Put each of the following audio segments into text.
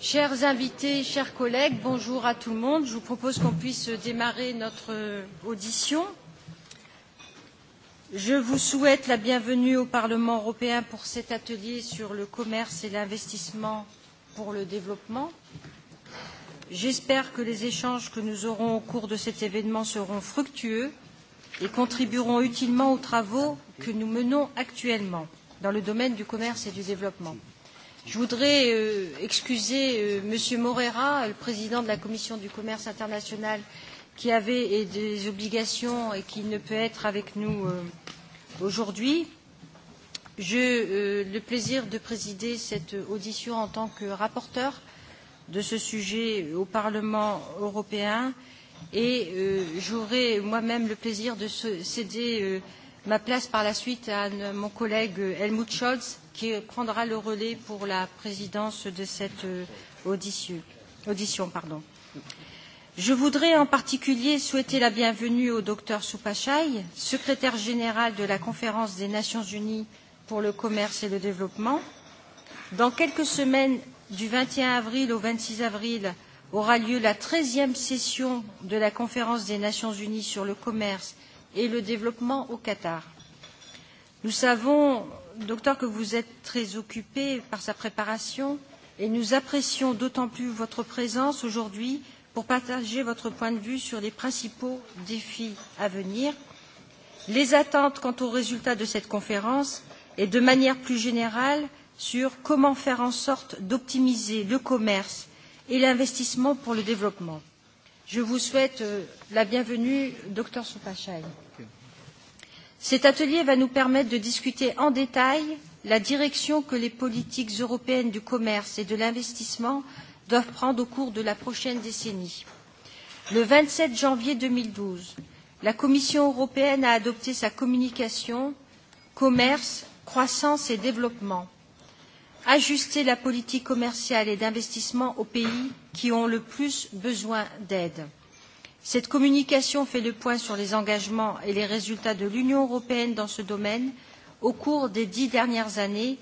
Chers invités, chers collègues, bonjour à tout le monde. Je vous propose qu'on puisse démarrer notre audition. Je vous souhaite la bienvenue au Parlement européen pour cet atelier sur le commerce et l'investissement pour le développement. J'espère que les échanges que nous aurons au cours de cet événement seront fructueux et contribueront utilement aux travaux que nous menons actuellement dans le domaine du commerce et du développement. Je voudrais euh, excuser euh, M. Moreira, le président de la Commission du commerce international, qui avait des obligations et qui ne peut être avec nous euh, aujourd'hui. J'ai euh, le plaisir de présider cette audition en tant que rapporteur de ce sujet au Parlement européen et euh, j'aurai moi-même le plaisir de céder euh, ma place par la suite à mon collègue Helmut Scholz, qui prendra le relais pour la présidence de cette euh, audition. audition pardon. Je voudrais en particulier souhaiter la bienvenue au docteur Supachai, secrétaire général de la Conférence des Nations Unies pour le commerce et le développement. Dans quelques semaines, du 21 avril au 26 avril, aura lieu la 13e session de la Conférence des Nations Unies sur le commerce et le développement au Qatar. Nous savons, docteur, que vous êtes très occupé par sa préparation et nous apprécions d'autant plus votre présence aujourd'hui pour partager votre point de vue sur les principaux défis à venir, les attentes quant aux résultats de cette conférence et, de manière plus générale, sur comment faire en sorte d'optimiser le commerce et l'investissement pour le développement. Je vous souhaite euh, la bienvenue, docteur Soupachai. Cet atelier va nous permettre de discuter en détail la direction que les politiques européennes du commerce et de l'investissement doivent prendre au cours de la prochaine décennie. Le 27 janvier 2012, la Commission européenne a adopté sa communication Commerce, croissance et développement. Ajuster la politique commerciale et d'investissement aux pays qui ont le plus besoin d'aide. Cette communication fait le point sur les engagements et les résultats de l'Union européenne dans ce domaine au cours des dix dernières années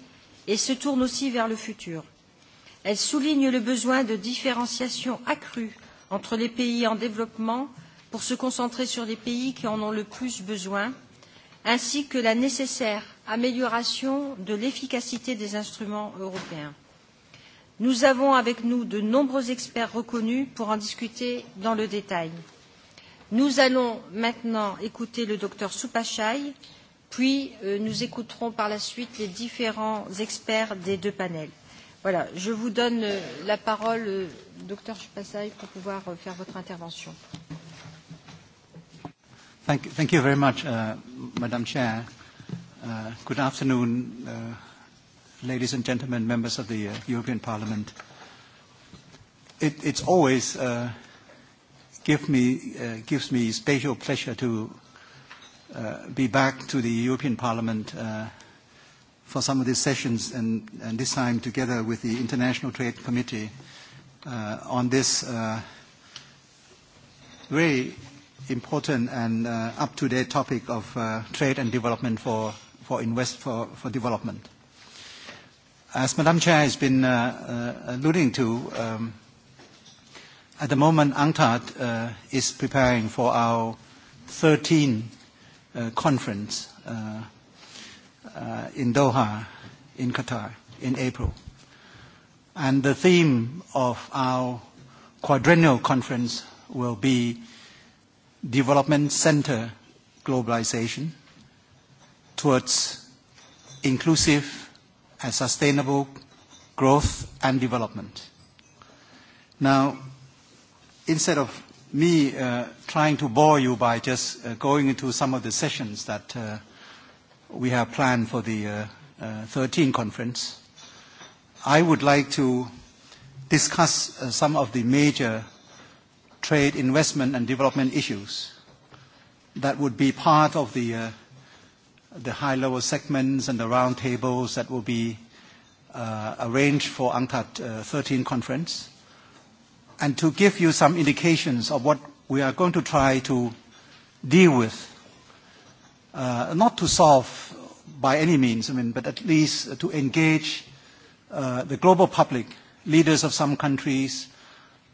et se tourne aussi vers le futur. Elle souligne le besoin de différenciation accrue entre les pays en développement pour se concentrer sur les pays qui en ont le plus besoin, ainsi que la nécessaire amélioration de l'efficacité des instruments européens. Nous avons avec nous de nombreux experts reconnus pour en discuter dans le détail. Nous allons maintenant écouter le docteur Soupachai, puis euh, nous écouterons par la suite les différents experts des deux panels. Voilà, je vous donne euh, la parole, euh, docteur Soupachai, pour pouvoir faire votre intervention. Thank, thank you very much, uh, Madam Chair. Uh, good afternoon, uh, ladies and gentlemen, members of the uh, European Parliament. It, it's always uh, give me, uh, gives me special pleasure to uh, be back to the European Parliament uh, for some of these sessions and, and this time together with the International Trade Committee uh, on this uh, very important and uh, up-to-date topic of uh, trade and development for, for invest for, for development. As Madam Chair has been uh, uh, alluding to, um, At the moment, UNCTAD uh, is preparing for our 13th uh, conference uh, uh, in Doha, in Qatar, in April. And the theme of our quadrennial conference will be development center globalization towards inclusive and sustainable growth and development. Now, instead of me uh, trying to bore you by just uh, going into some of the sessions that uh, we have planned for the uh, uh, 13 conference, I would like to discuss uh, some of the major trade, investment and development issues that would be part of the, uh, the high-level segments and the roundtables that will be uh, arranged for UNCTAD uh, 13 conference and to give you some indications of what we are going to try to deal with, uh, not to solve by any means, I mean, but at least to engage uh, the global public, leaders of some countries,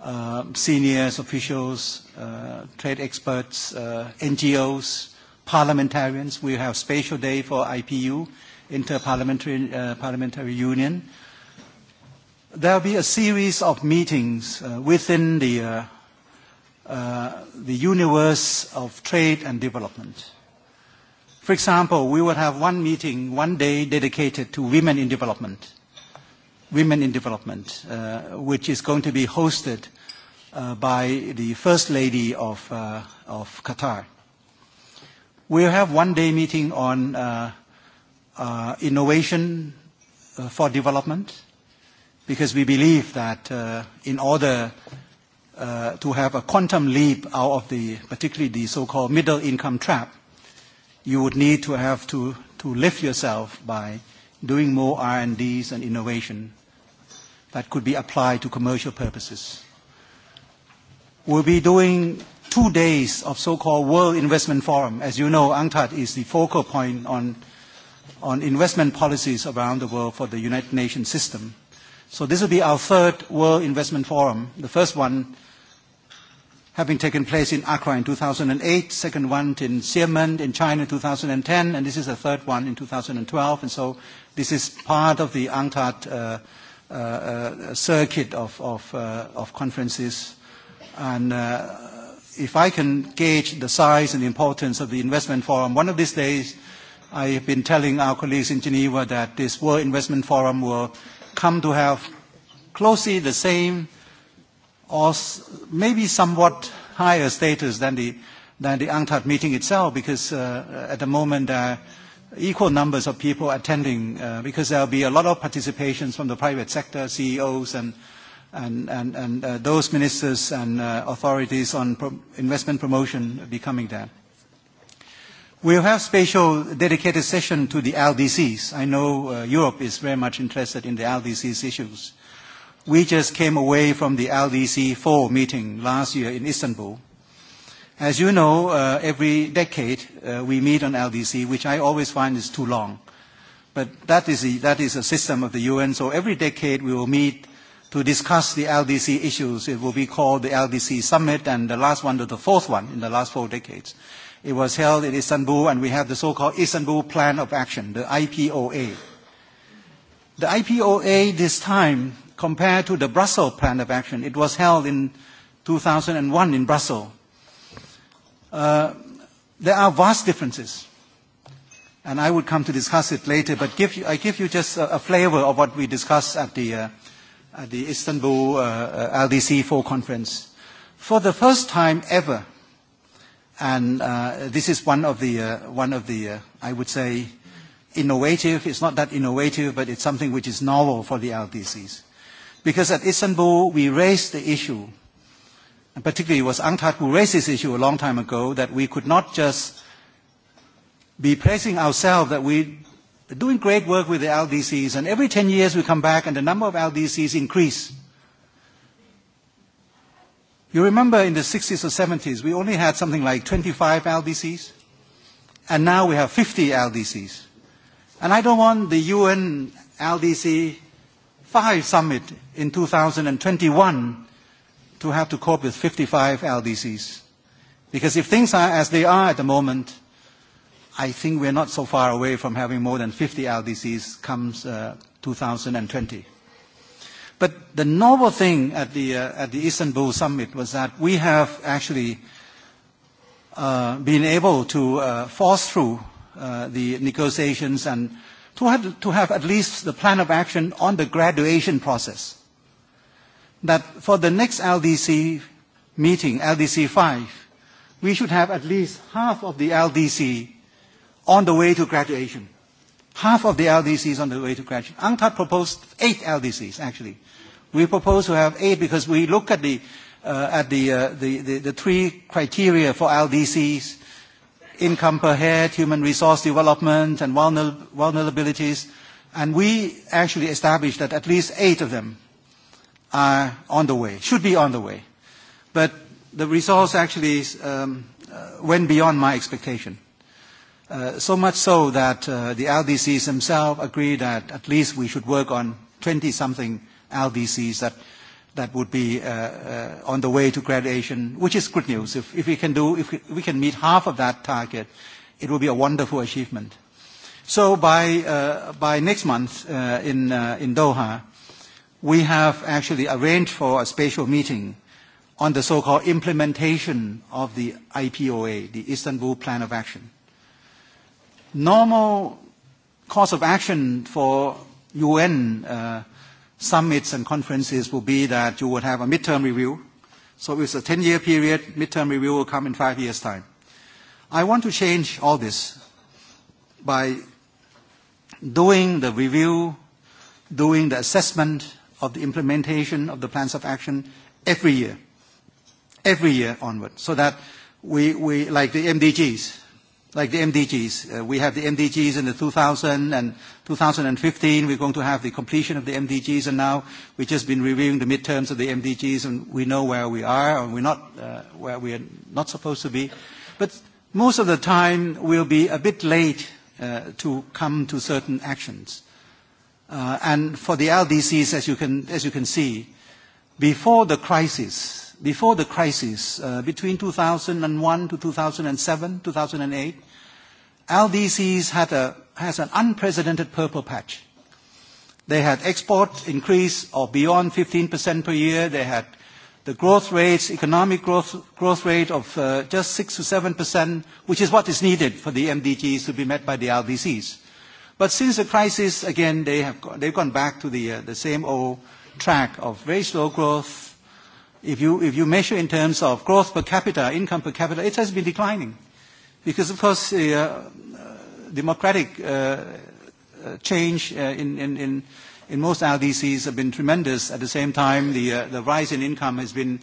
uh, seniors, officials, uh, trade experts, uh, NGOs, parliamentarians. We have special day for IPU, Interparliamentary uh, Parliamentary Union there will be a series of meetings uh, within the, uh, uh, the universe of trade and development. For example, we will have one meeting, one day dedicated to women in development, women in development, uh, which is going to be hosted uh, by the First Lady of, uh, of Qatar. We'll have one day meeting on uh, uh, innovation uh, for development, because we believe that uh, in order uh, to have a quantum leap out of the, particularly the so-called middle income trap, you would need to have to, to lift yourself by doing more R&Ds and innovation that could be applied to commercial purposes. We'll be doing two days of so-called World Investment Forum. As you know, UNCTAD is the focal point on, on investment policies around the world for the United Nations system. So this will be our third World Investment Forum. The first one having taken place in Accra in 2008, second one in Xiamen in China in 2010, and this is the third one in 2012. And so this is part of the UNCTAD uh, uh, uh, circuit of, of, uh, of conferences. And uh, if I can gauge the size and the importance of the investment forum, one of these days I have been telling our colleagues in Geneva that this World Investment Forum will come to have closely the same or maybe somewhat higher status than the, than the UNCTAD meeting itself because uh, at the moment there are equal numbers of people attending uh, because there will be a lot of participations from the private sector, CEOs and, and, and, and uh, those ministers and uh, authorities on pro investment promotion will be coming there. We'll have special dedicated session to the LDCs. I know uh, Europe is very much interested in the LDCs issues. We just came away from the LDC 4 meeting last year in Istanbul. As you know, uh, every decade uh, we meet on LDC, which I always find is too long. But that is, a, that is a system of the UN, so every decade we will meet to discuss the LDC issues. It will be called the LDC Summit, and the last one to the fourth one in the last four decades. It was held in Istanbul, and we have the so-called Istanbul Plan of Action, the IPOA. The IPOA this time, compared to the Brussels Plan of Action, it was held in 2001 in Brussels. Uh, there are vast differences, and I would come to discuss it later, but give you, I give you just a, a flavor of what we discussed at the, uh, at the Istanbul uh, uh LDC4 conference. For the first time ever, Uh, this is one of the, uh, uh, I would say, innovative. It's not that innovative, but it's something which is novel for the LDCs. Because at Istanbul, we raised the issue, and particularly it was UNCTAD who raised this issue a long time ago, that we could not just be praising ourselves that we are doing great work with the LDCs, and every 10 years we come back and the number of LDCs increase. You remember in the 60s or 70s, we only had something like 25 LDCs, and now we have 50 LDCs. And I don't want the UN LDC 5 summit in 2021 to have to cope with 55 LDCs. Because if things are as they are at the moment, I think we're not so far away from having more than 50 LDCs comes uh, 2020. But the novel thing at the, uh, at the Istanbul summit was that we have actually uh, been able to uh, force through uh, the negotiations and to have, to have at least the plan of action on the graduation process. That for the next LDC meeting, LDC 5, we should have at least half of the LDC on the way to graduation. Half of the LDCs on the way to graduation. UNCTAD proposed eight LDCs, actually. We propose to have eight because we look at the, uh, at the, uh, the, the, the three criteria for LDCs, income per head, human resource development, and vulnerabilities. And we actually established that at least eight of them are on the way, should be on the way. But the results actually um, uh, went beyond my expectation. Uh, so much so that uh, the LDCs themselves agree that at least we should work on 20-something LDCs that, that would be uh, uh, on the way to graduation, which is good news. If, if, we can do, if we, if we can meet half of that target, it will be a wonderful achievement. So by, uh, by next month uh, in, uh, in Doha, we have actually arranged for a special meeting on the so-called implementation of the IPOA, the Istanbul Plan of Action normal course of action for UN uh, summits and conferences will be that you would have a midterm review. So it's a 10-year period. Midterm review will come in five years' time. I want to change all this by doing the review, doing the assessment of the implementation of the plans of action every year, every year onward, so that we, we like the MDGs, like the MDGs. Uh, we have the MDGs in the 2000 and 2015. We're going to have the completion of the MDGs, and now we've just been reviewing the midterms of the MDGs, and we know where we are, and we're not uh, where we are not supposed to be. But most of the time, we'll be a bit late uh, to come to certain actions. Uh, and for the LDCs, as you can as you can see, before the crisis, before the crisis, uh, between 2001 to 2007, 2008, LDCs had a, has an unprecedented purple patch. They had export increase of beyond 15% per year. They had the growth rates, economic growth, growth rate of uh, just 6 to 7%, which is what is needed for the MDGs to be met by the LDCs. But since the crisis, again, they have, they've gone back to the, uh, the same old track of very slow growth, if you, if you measure in terms of growth per capita, income per capita, it has been declining. Because, of course, uh, uh, democratic uh, uh, change uh, in, in, in, in most LDCs have been tremendous. At the same time, the, uh, the rise in income has been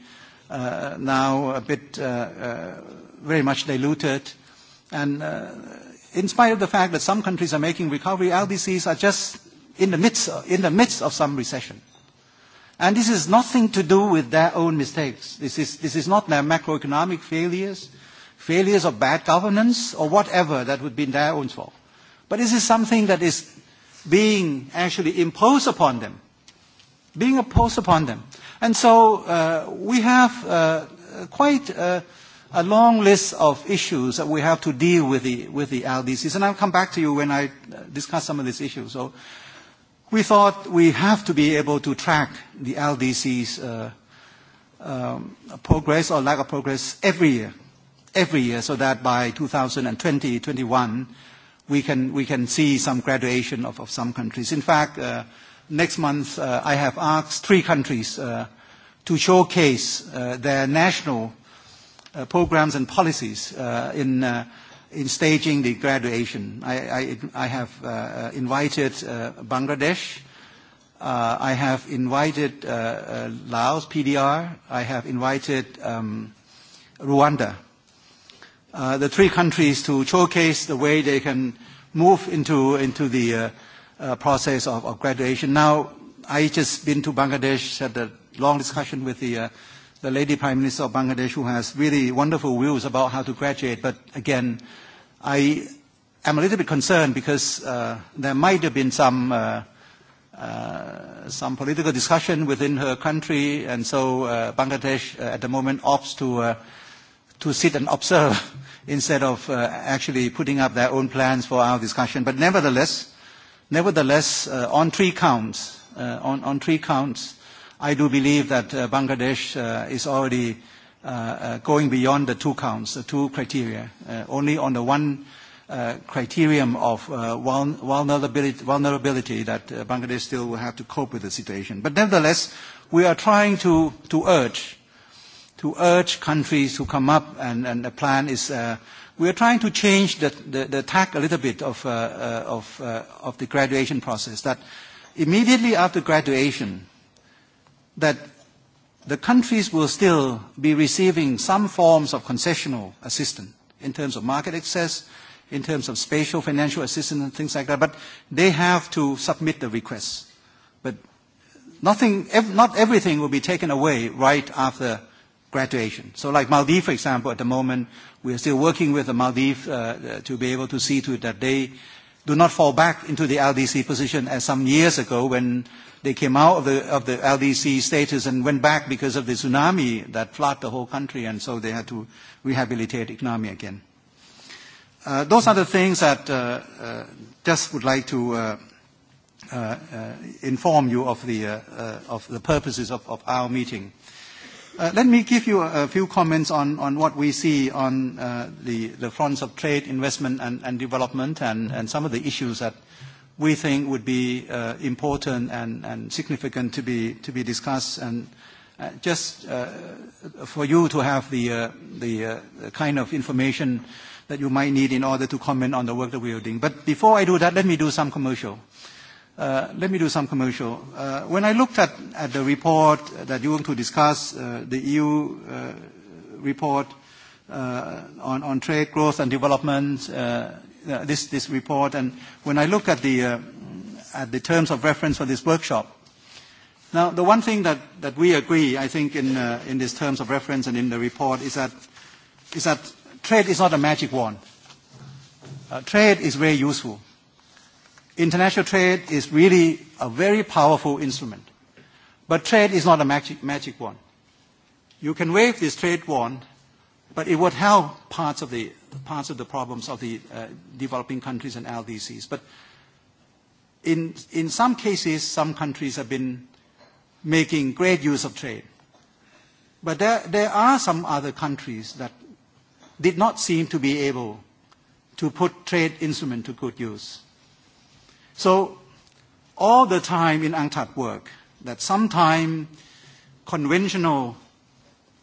uh, now a bit uh, uh, very much diluted. And uh, in spite of the fact that some countries are making recovery, LDCs are just in the midst, in the midst of some recession. And this is nothing to do with their own mistakes. This is, this is not their macroeconomic failures, failures of bad governance, or whatever that would be their own fault. But this is something that is being actually imposed upon them, being imposed upon them. And so uh, we have uh, quite a, a long list of issues that we have to deal with the, with the LDCs. And I'll come back to you when I discuss some of these issues. So We thought we have to be able to track the LDC's uh, um, progress or lack of progress every year, every year, so that by 2020, 21, we can, we can see some graduation of, of some countries. In fact, uh, next month, uh, I have asked three countries uh, to showcase uh, their national uh, programs and policies in in staging the graduation. I, I, I have uh, uh, invited uh, Bangladesh. Uh, I have invited uh, uh, Laos, PDR. I have invited um, Rwanda. Uh, the three countries to showcase the way they can move into, into the uh, uh, process of, of graduation. Now, I just been to Bangladesh, had a long discussion with the uh, the lady Prime Minister of Bangladesh who has really wonderful views about how to graduate. But again, I am a little bit concerned because uh, there might have been some, uh, uh, some political discussion within her country, and so uh, Bangladesh uh, at the moment opts to, uh, to sit and observe instead of uh, actually putting up their own plans for our discussion. But nevertheless, nevertheless, uh, on three counts, uh, on, on three counts, i do believe that uh, Bangladesh uh, is already uh, uh, going beyond the two counts, the two criteria, uh, only on the one uh, criterion of uh, vulnerability, vulnerability that uh, Bangladesh still will have to cope with the situation. But nevertheless, we are trying to, to urge to urge countries to come up and, and the plan is uh, we are trying to change the, the, the tack a little bit of, uh, uh, of, uh, of the graduation process that immediately after graduation that the countries will still be receiving some forms of concessional assistance in terms of market access, in terms of spatial financial assistance and things like that, but they have to submit the requests. But nothing, ev not everything will be taken away right after graduation. So like Maldives, for example, at the moment, we are still working with the Maldives uh, to be able to see to it that they do not fall back into the LDC position as some years ago when they came out of the, of the LDC status and went back because of the tsunami that flooded the whole country, and so they had to rehabilitate economy again. Uh, those are the things that uh, uh, just would like to uh, uh, uh, inform you of the, uh, uh, of the purposes of, of our meeting. Uh, let me give you a, few comments on, on what we see on uh, the, fronts of trade, investment, and, development, and, and some of the issues that we think would be uh, important and, and significant to be, to be discussed, and just for you to have the, the kind of information that you might need in order to comment on the work that we are doing. But before I do that, let me do some commercial. Uh, let me do some commercial. Uh, when I looked at, at the report that you want to discuss, uh, the EU uh, report uh, on, on trade, growth and development, uh, uh, this, this report, and when I look at the, uh, at the terms of reference for this workshop, now the one thing that, that we agree, I think, in, uh, in these terms of reference and in the report is that, is that trade is not a magic wand. Uh, trade is very useful International trade is really a very powerful instrument. But trade is not a magic, magic wand. You can wave this trade wand, but it would help parts of the, parts of the problems of the uh, developing countries and LDCs. But in, in some cases, some countries have been making great use of trade. But there, there are some other countries that did not seem to be able to put trade instrument to good use. So all the time in UNCTAD work, that sometimes conventional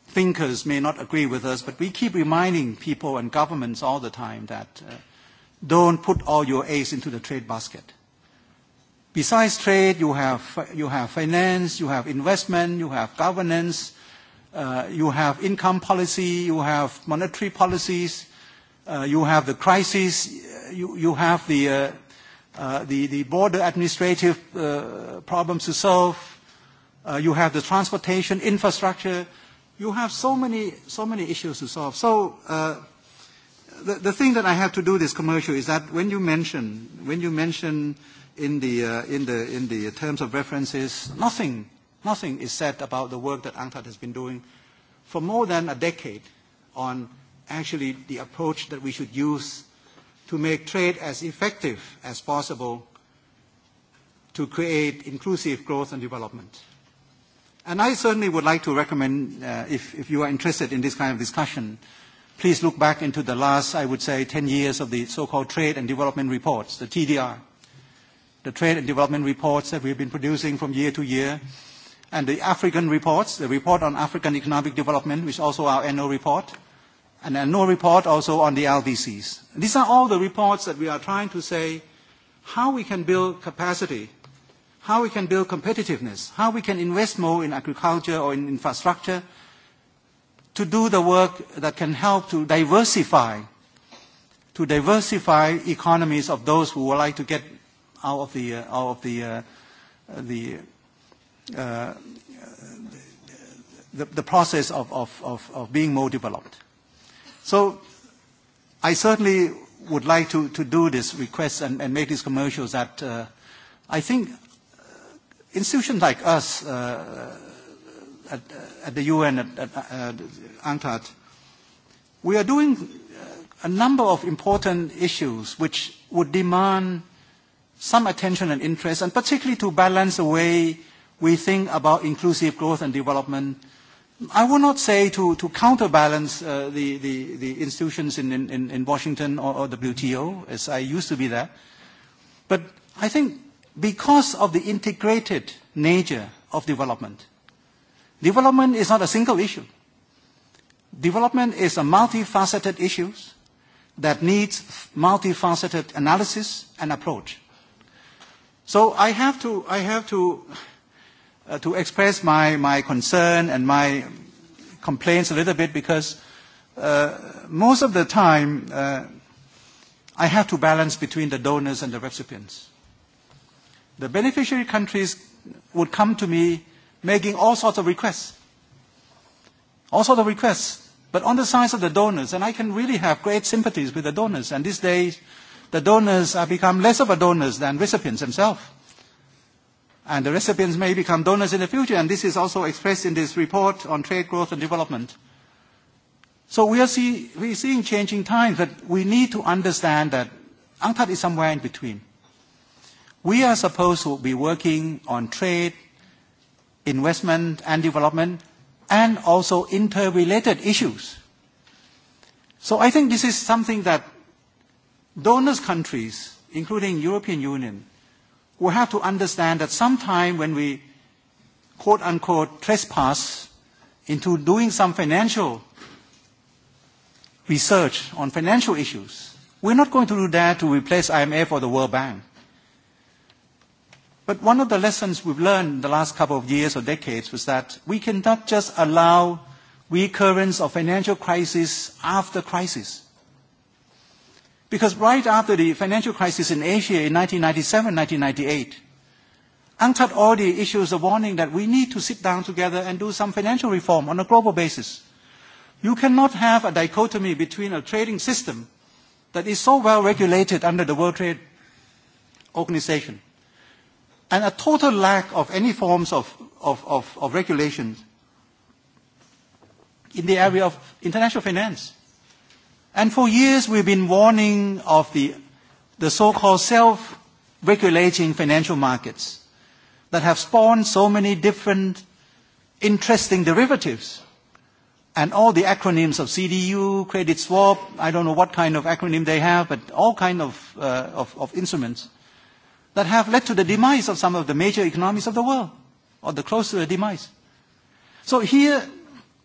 thinkers may not agree with us, but we keep reminding people and governments all the time that uh, don't put all your eggs into the trade basket. Besides trade, you have, you have finance, you have investment, you have governance, uh, you have income policy, you have monetary policies, uh, you have the crisis, uh, you, you have the uh, Uh, the, border administrative uh, problems to solve. Uh, you have the transportation infrastructure. You have so many, so many issues to solve. So uh, the, the thing that I have to do this commercial is that when you mention, when you mention in the, uh, in the, in the terms of references, nothing, nothing is said about the work that UNCTAD has been doing for more than a decade on actually the approach that we should use to make trade as effective as possible to create inclusive growth and development. And I certainly would like to recommend, uh, if, if you are interested in this kind of discussion, please look back into the last, I would say, 10 years of the so-called trade and development reports, the TDR, the trade and development reports that we've been producing from year to year, and the African reports, the report on African economic development, which is also our annual report, and then no report also on the LDCs. These are all the reports that we are trying to say how we can build capacity, how we can build competitiveness, how we can invest more in agriculture or in infrastructure to do the work that can help to diversify, to diversify economies of those who would like to get out of the, uh, out of the, uh, the, uh, the, the process of, of, of, of being more developed. So I certainly would like to, to do this request and, and make these commercials that uh, I think uh, institutions like us uh, at, at the UN, at, at uh, at UNCTAD, we are doing uh, a number of important issues which would demand some attention and interest, and particularly to balance the way we think about inclusive growth and development i will not say to, to counterbalance uh, the, the, the institutions in, in, in Washington or, or WTO, as I used to be there, but I think because of the integrated nature of development, development is not a single issue. Development is a multifaceted issue that needs multifaceted analysis and approach. So I have to, I have to uh, to express my, my concern and my complaints a little bit because uh, most of the time uh, I have to balance between the donors and the recipients. The beneficiary countries would come to me making all sorts of requests, all sorts of requests, but on the side of the donors, and I can really have great sympathies with the donors, and these days the donors have become less of a donors than recipients themselves and the recipients may become donors in the future, and this is also expressed in this report on trade growth and development. So we are see, we're seeing changing times, but we need to understand that UNCTAD is somewhere in between. We are supposed to be working on trade, investment and development, and also interrelated issues. So I think this is something that donors countries, including European Union, we have to understand that sometime when we quote unquote trespass into doing some financial research on financial issues, we're not going to do that to replace IMF or the World Bank. But one of the lessons we've learned in the last couple of years or decades was that we cannot just allow recurrence of financial crisis after crisis. Because right after the financial crisis in Asia in 1997, 1998, UNCTAD already issues a warning that we need to sit down together and do some financial reform on a global basis. You cannot have a dichotomy between a trading system that is so well regulated under the World Trade Organization and a total lack of any forms of, of, of, of regulations in the area of international finance. And for years, we've been warning of the, the so-called self-regulating financial markets that have spawned so many different interesting derivatives and all the acronyms of CDU, credit swap, I don't know what kind of acronym they have, but all kind of, uh, of, of instruments that have led to the demise of some of the major economies of the world, or the close to the demise. So here,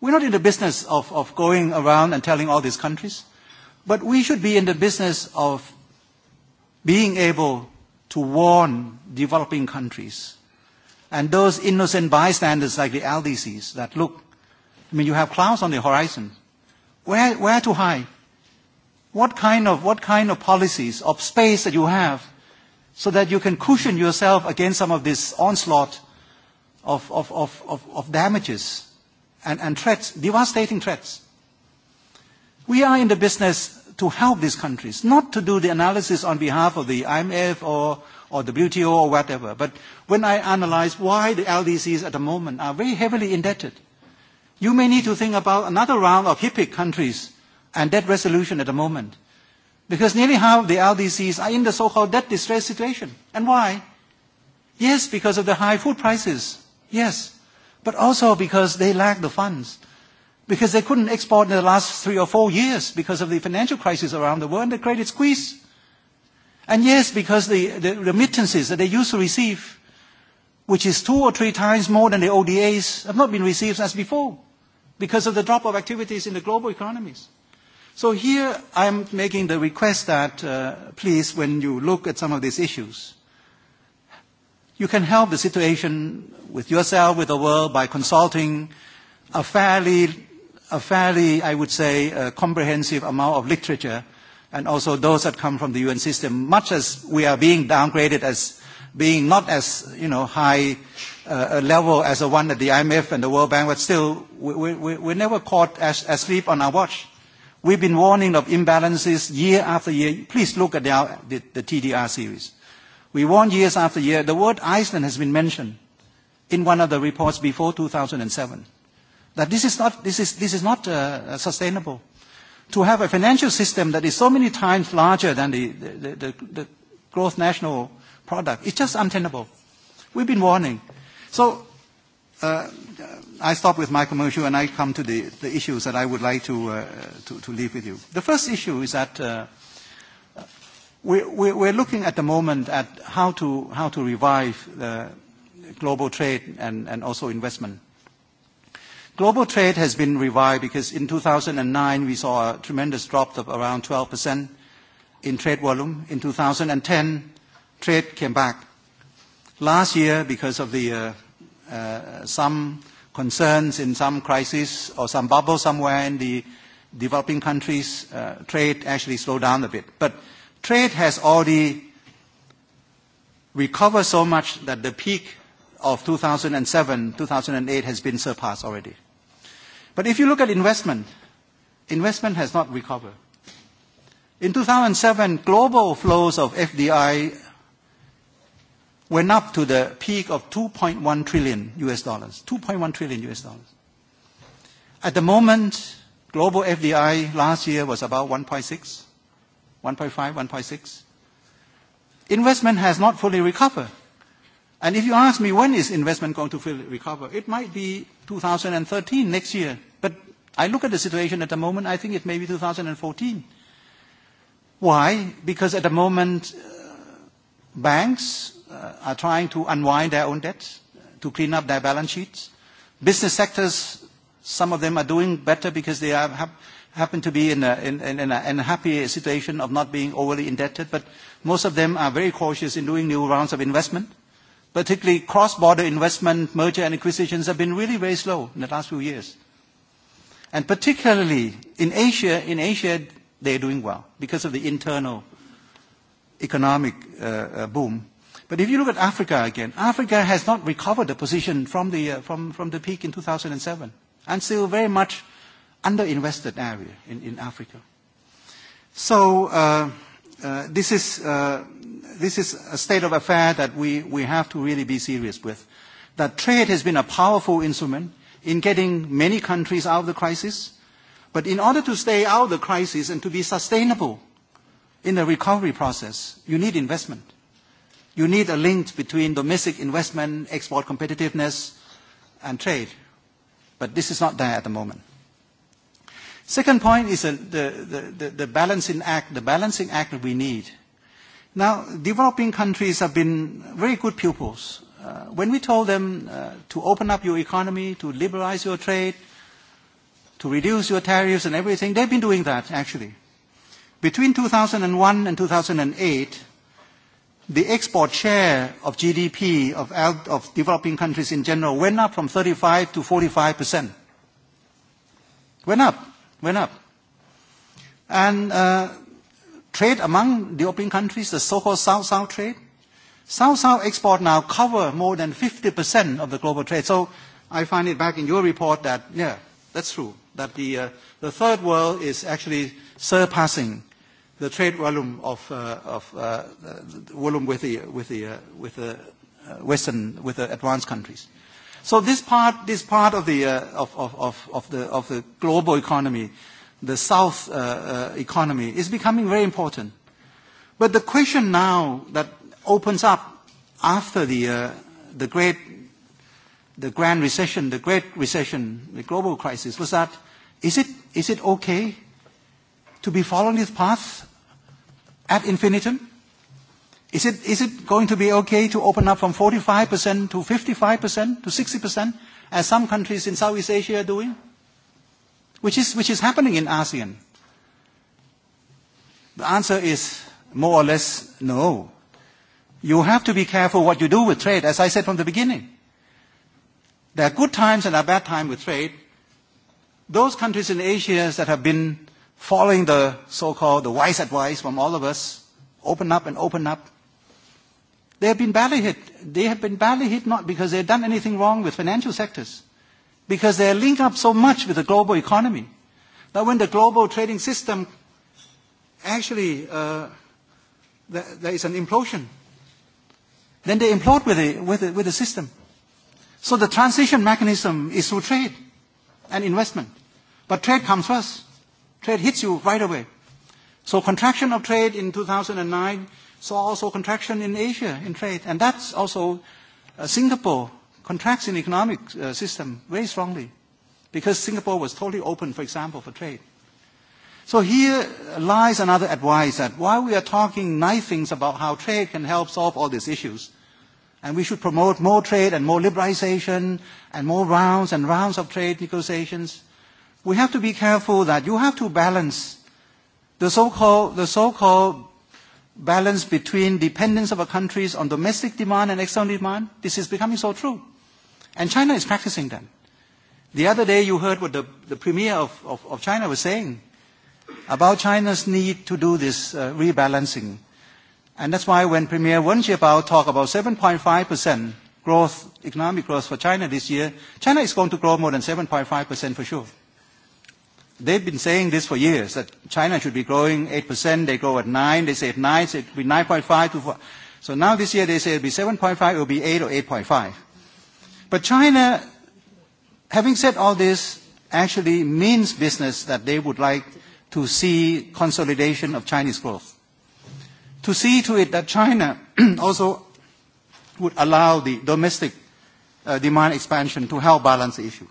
we're not in the business of, of going around and telling all these countries. But we should be in the business of being able to warn developing countries and those innocent bystanders like the LDCs that look, I mean, you have clouds on the horizon. Where, where to hide? What kind, of, what kind of policies of space that you have so that you can cushion yourself against some of this onslaught of, of, of, of, of damages and, and threats, devastating threats? We are in the business to help these countries, not to do the analysis on behalf of the IMF or, or the WTO or whatever. But when I analyze why the LDCs at the moment are very heavily indebted, you may need to think about another round of HIPIC countries and debt resolution at the moment. Because nearly half of the LDCs are in the so-called debt distress situation. And why? Yes, because of the high food prices. Yes. But also because they lack the funds because they couldn't export in the last three or four years because of the financial crisis around the world and the credit squeeze. And yes, because the, the remittances that they used to receive, which is two or three times more than the ODAs, have not been received as before because of the drop of activities in the global economies. So here I'm making the request that uh, please, when you look at some of these issues, you can help the situation with yourself, with the world, by consulting a fairly a fairly, I would say, a uh, comprehensive amount of literature and also those that come from the UN system, much as we are being downgraded as being not as you know, high uh, a level as the one that the IMF and the World Bank, but still we, we, we're never caught as, asleep on our watch. We've been warning of imbalances year after year. Please look at the, the, the TDR series. We warn years after year. The word Iceland has been mentioned in one of the reports before 2007 that this is not, this is, this is not uh, sustainable. To have a financial system that is so many times larger than the, the, the, the growth national product, it's just untenable. We've been warning. So uh, I stop with my commercial and I come to the, the issues that I would like to, uh, to, to leave with you. The first issue is that uh, we, we, we're looking at the moment at how to, how to revive the global trade and, and also investment. Global trade has been revived because in 2009 we saw a tremendous drop of around 12% in trade volume. In 2010, trade came back. Last year, because of the uh, uh, some concerns in some crisis or some bubble somewhere in the developing countries, uh, trade actually slowed down a bit. But trade has already recovered so much that the peak of 2007, 2008 has been surpassed already. But if you look at investment, investment has not recovered. In 2007, global flows of FDI went up to the peak of 2.1 trillion US dollars. 2.1 trillion US dollars. At the moment, global FDI last year was about 1.6, 1.5, 1.6. Investment has not fully recovered. And if you ask me when is investment going to fully recover, it might be 2013, next year. But I look at the situation at the moment, I think it may be 2014. Why? Because at the moment, uh, banks uh, are trying to unwind their own debts, to clean up their balance sheets. Business sectors, some of them are doing better because they are, ha- happen to be in a, in, in, in a, in a happy situation of not being overly indebted, but most of them are very cautious in doing new rounds of investment particularly cross-border investment, merger and acquisitions have been really very slow in the last few years. And particularly in Asia, in Asia, they're doing well because of the internal economic uh, uh, boom. But if you look at Africa again, Africa has not recovered the position from the, uh, from, from the peak in 2007 and still very much underinvested area in, in Africa. So this is this is a state of affair that we, we have to really be serious with. That trade has been a powerful instrument in getting many countries out of the crisis. But in order to stay out of the crisis and to be sustainable in the recovery process, you need investment. You need a link between domestic investment, export competitiveness, and trade. But this is not there at the moment. Second point is the, the, the, the balancing act, the balancing act that we need – Now, developing countries have been very good pupils. Uh, when we told them uh, to open up your economy, to liberalize your trade, to reduce your tariffs and everything, they've been doing that, actually. Between 2001 and 2008, the export share of GDP of, of developing countries in general went up from 35 to 45 percent. Went up, went up. And uh, trade among the European countries, the so-called South-South trade, South-South export now cover more than 50% of the global trade. So I find it back in your report that, yeah, that's true, that the, uh, the third world is actually surpassing the trade volume of, uh, of uh, volume with the, with the, uh, with the uh, Western, with the advanced countries. So this part, this part of the, uh, of, of, of, of the, of the global economy the South uh, uh, economy is becoming very important. But the question now that opens up after the, uh, the great, the grand recession, the great recession, the global crisis was that is it, is it okay to be following this path at infinitum? Is it, is it going to be okay to open up from 45% to 55% to 60% as some countries in Southeast Asia are doing? which is, which is happening in ASEAN? The answer is more or less no. You have to be careful what you do with trade, as I said from the beginning. There are good times and there are bad times with trade. Those countries in Asia that have been following the so-called the wise advice from all of us, open up and open up, they have been badly hit. They have been badly hit not because they have done anything wrong with financial sectors, because they are linked up so much with the global economy that when the global trading system actually uh, there, there is an implosion, then they implode with the, with, the, with the system. So the transition mechanism is through trade and investment. But trade comes first. Trade hits you right away. So contraction of trade in 2009 saw also contraction in Asia in trade. And that's also uh, Singapore contracts in economic uh, system very strongly because Singapore was totally open, for example, for trade. So here lies another advice that while we are talking nice things about how trade can help solve all these issues, and we should promote more trade and more liberalization and more rounds and rounds of trade negotiations, we have to be careful that you have to balance the so-called, the so-called balance between dependence of a countries on domestic demand and external demand. This is becoming so true. And China is practicing that. The other day you heard what the, the premier of, of, of China was saying about China's need to do this uh, rebalancing. And that's why when Premier Wen Jiabao talked about 7.5% growth, economic growth for China this year, China is going to grow more than 7.5% for sure. They've been saying this for years, that China should be growing 8%, they grow at 9, they say at 9, it will be 9.5 to 4. So now this year they say it will be 7.5, it will be 8 or 8.5. But China, having said all this, actually means business that they would like to see consolidation of Chinese growth. To see to it that China also would allow the domestic uh, demand expansion to help balance the issue.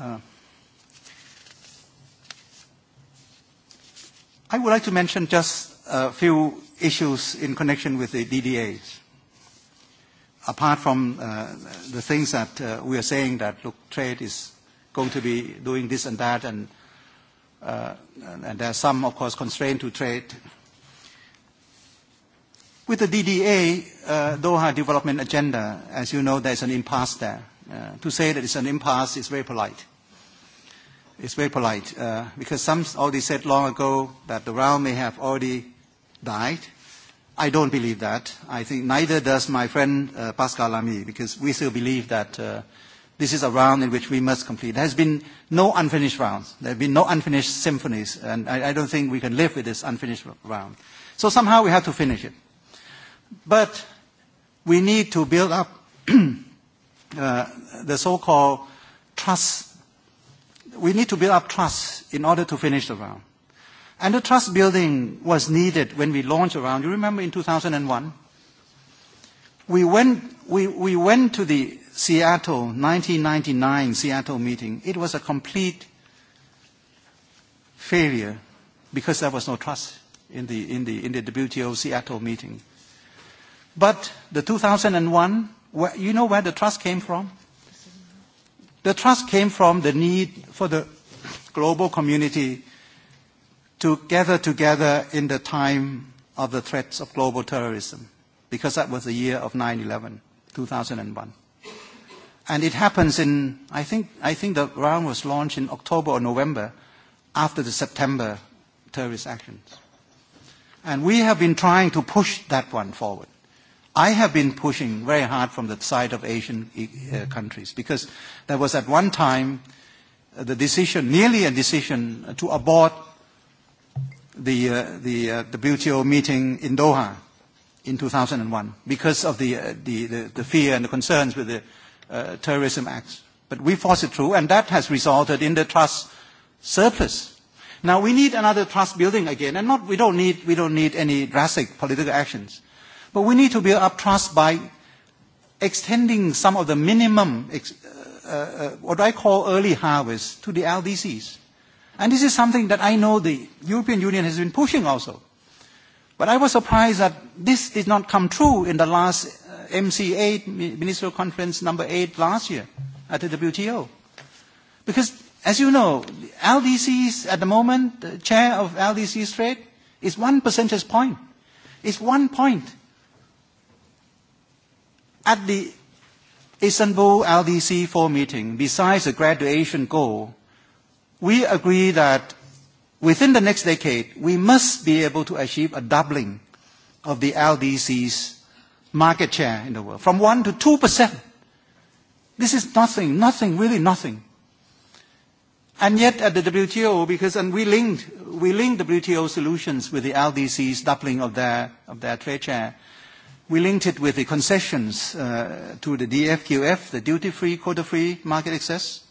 Uh, I would like to mention just a few issues in connection with the DDAs apart from uh, the things that uh, we are saying that, look, trade is going to be doing this and that, and, uh, and, and there are some, of course, constraint to trade. With the DDA, uh, Doha Development Agenda, as you know, there's an impasse there. Uh, to say that it's an impasse is very polite. It's very polite, uh, because some already said long ago that the round may have already died, i don't believe that. I think neither does my friend uh, Pascal Lamy, because we still believe that uh, this is a round in which we must complete. There has been no unfinished rounds. There have been no unfinished symphonies, and I, I don't think we can live with this unfinished round. So somehow we have to finish it. But we need to build up uh, the so-called trust. We need to build up trust in order to finish the round. And the trust building was needed when we launched around. You remember in 2001? We went, we, we went to the Seattle, 1999 Seattle meeting. It was a complete failure because there was no trust in the, in the, in the WTO Seattle meeting. But the 2001, where, you know where the trust came from? The trust came from the need for the global community to gather together in the time of the threats of global terrorism, because that was the year of 9-11, 2001. And it happens in, I think, I think the round was launched in October or November after the September terrorist actions. And we have been trying to push that one forward. I have been pushing very hard from the side of Asian uh, countries because there was at one time uh, the decision, nearly a decision to abort the, uh, the, uh, the WTO meeting in Doha in 2001 because of the, uh, the, the, the fear and the concerns with the uh, terrorism acts. But we forced it through, and that has resulted in the trust surplus. Now we need another trust building again, and not, we, don't need, we don't need any drastic political actions. But we need to build up trust by extending some of the minimum, ex, uh, uh, uh what I call early harvest, to the LDCs. And this is something that I know the European Union has been pushing also. But I was surprised that this did not come true in the last uh, MC8, Ministerial Conference number 8 last year at the WTO. Because, as you know, LDCs at the moment, the chair of LDC's trade is one percentage point. It's one point. At the Istanbul LDC 4 meeting, besides the graduation goal, we agree that within the next decade, we must be able to achieve a doubling of the LDC's market share in the world, from 1% to 2%. This is nothing, nothing, really nothing. And yet at the WTO, because and we linked we linked WTO solutions with the LDC's doubling of their of their trade share. We linked it with the concessions uh, to the DFQF, the duty-free, quota-free market access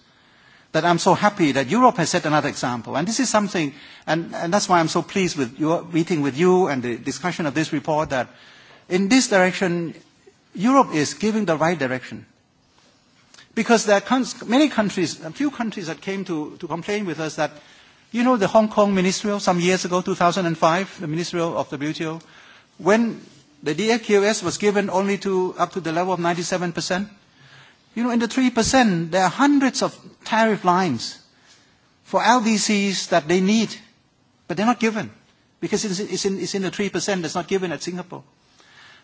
that I'm so happy that Europe has set another example. And this is something, and, and that's why I'm so pleased with your meeting with you and the discussion of this report that in this direction, Europe is giving the right direction. Because there are many countries, a few countries that came to, to complain with us that, you know, the Hong Kong ministerial some years ago, 2005, the ministerial of the WTO, when the DFQS was given only to up to the level of 97 You know, in the 3%, there are hundreds of tariff lines for LDCs that they need, but they're not given because it's, it's, in, it's in the 3% that's not given at Singapore.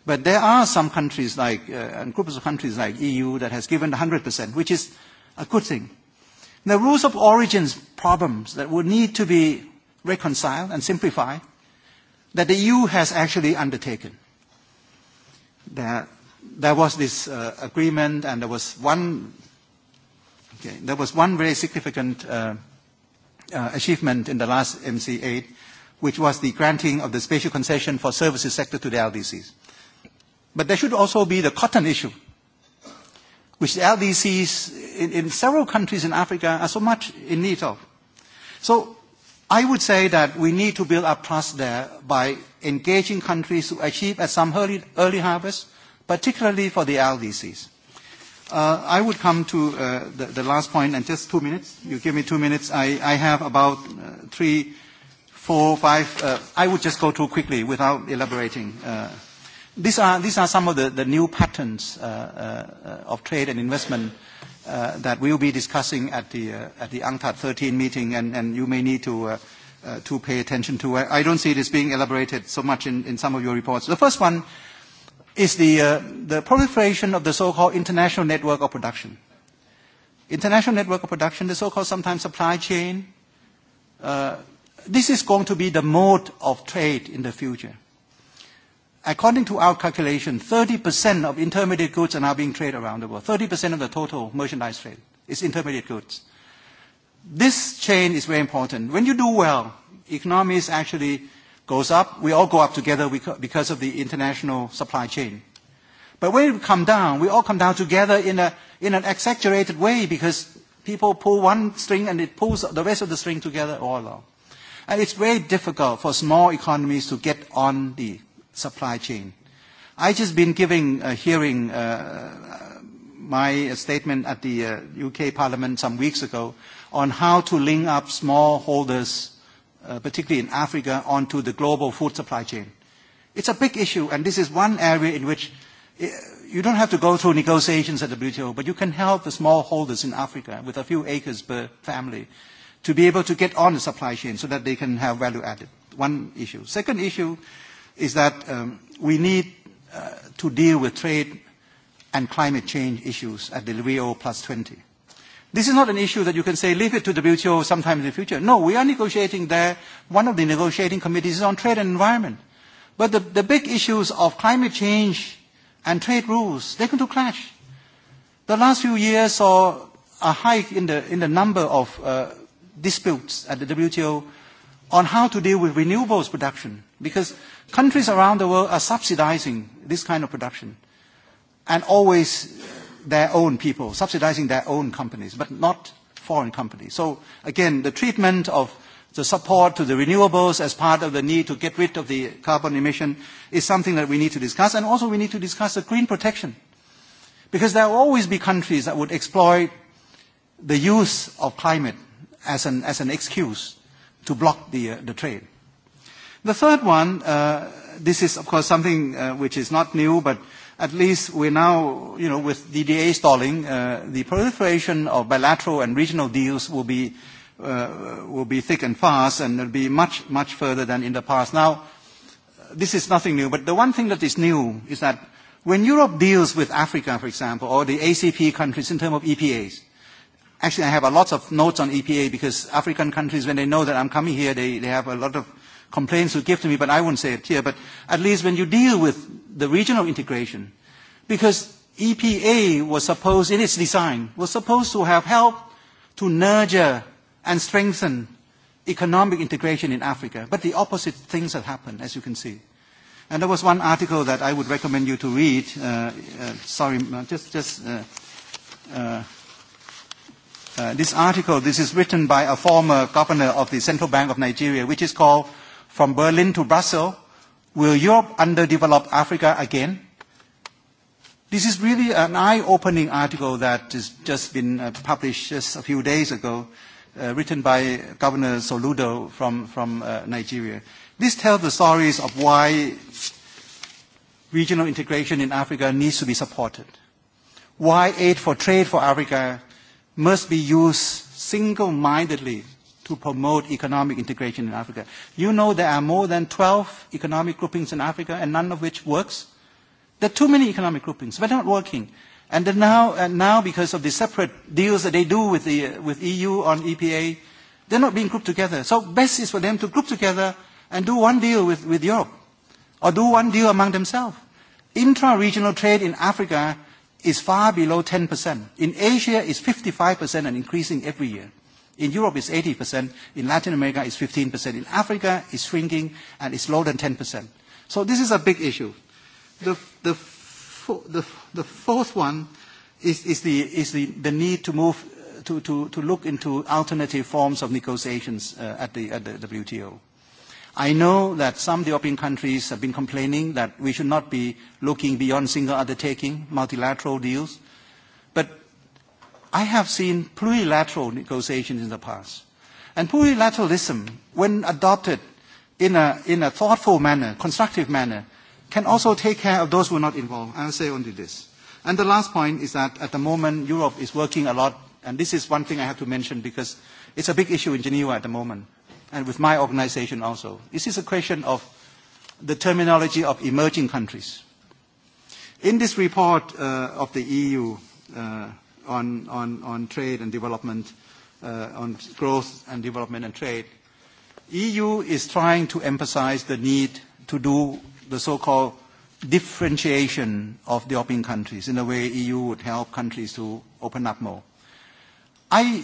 But there are some countries like, uh, and groups of countries like EU that has given 100%, which is a good thing. The rules of origins problems that would need to be reconciled and simplified that the EU has actually undertaken. That there was this uh, agreement, and there was one. Okay, there was one very significant uh, uh, achievement in the last MC8, which was the granting of the spatial concession for services sector to the LDCs. But there should also be the cotton issue, which the LDCs in, in several countries in Africa are so much in need of. So I would say that we need to build up trust there by engaging countries to achieve at some early, early harvest particularly for the LDCs. Uh, I would come to uh, the, the last point, in just two minutes. You give me two minutes. I, I have about uh, three, four, five. Uh, I would just go through quickly without elaborating. Uh, these, are, these are some of the, the new patterns uh, uh, of trade and investment uh, that we'll be discussing at the, uh, at the UNCTAD 13 meeting, and, and you may need to, uh, uh, to pay attention to. I, I don't see this being elaborated so much in, in some of your reports. The first one is the, uh, the proliferation of the so-called international network of production. International network of production, the so-called sometimes supply chain, uh, this is going to be the mode of trade in the future. According to our calculation, 30% of intermediate goods are now being traded around the world. 30% of the total merchandise trade is intermediate goods. This chain is very important. When you do well, economies actually goes up, we all go up together because of the international supply chain. But when we come down, we all come down together in, a, in an exaggerated way because people pull one string and it pulls the rest of the string together all along. And it's very difficult for small economies to get on the supply chain. I just been giving a hearing, uh, my statement at the uh, UK Parliament some weeks ago on how to link up smallholders Uh, particularly in Africa, onto the global food supply chain. It's a big issue, and this is one area in which eh, you don't have to go through negotiations at the WTO, but you can help the smallholders in Africa with a few acres per family to be able to get on the supply chain so that they can have value added. One issue. Second issue is that um, we need uh, to deal with trade and climate change issues at the Rio Plus 20. This is not an issue that you can say, leave it to the WTO sometime in the future. No, we are negotiating there. One of the negotiating committees is on trade and environment. But the, the big issues of climate change and trade rules, they're going to clash. The last few years saw a hike in the, in the number of uh, disputes at the WTO on how to deal with renewables production, because countries around the world are subsidizing this kind of production and always their own people, subsidizing their own companies, but not foreign companies. So again, the treatment of the support to the renewables as part of the need to get rid of the carbon emission is something that we need to discuss. And also we need to discuss the green protection. Because there will always be countries that would exploit the use of climate as an, as an excuse to block the, uh, the trade. The third one, uh, this is, of course, something uh, which is not new, but at least we're now, you know, with DDA stalling, uh, the proliferation of bilateral and regional deals will be, uh, will be thick and fast and will be much, much further than in the past. Now, this is nothing new, but the one thing that is new is that when Europe deals with Africa, for example, or the ACP countries in terms of EPAs, actually I have a lot of notes on EPA because African countries, when they know that I'm coming here, they, they have a lot of complaints you give to me, but I won't say it here, but at least when you deal with the regional integration, because EPA was supposed, in its design, was supposed to have helped to nurture and strengthen economic integration in Africa. But the opposite things have happened, as you can see. And there was one article that I would recommend you to read. Uh, uh, sorry, just, just uh, uh, uh, this article, this is written by a former governor of the Central Bank of Nigeria, which is called from Berlin to Brussels, will Europe underdevelop Africa again? This is really an eye-opening article that has just been uh, published just a few days ago, uh, written by Governor Soludo from, from uh, Nigeria. This tells the stories of why regional integration in Africa needs to be supported, why aid for trade for Africa must be used single-mindedly to promote economic integration in Africa. You know there are more than 12 economic groupings in Africa and none of which works. There are too many economic groupings. They're not working. And then now, and now because of the separate deals that they do with the with EU on EPA, they're not being grouped together. So best is for them to group together and do one deal with, with Europe or do one deal among themselves. Intra-regional trade in Africa is far below 10%. In Asia, it's 55% and increasing every year. In Europe, it's 80%. In Latin America, it's 15%. In Africa, it's shrinking, and it's lower than 10%. So this is a big issue. The, the, the, the fourth one is, is, the, is the, the need to move to, to, to look into alternative forms of negotiations uh, at, the, at the WTO. I know that some European countries have been complaining that we should not be looking beyond single undertaking, multilateral deals, i have seen plurilateral negotiations in the past. And plurilateralism, when adopted in a, in a thoughtful manner, constructive manner, can also take care of those who are not involved. I'll say only this. And the last point is that at the moment, Europe is working a lot, and this is one thing I have to mention because it's a big issue in Geneva at the moment, and with my organization also. This is a question of the terminology of emerging countries. In this report uh, of the EU, uh, on, trade and development, uh, on growth and development and trade. EU is trying to emphasize the need to do the so-called differentiation of developing countries in a way EU would help countries to open up more. I,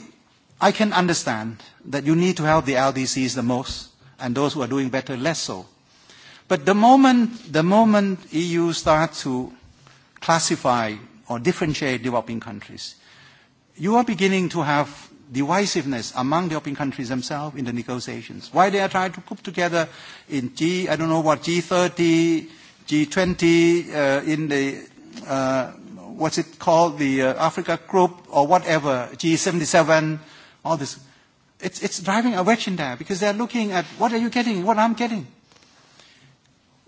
I can understand that you need to help the LDCs the most and those who are doing better less so. But the moment, the moment EU starts to classify or differentiate developing countries. You are beginning to have divisiveness among developing countries themselves in the negotiations. Why they are trying to group together in G, I don't know what, G30, G20, uh, in the, uh, what's it called, the uh, Africa group or whatever, G77, all this. It's, it's driving a wedge in there because they're looking at what are you getting, what I'm getting.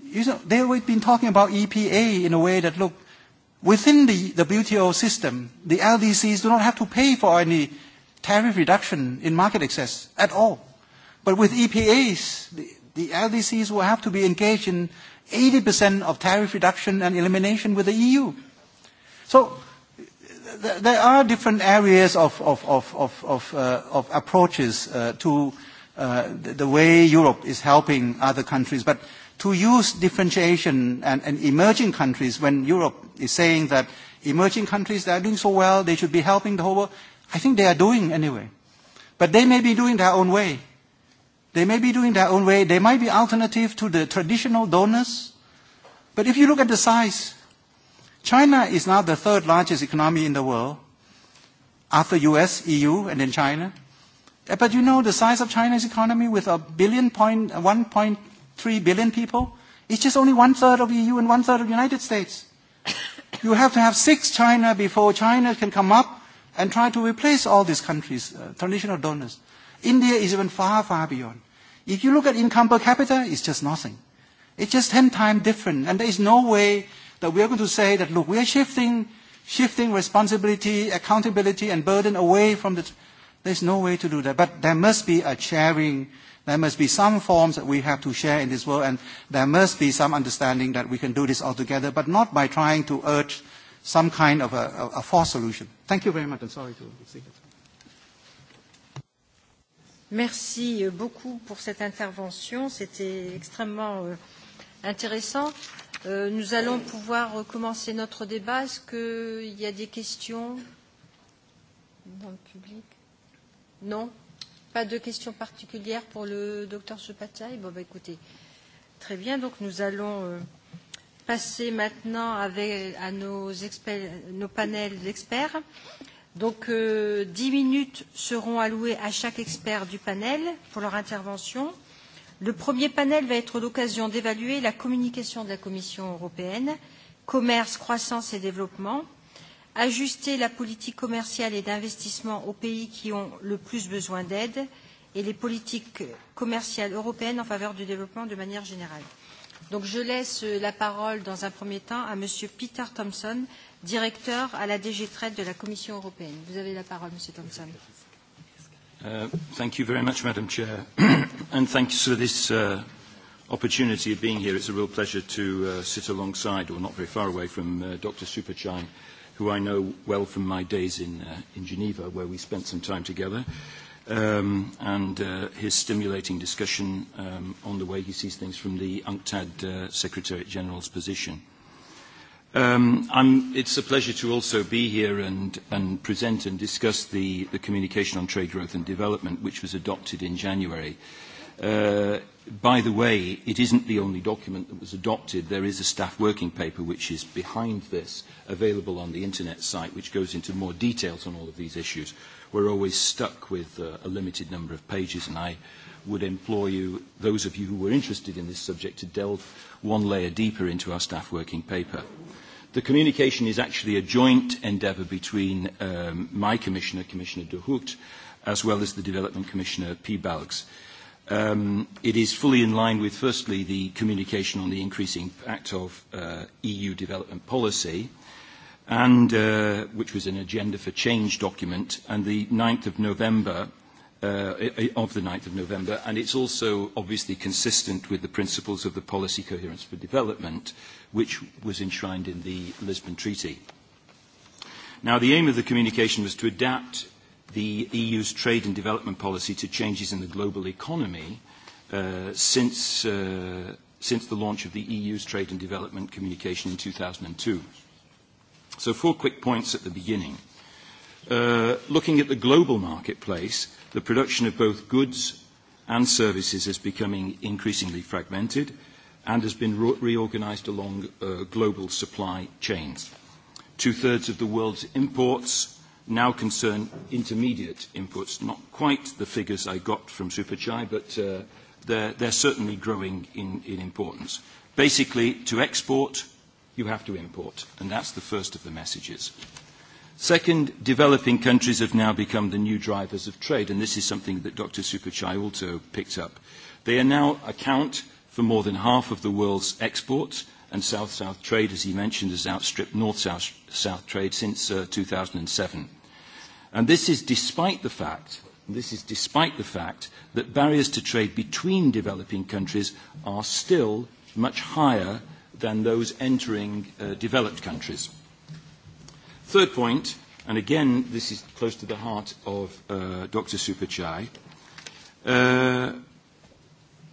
You know, they've been talking about EPA in a way that, look, Within the, the WTO system, the LDCs do not have to pay for any tariff reduction in market access at all. But with EPAs, the, the LDCs will have to be engaged in 80% of tariff reduction and elimination with the EU. So th there are different areas of, of, of, of, of, uh, of approaches uh, to uh, the, the way Europe is helping other countries. But to use differentiation and, and emerging countries when Europe is saying that emerging countries that are doing so well, they should be helping the whole world. I think they are doing anyway. But they may be doing their own way. They may be doing their own way. They might be alternative to the traditional donors. But if you look at the size, China is now the third largest economy in the world after US, EU, and then China. Eh, but you know the size of China's economy with a billion point, three billion people, it's just only one third of EU e and one third of the United States. you have to have six China before China can come up and try to replace all these countries, uh, traditional donors. India is even far, far beyond. If you look at income per capita, it's just nothing. It's just 10 times different. And there is no way that we are going to say that, look, we are shifting, shifting responsibility, accountability, and burden away from the. There's no way to do that. But there must be a sharing There must be some forms that we have to share in this world, and there must be some understanding that we can do this all together, but not by trying to urge some kind of a, a, a false solution. Thank you very much, and sorry to see that. Merci euh, beaucoup pour cette intervention. C'était extrêmement euh, intéressant. Euh, nous allons pouvoir euh, commencer notre débat. Est-ce qu'il y a des questions dans le public Non Pas de questions particulières pour le docteur Chepataille Bon, bah, écoutez, très bien. Donc, nous allons euh, passer maintenant avec, à nos, nos panels d'experts. Donc, euh, 10 minutes seront allouées à chaque expert du panel pour leur intervention. Le premier panel va être l'occasion d'évaluer la communication de la Commission européenne, commerce, croissance et développement, ajuster la politique commerciale et d'investissement aux pays qui ont le plus besoin d'aide et les politiques commerciales européennes en faveur du développement de manière générale. Donc je laisse euh, la parole dans un premier temps à Monsieur Peter Thompson, directeur à la DG Trade de la Commission européenne. Vous avez la parole, Monsieur Thompson. Uh, thank you very much, Madam Chair, and thanks for this uh, opportunity of being here. It's a real pleasure to uh, sit alongside, or not very far away from uh, Dr. Superchine who I know well from my days in, uh, in Geneva, where we spent some time together, um, and uh, his stimulating discussion um, on the way he sees things from the UNCTAD uh, Secretary General's position. Um, I'm, it's a pleasure to also be here and, and present and discuss the, the communication on trade growth and development, which was adopted in January. Uh, by the way, it isn't the only document that was adopted. There is a staff working paper which is behind this, available on the internet site, which goes into more details on all of these issues. We're always stuck with uh, a limited number of pages, and I would implore you, those of you who were interested in this subject, to delve one layer deeper into our staff working paper. The communication is actually a joint endeavour between um, my commissioner, Commissioner De Hoogte, as well as the Development Commissioner P. Balgs. Um, it is fully in line with, firstly, the communication on the increasing impact of uh, EU development policy, and uh, which was an agenda for change document, and the 9 of November, uh, of the 9th of November, and it's also obviously consistent with the principles of the policy coherence for development, which was enshrined in the Lisbon Treaty. Now, the aim of the communication was to adapt the EU's trade and development policy to changes in the global economy uh, since, uh, since the launch of the EU's trade and development communication in 2002. So four quick points at the beginning. Uh, looking at the global marketplace, the production of both goods and services is becoming increasingly fragmented and has been reorganized along uh, global supply chains. Two-thirds of the world's imports now concern intermediate inputs, not quite the figures I got from Superchai, but uh, they're, they're certainly growing in, in importance. Basically, to export, you have to import, and that's the first of the messages. Second, developing countries have now become the new drivers of trade, and this is something that Dr. Superchai also picked up. They are now account for more than half of the world's exports, and South-South trade, as he mentioned, has outstripped North-South trade since uh, 2007. And this is despite the fact this is despite the fact that barriers to trade between developing countries are still much higher than those entering uh, developed countries. Third point, and again, this is close to the heart of uh, Dr. Supachai. Uh,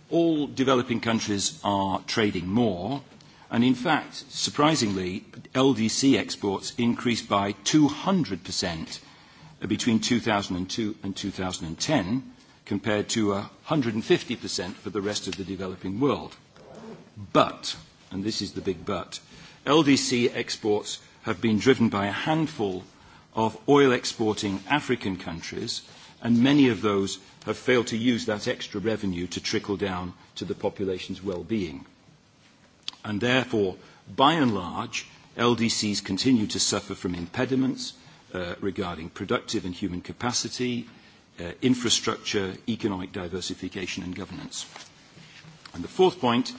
all developing countries are trading more, And in fact, surprisingly, LDC exports increased by 200% between 2002 and 2010, compared to 150% for the rest of the developing world. But, and this is the big but, LDC exports have been driven by a handful of oil-exporting African countries, and many of those have failed to use that extra revenue to trickle down to the population's well-being and therefore, by and large, LDCs continue to suffer from impediments uh, regarding productive and human capacity, uh, infrastructure, economic diversification and governance. And the fourth point,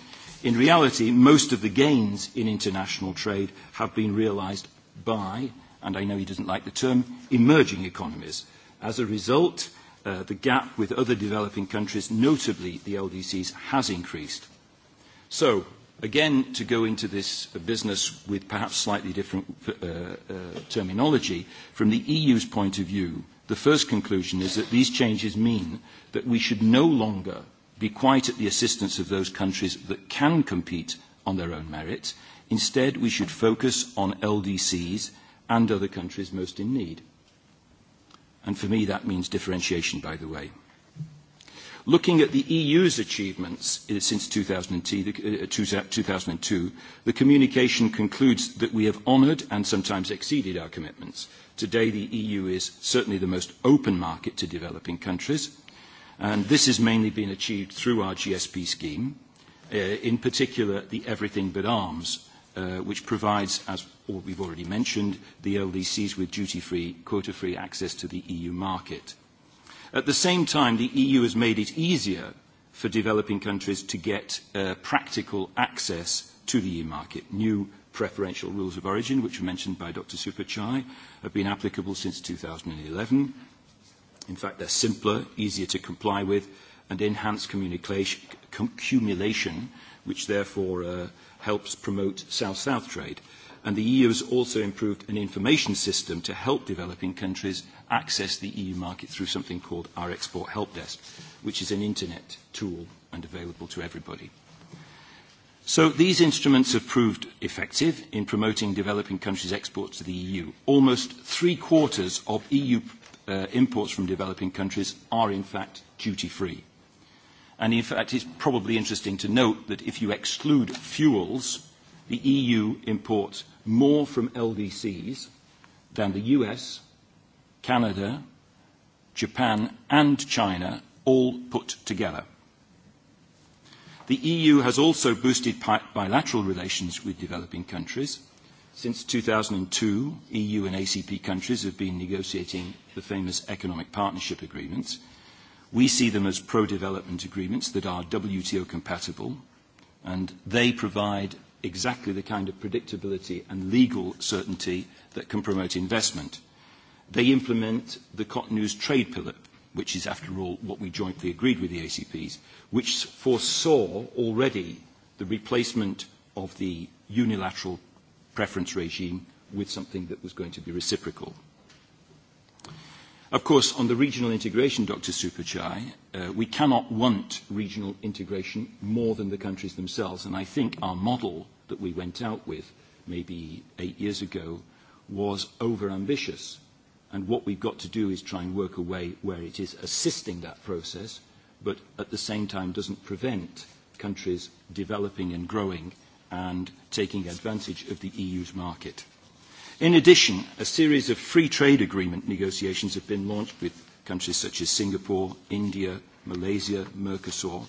in reality, most of the gains in international trade have been realized by, and I know he doesn't like the term, emerging economies. As a result, uh, the gap with other developing countries, notably the LDCs, has increased. So, again, to go into this business with perhaps slightly different uh, uh, terminology, from the EU's point of view, the first conclusion is that these changes mean that we should no longer be quite at the assistance of those countries that can compete on their own merit. Instead, we should focus on LDCs and other countries most in need. And for me, that means differentiation, by the way. Looking at the EU's achievements uh, since 2002, uh, uh, the communication concludes that we have honoured and sometimes exceeded our commitments. Today, the EU is certainly the most open market to developing countries, and this has mainly been achieved through our GSP scheme, in particular the Everything But Arms which provides, as we've already mentioned, the LDCs with duty-free, quota-free access to the EU market. At the same time, the EU has made it easier for developing countries to get uh, practical access to the EU market. New preferential rules of origin, which were mentioned by Dr. Superchai, have been applicable since 2011. In fact, they're simpler, easier to comply with, and enhance cumulation, which therefore uh, helps promote South-South trade and the EU has also improved an information system to help developing countries access the EU market through something called our Export Help Desk, which is an internet tool and available to everybody. So these instruments have proved effective in promoting developing countries' exports to the EU. Almost three-quarters of EU uh, imports from developing countries are in fact duty-free. And in fact, it's probably interesting to note that if you exclude fuels, the EU imports more from LDCs than the US, Canada, Japan and China all put together. The EU has also boosted bilateral relations with developing countries. Since 2002, EU and e ACP countries have been negotiating the famous economic partnership agreements. We see them as pro-development agreements that are WTO compatible, and they provide exactly the kind of predictability and legal certainty that can promote investment. They implement the Cotonou's trade pillar, which is, after all, what we jointly agreed with the ACPs, which foresaw already the replacement of the unilateral preference regime with something that was going to be reciprocal. Of course, on the regional integration, Dr. Supachai, uh, we cannot want regional integration more than the countries themselves. And I think our model that we went out with maybe eight years ago was overambitious. And what we've got to do is try and work a way where it is assisting that process, but at the same time doesn't prevent countries developing and growing and taking advantage of the EU's market. In addition, a series of free trade agreement negotiations have been launched with countries such as Singapore, India, Malaysia, Mercosur,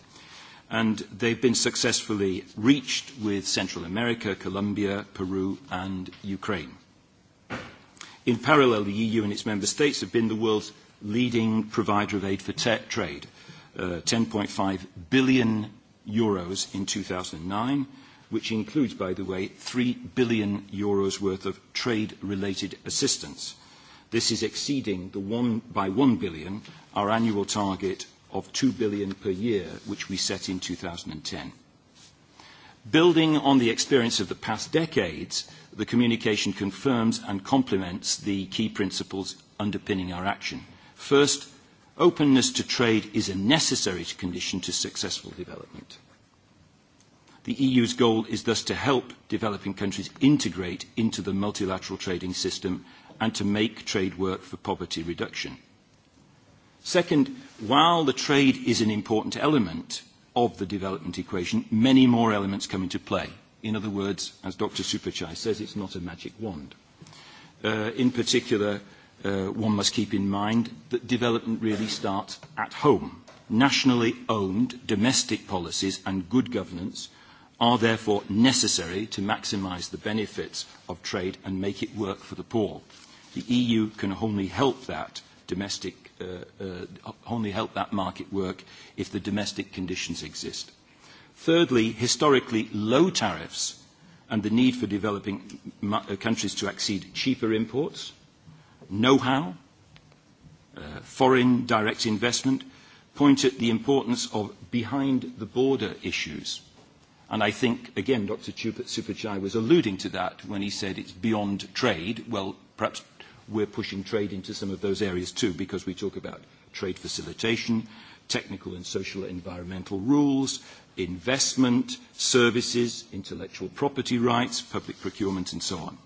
and they've been successfully reached with Central America, Colombia, Peru, and Ukraine. In parallel, the EU and its member states have been the world's leading provider of aid for trade, uh, 10.5 billion euros in 2009 which includes, by the way, 3 billion euros worth of trade-related assistance. This is exceeding the one, by 1 billion our annual target of 2 billion per year, which we set in 2010. Building on the experience of the past decades, the communication confirms and complements the key principles underpinning our action. First, openness to trade is a necessary condition to successful development. The EU's goal is thus to help developing countries integrate into the multilateral trading system and to make trade work for poverty reduction. Second, while the trade is an important element of the development equation, many more elements come into play. In other words, as Dr. Superchai says, it's not a magic wand. Uh, in particular, uh, one must keep in mind that development really starts at home. Nationally owned domestic policies and good governance – are therefore necessary to maximise the benefits of trade and make it work for the poor. The EU can only help that domestic, uh, uh, only help that market work if the domestic conditions exist. Thirdly, historically low tariffs and the need for developing uh, countries to accede cheaper imports, know-how, uh, foreign direct investment point at the importance of behind-the-border issues And I think, again, Dr. Superchai was alluding to that when he said it's beyond trade. Well, perhaps we're pushing trade into some of those areas too, because we talk about trade facilitation, technical and social environmental rules, investment, services, intellectual property rights, public procurement, and so on.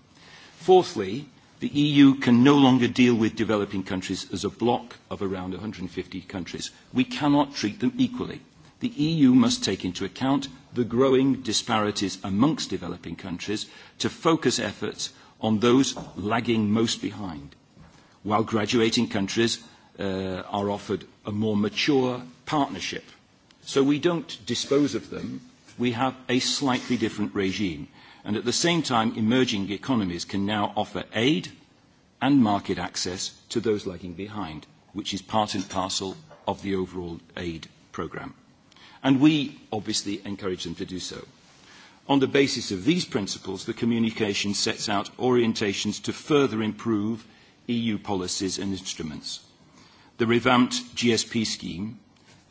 Fourthly, the EU can no longer deal with developing countries as a block of around 150 countries. We cannot treat them equally the EU must take into account the growing disparities amongst developing countries to focus efforts on those lagging most behind, while graduating countries uh, are offered a more mature partnership. So we don't dispose of them, we have a slightly different regime. And at the same time, emerging economies can now offer aid and market access to those lagging behind, which is part and parcel of the overall aid programme and we obviously encourage them to do so. On the basis of these principles, the communication sets out orientations to further improve EU policies and instruments. The revamped GSP scheme,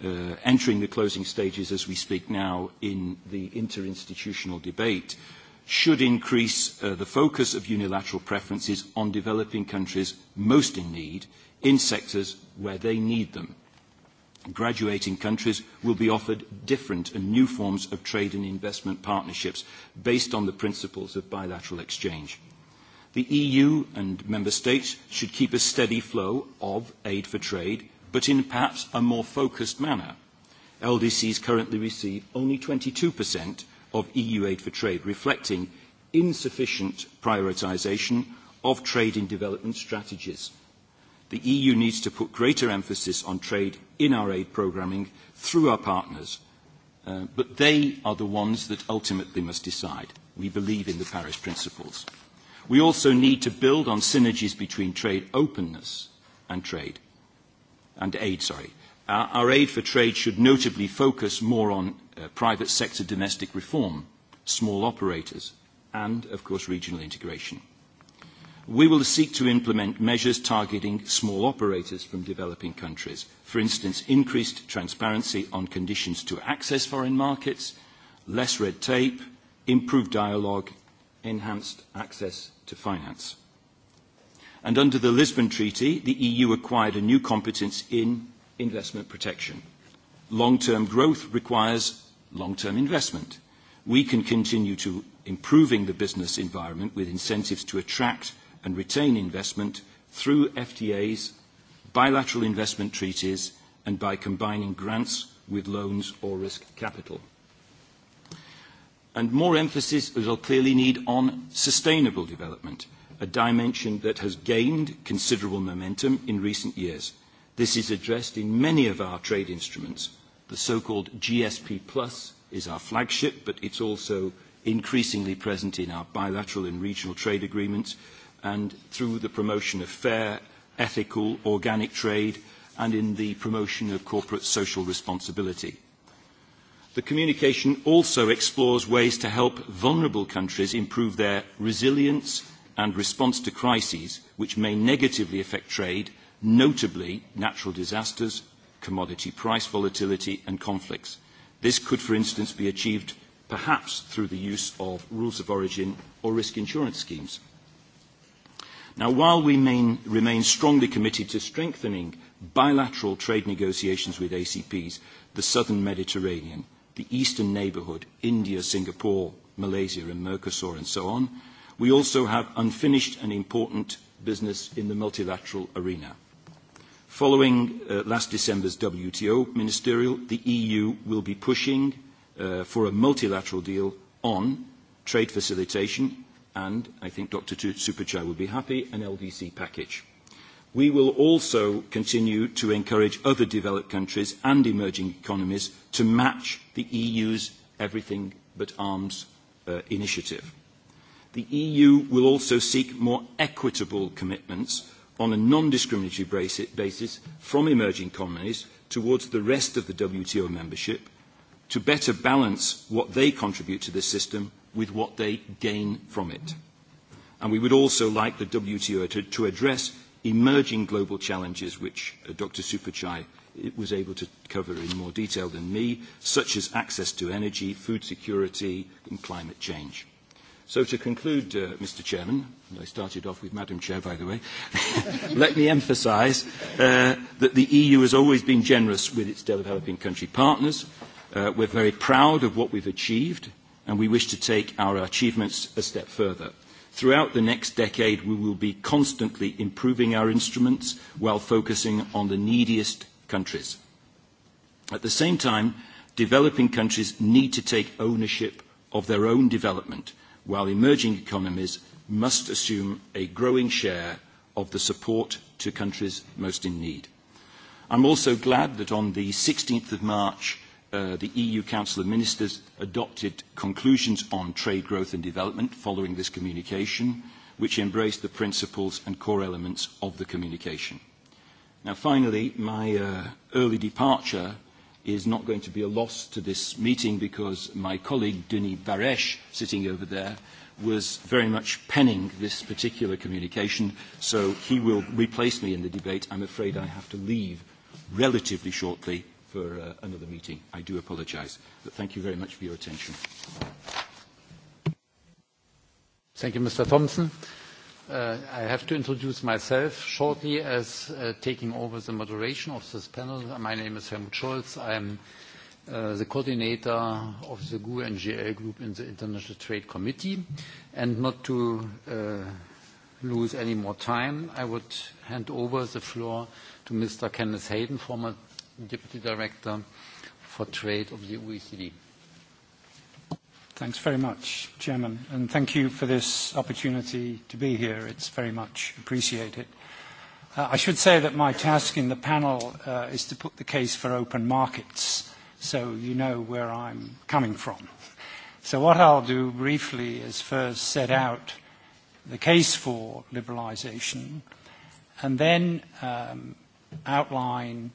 uh, entering the closing stages as we speak now in the interinstitutional debate, should increase uh, the focus of unilateral preferences on developing countries most in need in sectors where they need them graduating countries will be offered different and new forms of trade and investment partnerships based on the principles of bilateral exchange. The EU and Member States should keep a steady flow of aid for trade, but in perhaps a more focused manner. LDCs currently receive only 22% of EU aid for trade, reflecting insufficient prioritisation of trade and development strategies. The EU needs to put greater emphasis on trade in our aid programming through our partners. Uh, but they are the ones that ultimately must decide. We believe in the Paris principles. We also need to build on synergies between trade openness and trade and aid, sorry. Our, our aid for trade should notably focus more on uh, private sector domestic reform, small operators, and of course regional integration. We will seek to implement measures targeting small operators from developing countries. For instance, increased transparency on conditions to access foreign markets, less red tape, improved dialogue, enhanced access to finance. And under the Lisbon Treaty, the EU acquired a new competence in investment protection. Long-term growth requires long-term investment. We can continue to improving the business environment with incentives to attract and retain investment through FTAs, bilateral investment treaties, and by combining grants with loans or risk capital. And more emphasis we will clearly need on sustainable development, a dimension that has gained considerable momentum in recent years. This is addressed in many of our trade instruments. The so-called GSP Plus is our flagship, but it's also increasingly present in our bilateral and regional trade agreements, and through the promotion of fair, ethical, organic trade and in the promotion of corporate social responsibility. The communication also explores ways to help vulnerable countries improve their resilience and response to crises which may negatively affect trade, notably natural disasters, commodity price volatility and conflicts. This could, for instance, be achieved perhaps through the use of rules of origin or risk insurance schemes. Now, while we main, remain strongly committed to strengthening bilateral trade negotiations with ACPs, the southern Mediterranean, the eastern neighbourhood, India, Singapore, Malaysia and Mercosur and so on, we also have unfinished and important business in the multilateral arena. Following uh, last December's WTO ministerial, the EU will be pushing uh, for a multilateral deal on trade facilitation and I think Dr. Superchai would be happy, an LDC package. We will also continue to encourage other developed countries and emerging economies to match the EU's Everything But Arms uh, initiative. The EU will also seek more equitable commitments on a non-discriminatory basis from emerging economies towards the rest of the WTO membership to better balance what they contribute to the system with what they gain from it. And we would also like the WTO to, to address emerging global challenges, which uh, Dr. Supachai was able to cover in more detail than me, such as access to energy, food security, and climate change. So to conclude, uh, Mr. Chairman, and I started off with Madam Chair, by the way, let me emphasise uh, that the EU has always been generous with its developing country partners. Uh, we're very proud of what we've achieved and we wish to take our achievements a step further. Throughout the next decade, we will be constantly improving our instruments while focusing on the neediest countries. At the same time, developing countries need to take ownership of their own development, while emerging economies must assume a growing share of the support to countries most in need. I'm also glad that on the 16th of March, Uh, the EU Council of Ministers adopted conclusions on trade growth and development following this communication, which embraced the principles and core elements of the communication. Now, finally, my uh, early departure is not going to be a loss to this meeting because my colleague Denis Baresh, sitting over there, was very much penning this particular communication, so he will replace me in the debate. I'm afraid I have to leave relatively shortly for uh, another meeting. I do apologize. But thank you very much for your attention. Thank you, Mr. Thompson. Uh, I have to introduce myself shortly as uh, taking over the moderation of this panel. My name is Helmut Scholz. I am uh, the coordinator of the GU e NGL group in the International Trade Committee. And not to uh, lose any more time, I would hand over the floor to Mr. Kenneth Hayden, former Deputy Director for Trade of the OECD. Thanks very much, Chairman, and thank you for this opportunity to be here. It's very much appreciated. Uh, I should say that my task in the panel uh, is to put the case for open markets, so you know where I'm coming from. So what I'll do briefly is first set out the case for liberalization and then um, outline uh,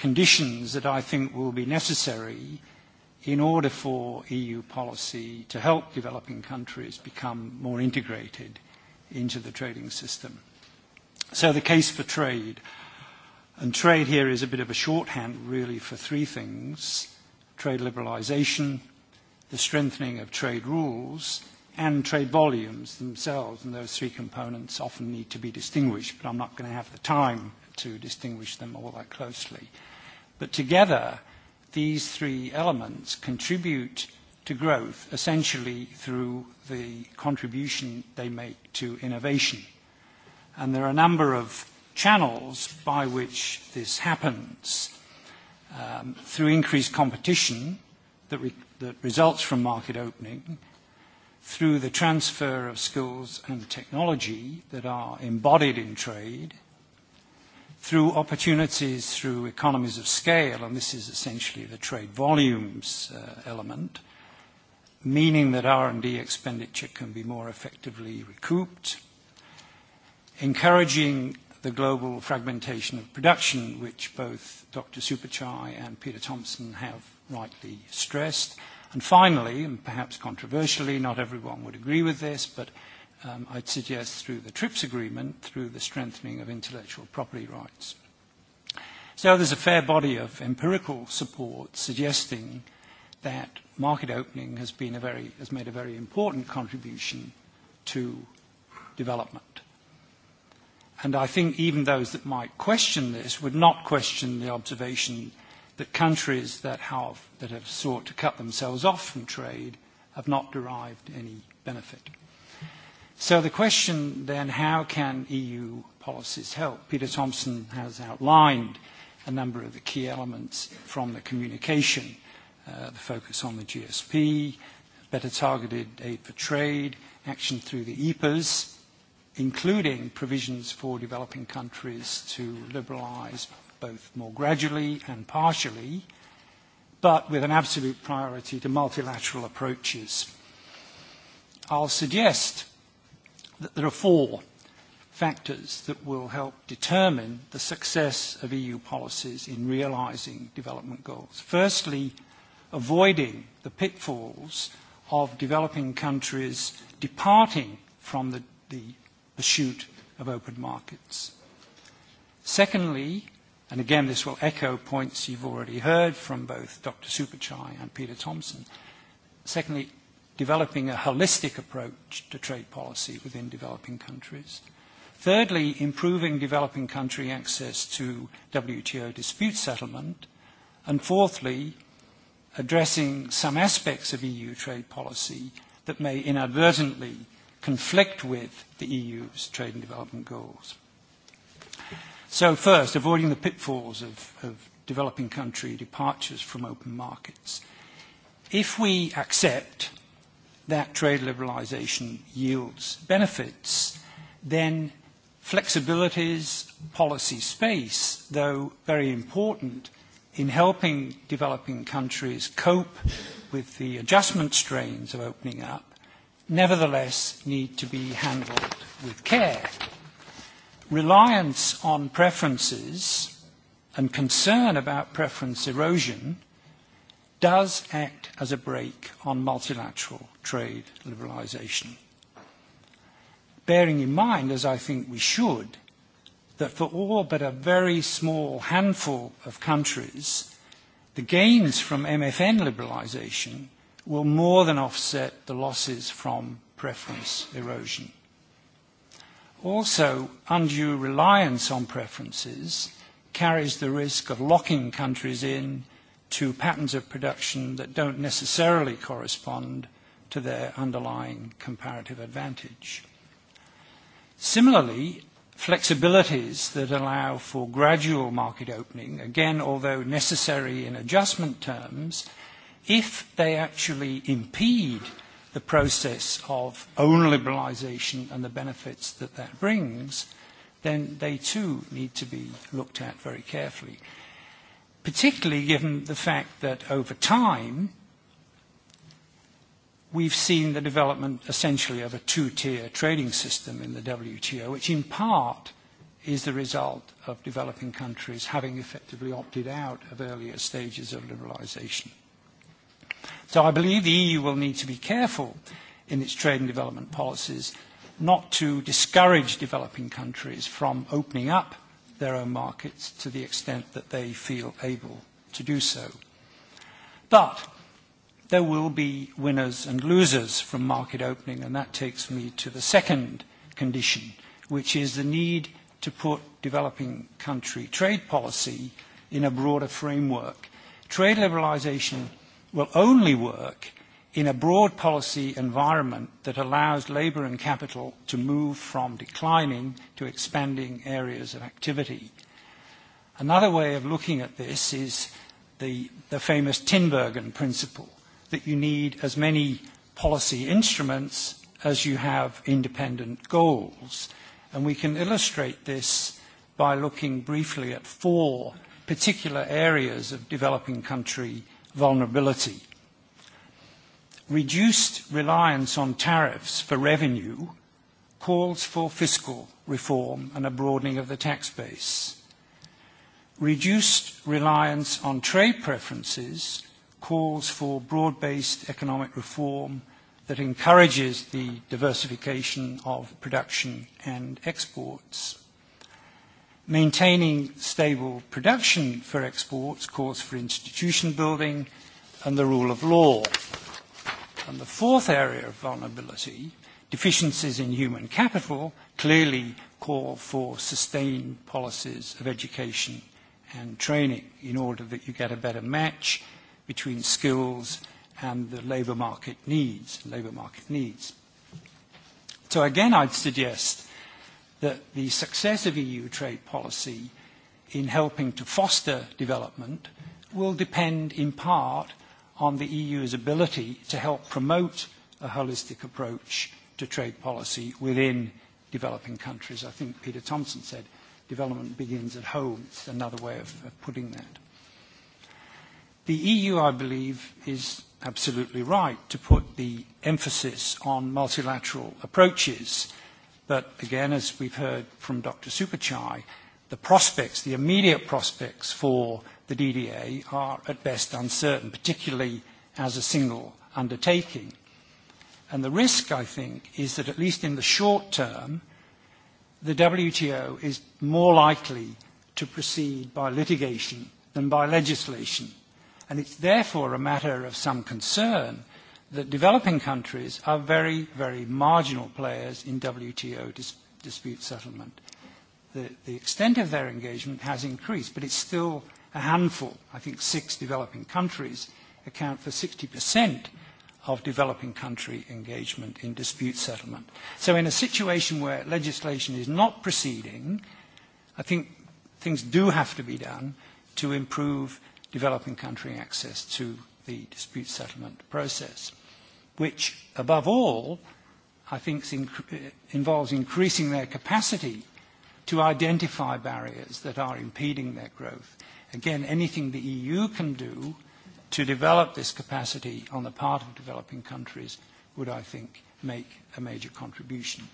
conditions that I think will be necessary in order for EU policy to help developing countries become more integrated into the trading system. So the case for trade. And trade here is a bit of a shorthand, really, for three things trade liberalisation, the strengthening of trade rules, and trade volumes themselves. And those three components often need to be distinguished, but I'm not going to have the time to distinguish them all that closely. But together, these three elements contribute to growth essentially through the contribution they make to innovation. And there are a number of channels by which this happens. Um, through increased competition that, re that results from market opening, through the transfer of skills and technology that are embodied in trade, through opportunities through economies of scale, and this is essentially the trade volumes uh, element, meaning that R&D expenditure can be more effectively recouped, encouraging the global fragmentation of production, which both Dr. Supachai and Peter Thompson have rightly stressed. And finally, and perhaps controversially, not everyone would agree with this, but um, I'd suggest through the TRIPS agreement, through the strengthening of intellectual property rights. So there's a fair body of empirical support suggesting that market opening has, been a very, has made a very important contribution to development. And I think even those that might question this would not question the observation that countries that have, that have sought to cut themselves off from trade have not derived any benefit. So the question then, how can EU policies help? Peter Thompson has outlined a number of the key elements from the communication, uh, the focus on the GSP, better targeted aid for trade, action through the EPAs, including provisions for developing countries to liberalize both more gradually and partially, but with an absolute priority to multilateral approaches. I'll suggest that there are four factors that will help determine the success of EU policies in realizing development goals. Firstly, avoiding the pitfalls of developing countries departing from the, the pursuit of open markets. Secondly, and again this will echo points you've already heard from both Dr. Superchai and Peter Thompson, secondly, developing a holistic approach to trade policy within developing countries. Thirdly, improving developing country access to WTO dispute settlement. And fourthly, addressing some aspects of EU trade policy that may inadvertently conflict with the EU's trade and development goals. So first, avoiding the pitfalls of, of developing country departures from open markets. If we accept that trade liberalisation yields benefits, then flexibilities, policy space, though very important in helping developing countries cope with the adjustment strains of opening up, nevertheless need to be handled with care. Reliance on preferences and concern about preference erosion – does act as a brake on multilateral trade liberalisation. Bearing in mind, as I think we should, that for all but a very small handful of countries, the gains from MFN liberalisation will more than offset the losses from preference erosion. Also, undue reliance on preferences carries the risk of locking countries in to patterns of production that don't necessarily correspond to their underlying comparative advantage. Similarly, flexibilities that allow for gradual market opening, again, although necessary in adjustment terms, if they actually impede the process of own liberalization and the benefits that that brings, then they too need to be looked at very carefully particularly given the fact that over time, we've seen the development essentially of a two-tier trading system in the WTO, which in part is the result of developing countries having effectively opted out of earlier stages of liberalization. So I believe the EU will need to be careful in its trade and development policies not to discourage developing countries from opening up their own markets to the extent that they feel able to do so. But there will be winners and losers from market opening, and that takes me to the second condition, which is the need to put developing country trade policy in a broader framework. Trade liberalisation will only work in a broad policy environment that allows labour and capital to move from declining to expanding areas of activity. Another way of looking at this is the, the famous Tinbergen principle, that you need as many policy instruments as you have independent goals. And we can illustrate this by looking briefly at four particular areas of developing country vulnerability reduced reliance on tariffs for revenue calls for fiscal reform and a broadening of the tax base. Reduced reliance on trade preferences calls for broad-based economic reform that encourages the diversification of production and exports. Maintaining stable production for exports calls for institution building and the rule of law. And the fourth area of vulnerability, deficiencies in human capital, clearly call for sustained policies of education and training in order that you get a better match between skills and the labour market needs, labour market needs. So again, I'd suggest that the success of EU trade policy in helping to foster development will depend in part on the EU's ability to help promote a holistic approach to trade policy within developing countries. I think Peter Thompson said development begins at home. It's another way of, of putting that. The EU, I believe, is absolutely right to put the emphasis on multilateral approaches. But again, as we've heard from Dr. Superchai, the prospects, the immediate prospects for the DDA are at best uncertain, particularly as a single undertaking. And the risk, I think, is that at least in the short term, the WTO is more likely to proceed by litigation than by legislation. And it's therefore a matter of some concern that developing countries are very, very marginal players in WTO dis- dispute settlement. The, the extent of their engagement has increased, but it's still a handful, I think six developing countries, account for 60% of developing country engagement in dispute settlement. So in a situation where legislation is not proceeding, I think things do have to be done to improve developing country access to the dispute settlement process, which, above all, I think inc involves increasing their capacity to identify barriers that are impeding their growth again, anything the EU can do to develop this capacity on the part of developing countries would, I think, make a major contribution.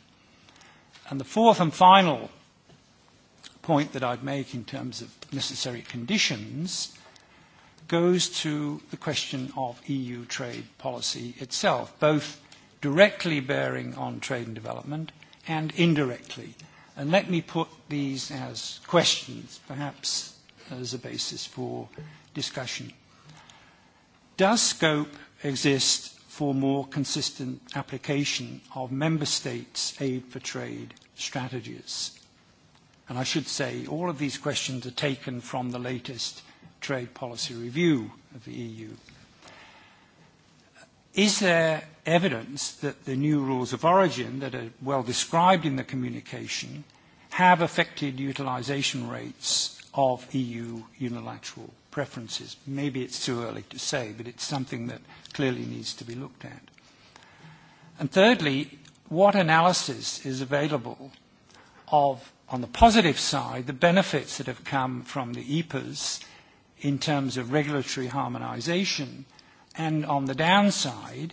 And the fourth and final point that I'd make in terms of necessary conditions goes to the question of EU trade policy itself, both directly bearing on trade and development and indirectly. And let me put these as questions, perhaps as a basis for discussion. Does scope exist for more consistent application of member states' aid for trade strategies? And I should say, all of these questions are taken from the latest trade policy review of the EU. Is there evidence that the new rules of origin that are well described in the communication have affected utilization rates of EU unilateral preferences. Maybe it's too early to say, but it's something that clearly needs to be looked at. And thirdly, what analysis is available of, on the positive side, the benefits that have come from the EPAs in terms of regulatory harmonization, and on the downside,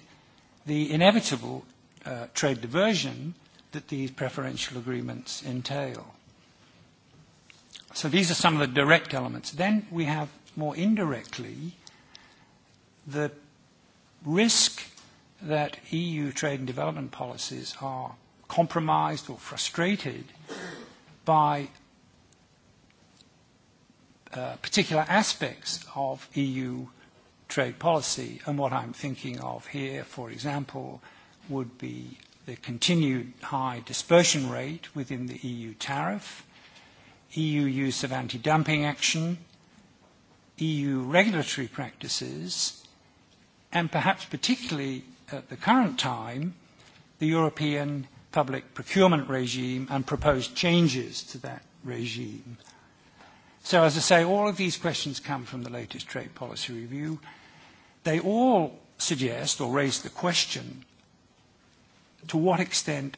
the inevitable uh, trade diversion that these preferential agreements entail. So these are some of the direct elements. Then we have more indirectly the risk that EU trade and development policies are compromised or frustrated by uh, particular aspects of EU trade policy. And what I'm thinking of here, for example, would be the continued high dispersion rate within the EU tariff EU use of anti-dumping action, EU regulatory practices, and perhaps particularly at the current time, the European public procurement regime and proposed changes to that regime. So as I say, all of these questions come from the latest trade policy review. They all suggest or raise the question to what extent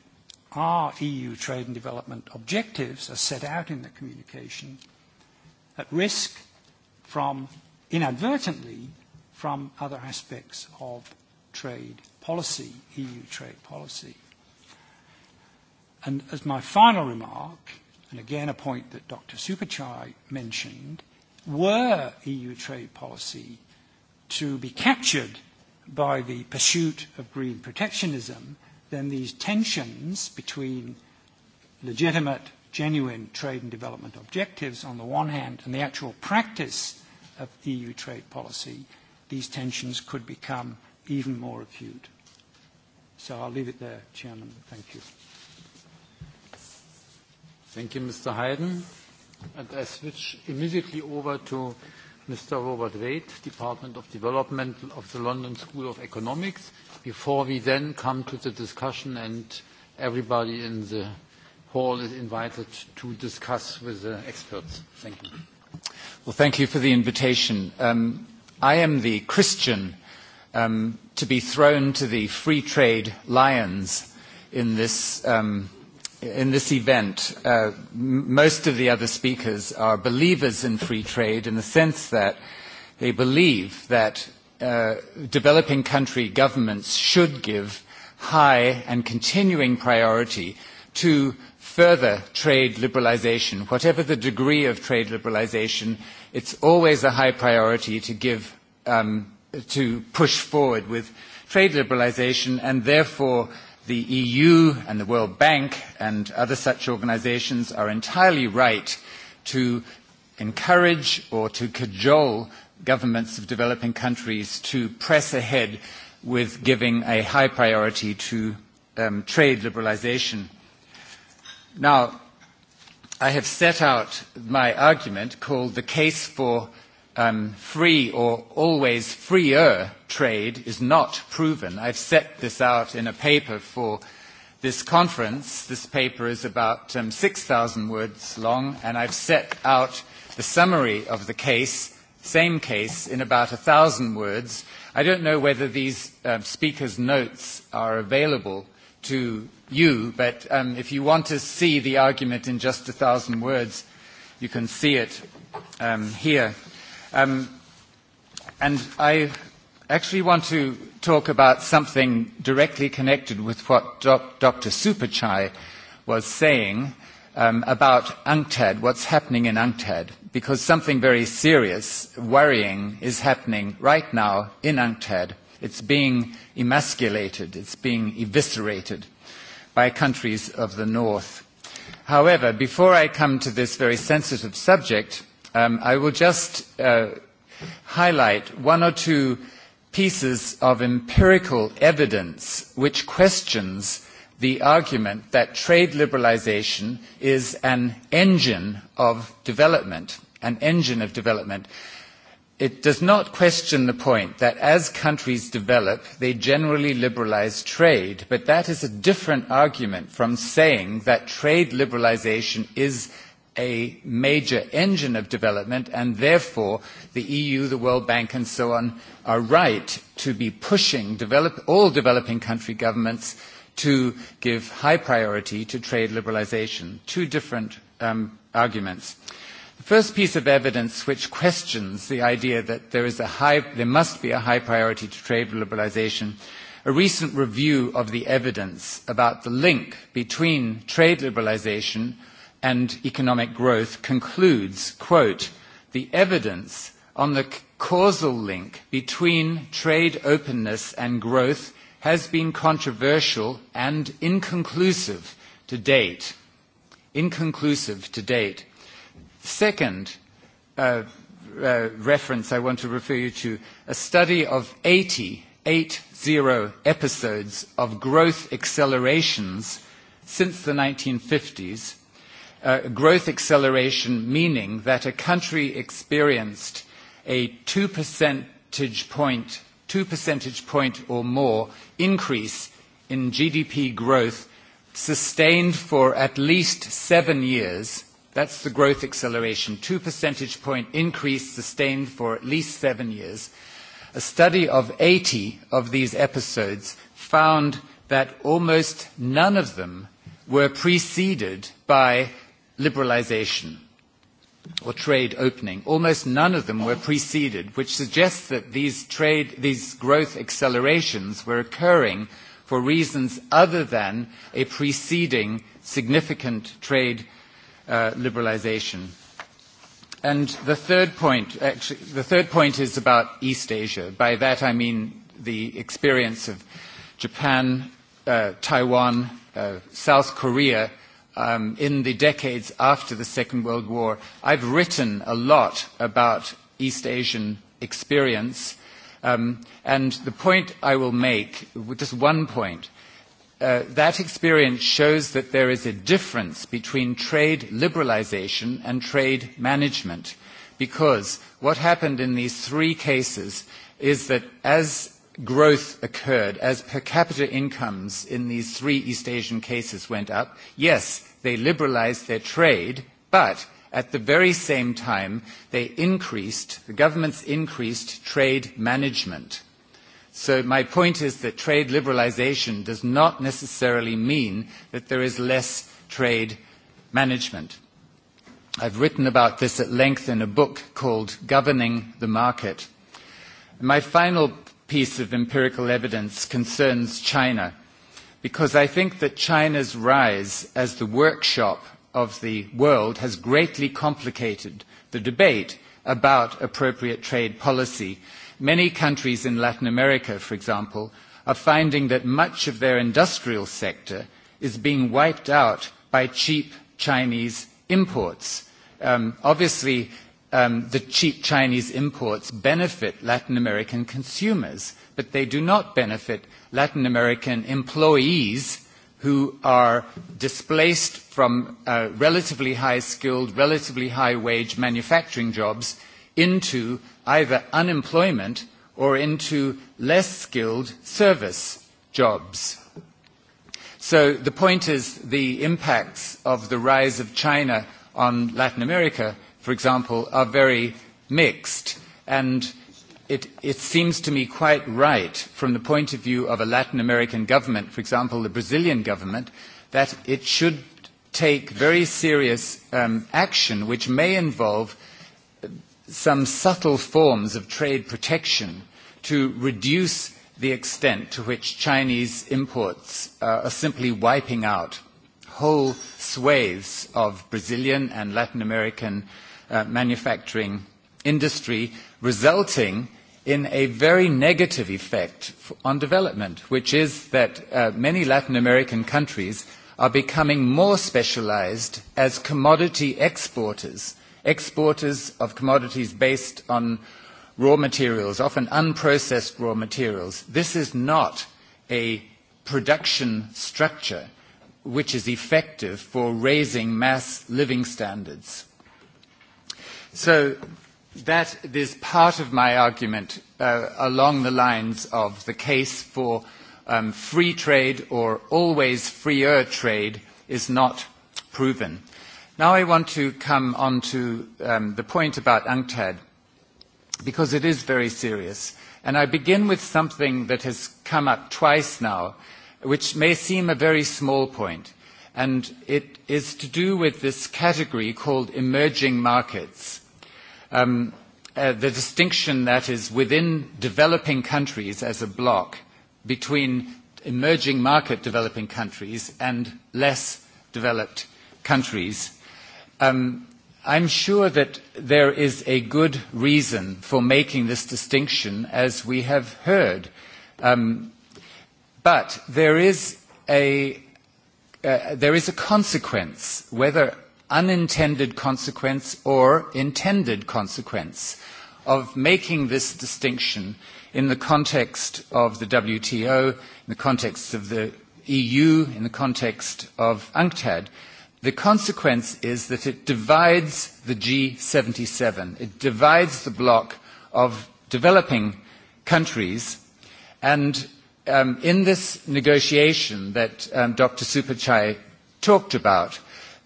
Our EU trade and development objectives, are set out in the communication, at risk from inadvertently from other aspects of trade policy, EU trade policy. And as my final remark, and again a point that Dr. Superchai mentioned, were EU trade policy to be captured by the pursuit of green protectionism, then these tensions between legitimate, genuine trade and development objectives on the one hand and the actual practice of EU trade policy, these tensions could become even more acute. So I'll leave it there, Chairman. Thank you. Thank you, Mr. Hayden. And I switch immediately over to Mr. Robert Wade, Department of Development of the London School of Economics before we then come to the discussion and everybody in the hall is invited to discuss with the experts. Thank you. Well, thank you for the invitation. Um, I am the Christian um, to be thrown to the free trade lions in this, um, in this event. Uh, most of the other speakers are believers in free trade in the sense that they believe that Uh, developing country governments should give high and continuing priority to further trade liberalisation. Whatever the degree of trade liberalisation, it's always a high priority to give, um, to push forward with trade liberalisation and therefore the EU and the World Bank and other such organisations are entirely right to encourage or to cajole governments of developing countries to press ahead with giving a high priority to um, trade liberalization. Now, I have set out my argument called the case for um, free or always freer trade is not proven. I've set this out in a paper for this conference. This paper is about um, 6,000 words long, and I've set out the summary of the case same case in about a thousand words. I don't know whether these um, speakers' notes are available to you, but um, if you want to see the argument in just a thousand words, you can see it um, here. Um, and I actually want to talk about something directly connected with what Dr. Superchai was saying um, about UNCTAD, what's happening in UNCTAD, because something very serious, worrying, is happening right now in UNCTAD. It's being emasculated, it's being eviscerated by countries of the North. However, before I come to this very sensitive subject, um, I will just uh, highlight one or two pieces of empirical evidence which questions the argument that trade liberalization is an engine of development, an engine of development. It does not question the point that as countries develop, they generally liberalize trade, but that is a different argument from saying that trade liberalization is a major engine of development, and therefore the EU, the World Bank, and so on are right to be pushing develop, all developing country governments to give high priority to trade liberalisation. Two different um, arguments. The first piece of evidence which questions the idea that there, is a high, there must be a high priority to trade liberalisation, a recent review of the evidence about the link between trade liberalisation and economic growth concludes, quote, the evidence on the causal link between trade openness and growth has been controversial and inconclusive to date. Inconclusive to date. Second uh, uh, reference I want to refer you to, a study of 80, 80 episodes of growth accelerations since the 1950s. Uh, growth acceleration meaning that a country experienced a two percentage point two percentage point or more increase in GDP growth sustained for at least seven years. That's the growth acceleration. Two percentage point increase sustained for at least seven years. A study of 80 of these episodes found that almost none of them were preceded by liberalization or trade opening. Almost none of them were preceded, which suggests that these, trade, these growth accelerations were occurring for reasons other than a preceding significant trade uh, liberalization. And the third point, actually, the third point is about East Asia. By that I mean the experience of Japan, uh, Taiwan, uh, South Korea, um, in the decades after the Second World War, I've written a lot about East Asian experience. Um, and the point I will make, just one point, uh, that experience shows that there is a difference between trade liberalization and trade management. Because what happened in these three cases is that as growth occurred as per capita incomes in these three East Asian cases went up. Yes, they liberalized their trade, but at the very same time, they increased, the governments increased trade management. So my point is that trade liberalization does not necessarily mean that there is less trade management. I've written about this at length in a book called Governing the Market. My final piece of empirical evidence concerns China, because I think that China's rise as the workshop of the world has greatly complicated the debate about appropriate trade policy. Many countries in Latin America, for example, are finding that much of their industrial sector is being wiped out by cheap Chinese imports. Um, obviously, um, the cheap Chinese imports benefit Latin American consumers, but they do not benefit Latin American employees who are displaced from uh, relatively high skilled, relatively high wage manufacturing jobs into either unemployment or into less skilled service jobs. So the point is the impacts of the rise of China on Latin America for example, are very mixed. And it, it seems to me quite right from the point of view of a Latin American government, for example, the Brazilian government, that it should take very serious um, action which may involve some subtle forms of trade protection to reduce the extent to which Chinese imports uh, are simply wiping out whole swathes of Brazilian and Latin American uh, Uh, manufacturing industry, resulting in a very negative effect on development, which is that uh, many Latin American countries are becoming more specialized as commodity exporters, exporters of commodities based on raw materials, often unprocessed raw materials. This is not a production structure which is effective for raising mass living standards. So that is part of my argument uh, along the lines of the case for um, free trade or always freer trade is not proven. Now I want to come on to um, the point about UNCTAD because it is very serious. And I begin with something that has come up twice now, which may seem a very small point. And it is to do with this category called emerging markets um, uh, the distinction that is within developing countries as a bloc between emerging market developing countries and less developed countries. Um, I'm sure that there is a good reason for making this distinction, as we have heard. Um, but there is a uh, there is a consequence, whether unintended consequence or intended consequence of making this distinction in the context of the WTO, in the context of the EU, in the context of UNCTAD. The consequence is that it divides the G77. It divides the bloc of developing countries. And um, in this negotiation that um, Dr. Superchai talked about,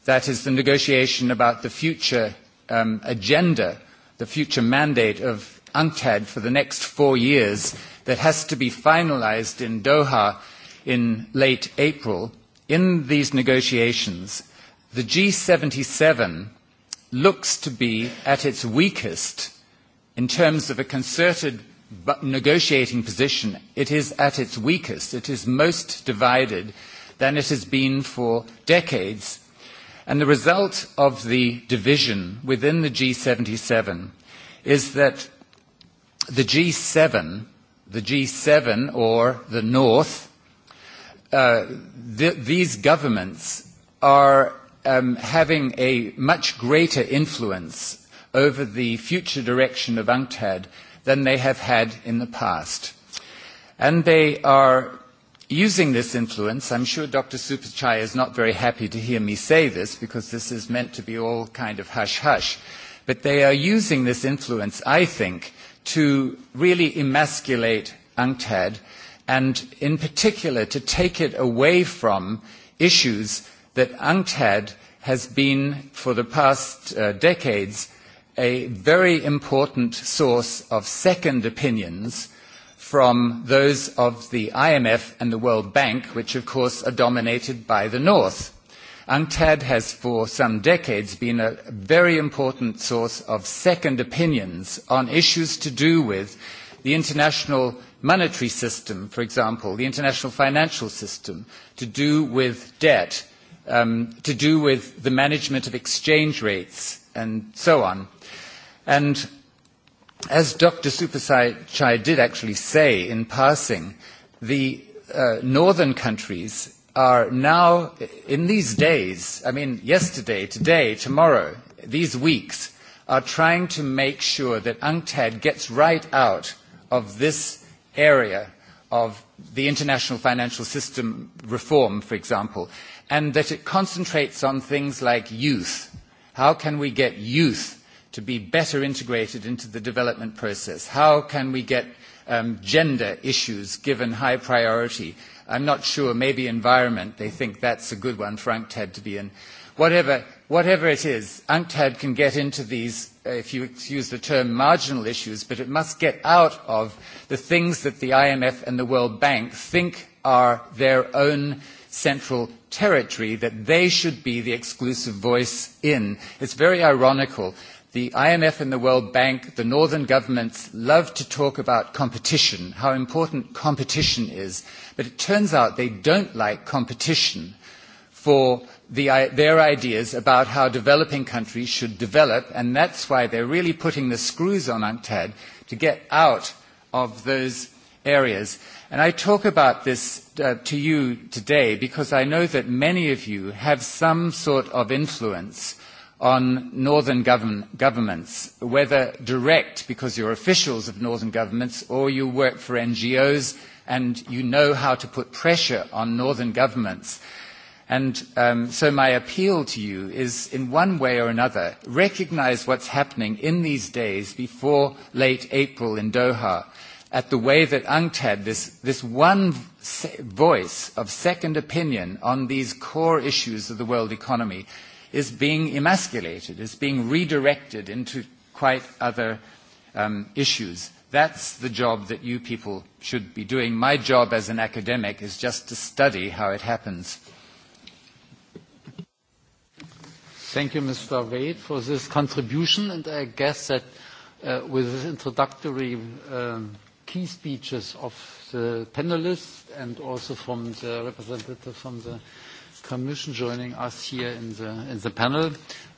That is the negotiation about the future um, agenda, the future mandate of UNCTAD for the next four years that has to be finalized in Doha in late April. In these negotiations, the G77 looks to be at its weakest in terms of a concerted but negotiating position. It is at its weakest. It is most divided than it has been for decades And the result of the division within the G77 is that the G7, the G7 or the North, uh, th these governments are um, having a much greater influence over the future direction of UNCTAD than they have had in the past. And they are using this influence, I'm sure Dr. Supachai is not very happy to hear me say this because this is meant to be all kind of hush-hush, but they are using this influence, I think, to really emasculate UNCTAD and in particular to take it away from issues that UNCTAD has been for the past uh, decades a very important source of second opinions from those of the IMF and the World Bank, which of course are dominated by the North. UNCTAD has for some decades been a very important source of second opinions on issues to do with the international monetary system, for example, the international financial system, to do with debt, um, to do with the management of exchange rates, and so on. And as Dr. Chai did actually say in passing, the uh, northern countries are now, in these days, I mean, yesterday, today, tomorrow, these weeks, are trying to make sure that UNCTAD gets right out of this area of the international financial system reform, for example, and that it concentrates on things like youth. How can we get youth to be better integrated into the development process? How can we get um, gender issues given high priority? I'm not sure, maybe environment, they think that's a good one for UNCTAD to be in. Whatever, whatever it is, UNCTAD can get into these, if you use the term, marginal issues, but it must get out of the things that the IMF and the World Bank think are their own central territory that they should be the exclusive voice in. It's very ironical The IMF and the World Bank, the northern governments love to talk about competition, how important competition is, but it turns out they don't like competition for the, their ideas about how developing countries should develop, and that's why they're really putting the screws on UNCTAD to get out of those areas. And I talk about this uh, to you today because I know that many of you have some sort of influence on northern govern governments, whether direct because you're officials of northern governments or you work for NGOs and you know how to put pressure on northern governments. And um, so my appeal to you is, in one way or another, recognize what's happening in these days before late April in Doha at the way that UNCTAD, this, this one voice of second opinion on these core issues of the world economy, is being emasculated, is being redirected into quite other um, issues. That's the job that you people should be doing. My job as an academic is just to study how it happens. Thank you, Mr. Wade, for this contribution. And I guess that uh, with this introductory um, key speeches of the panelists and also from the representative from the Commission joining us here in the, in the panel.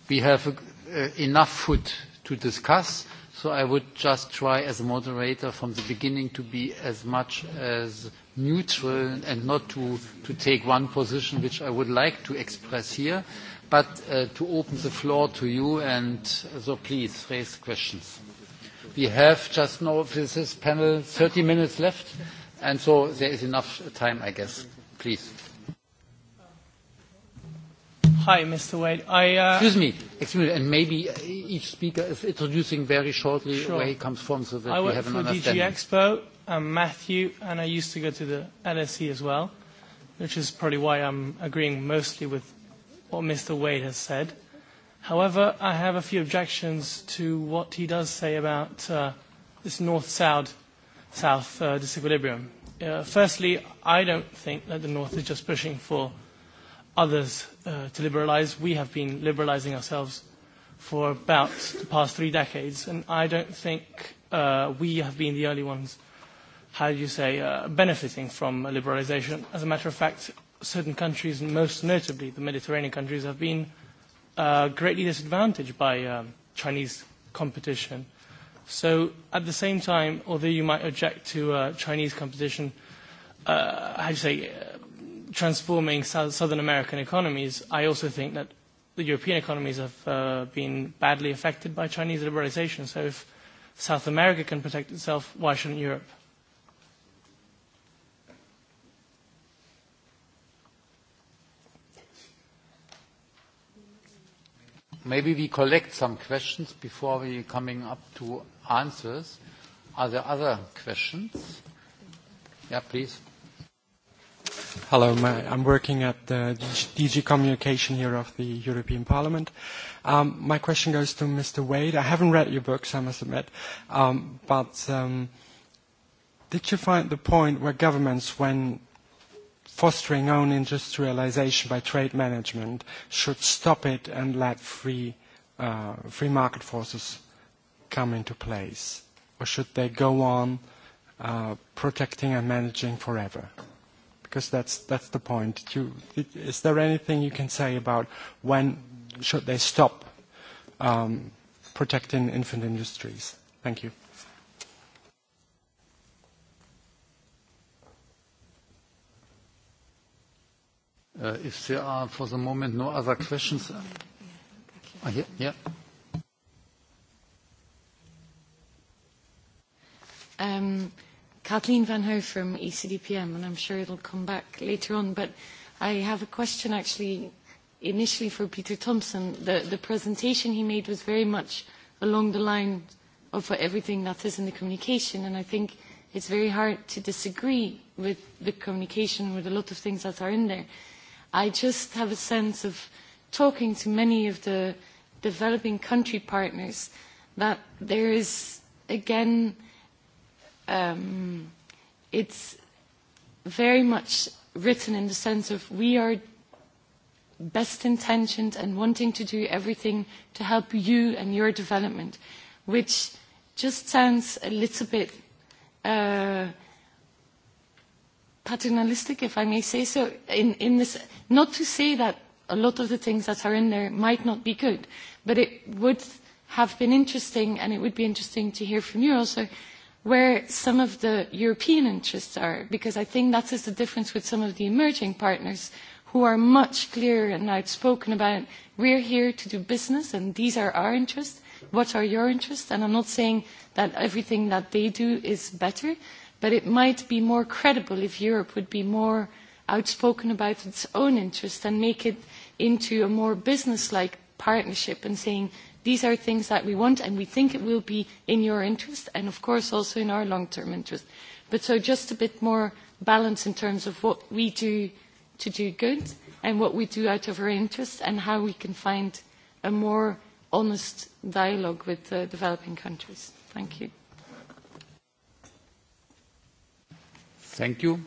We have uh, enough food to discuss, so I would just try as a moderator from the beginning to be as much as neutral and not to, to take one position which I would like to express here, but uh, to open the floor to you, and uh, so please raise questions. We have just now with this panel 30 minutes left, and so there is enough time, I guess. Please. Hi, Mr. Wade. I, uh... Excuse me. Excuse me. And maybe uh, each speaker is introducing very shortly sure. where he comes from so that I we have an understanding. I work for DG Expo. I'm um, Matthew, and I used to go to the LSE as well, which is probably why I'm agreeing mostly with what Mr. Wade has said. However, I have a few objections to what he does say about uh, this north-south south, uh, disequilibrium. Uh, firstly, I don't think that the north is just pushing for – others uh, to liberalise. We have been liberalising ourselves for about the past three decades, and I don't think uh, we have been the only ones, how do you say, uh, benefiting from liberalisation. As a matter of fact, certain countries, most notably the Mediterranean countries, have been uh, greatly disadvantaged by um, Chinese competition. So at the same time, although you might object to uh, Chinese competition, uh, how do you say, uh, transforming Southern American economies, I also think that the European economies have uh, been badly affected by Chinese liberalization. So if South America can protect itself, why shouldn't Europe? Maybe we collect some questions before we coming up to answers. Are there other questions? Yeah, please. Hello, my, I'm working at the DG Communication here of the European Parliament. Um, my question goes to Mr. Wade. I haven't read your books, I must admit, um, but um, did you find the point where governments, when fostering own industrialization by trade management, should stop it and let free, uh, free market forces come into place? Or should they go on uh, protecting and managing forever? because that's, that's the point. You, is there anything you can say about when should they stop um, protecting infant industries? Thank you. Uh, if there are, uh, for the moment, no other questions. Uh, yeah, yeah. Um, Kathleen Van Ho from ECDPM, and I'm sure it'll come back later on. But I have a question actually initially for Peter Thompson. The, the presentation he made was very much along the line of everything that is in the communication, and I think it's very hard to disagree with the communication, with a lot of things that are in there. I just have a sense of talking to many of the developing country partners that there is, again, um, it's very much written in the sense of we are best intentioned and wanting to do everything to help you and your development, which just sounds a little bit uh, paternalistic, if I may say so, in, in this, not to say that a lot of the things that are in there might not be good, but it would have been interesting, and it would be interesting to hear from you also, where some of the European interests are, because I think that is the difference with some of the emerging partners who are much clearer and outspoken about we're here to do business and these are our interests, what are your interests, and I'm not saying that everything that they do is better, but it might be more credible if Europe would be more outspoken about its own interests and make it into a more business-like partnership and saying These are things that we want, and we think it will be in your interest, and of course also in our long-term interest. But so just a bit more balance in terms of what we do to do good and what we do out of our interest and how we can find a more honest dialogue with the developing countries. Thank you. Thank you.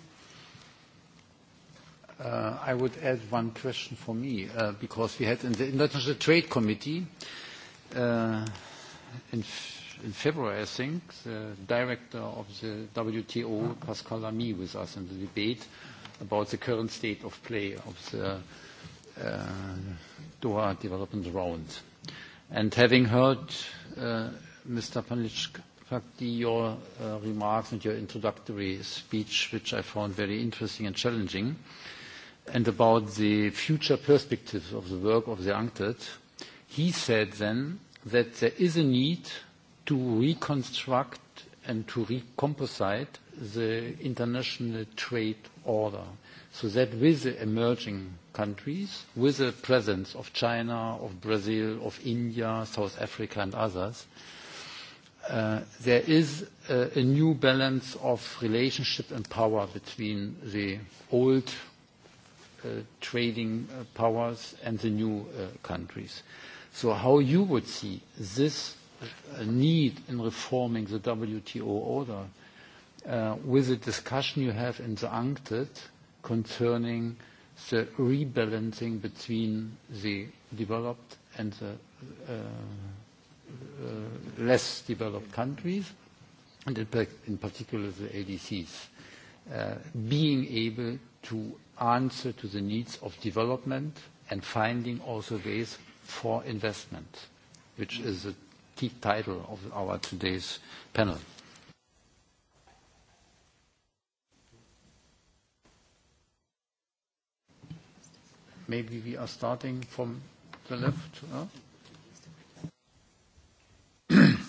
Uh, I would add one question for me, uh, because we had in the International Trade Committee uh, Uh, in, in February, I think, the director of the WTO, Pascal Lamy, with us in the debate about the current state of play of the uh, Doha development round. And having heard uh, Mr. Panikakti, your uh, remarks and your introductory speech, which I found very interesting and challenging, and about the future perspectives of the work of the UNCTAD, he said then that there is a need to reconstruct and to recomposite the international trade order so that with the emerging countries, with the presence of China, of Brazil, of India, South Africa, and others, uh, there is a, new balance of relationship and power between the old uh, trading uh, powers and the new countries. So how you would see this uh, need in reforming the WTO order uh, with the discussion you have in the UNCTAD concerning the rebalancing between the developed and the uh, uh, less developed countries, and in particular the ADCs, uh, being able to answer to the needs of development and finding also ways for investment, which is a key title of our today's panel. Maybe we are starting from the left.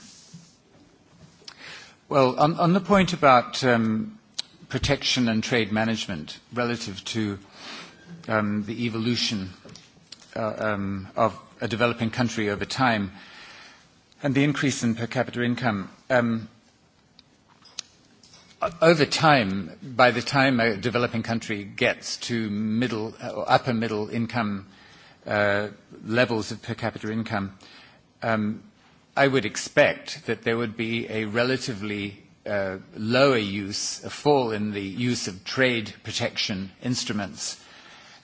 Well, on, the point about um, protection and trade management relative to um, the evolution uh, um, of a developing country over time and the increase in per capita income. Um, over time, by the time a developing country gets to middle or uh, upper middle income uh, levels of per capita income, um, I would expect that there would be a relatively uh, lower use, a fall in the use of trade protection instruments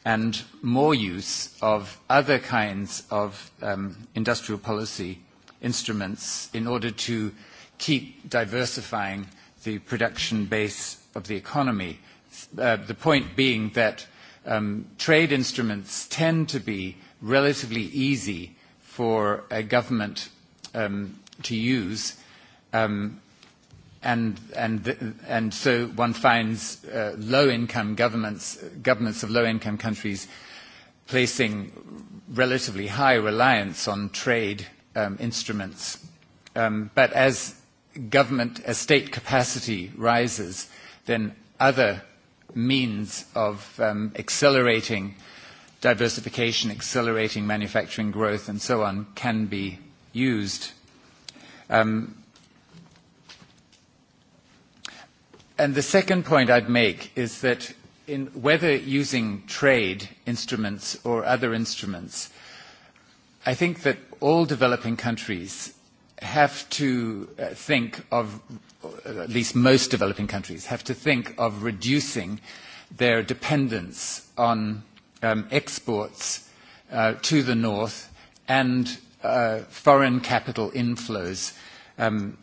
and more use of other kinds of um, industrial policy instruments in order to keep diversifying the production base of the economy. Uh, the point being that um, trade instruments tend to be relatively easy for a government um, to use um, and and and so one finds uh, low-income governments governments of low-income countries placing relatively high reliance on trade um, instruments. Um, but as government as state capacity rises, then other means of um, accelerating diversification, accelerating manufacturing growth, and so on can be used. Um, And the second point I'd make is that in whether using trade instruments or other instruments, I think that all developing countries have to uh, think of, uh, at least most developing countries, have to think of reducing their dependence on um, exports uh, to the north and uh, foreign capital inflows. Um,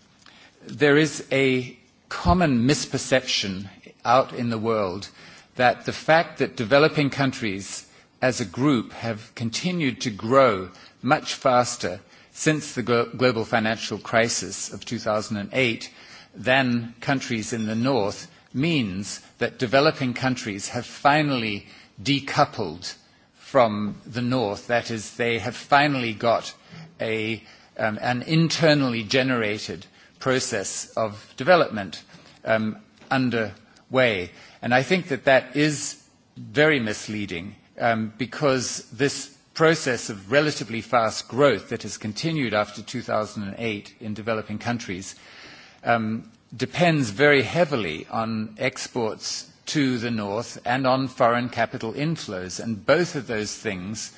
there is a common misperception out in the world that the fact that developing countries as a group have continued to grow much faster since the global financial crisis of 2008 than countries in the north means that developing countries have finally decoupled from the north. That is, they have finally got a, um, an internally generated process of development um, underway. And I think that that is very misleading um, because this process of relatively fast growth that has continued after 2008 in developing countries um, depends very heavily on exports to the north and on foreign capital inflows. And both of those things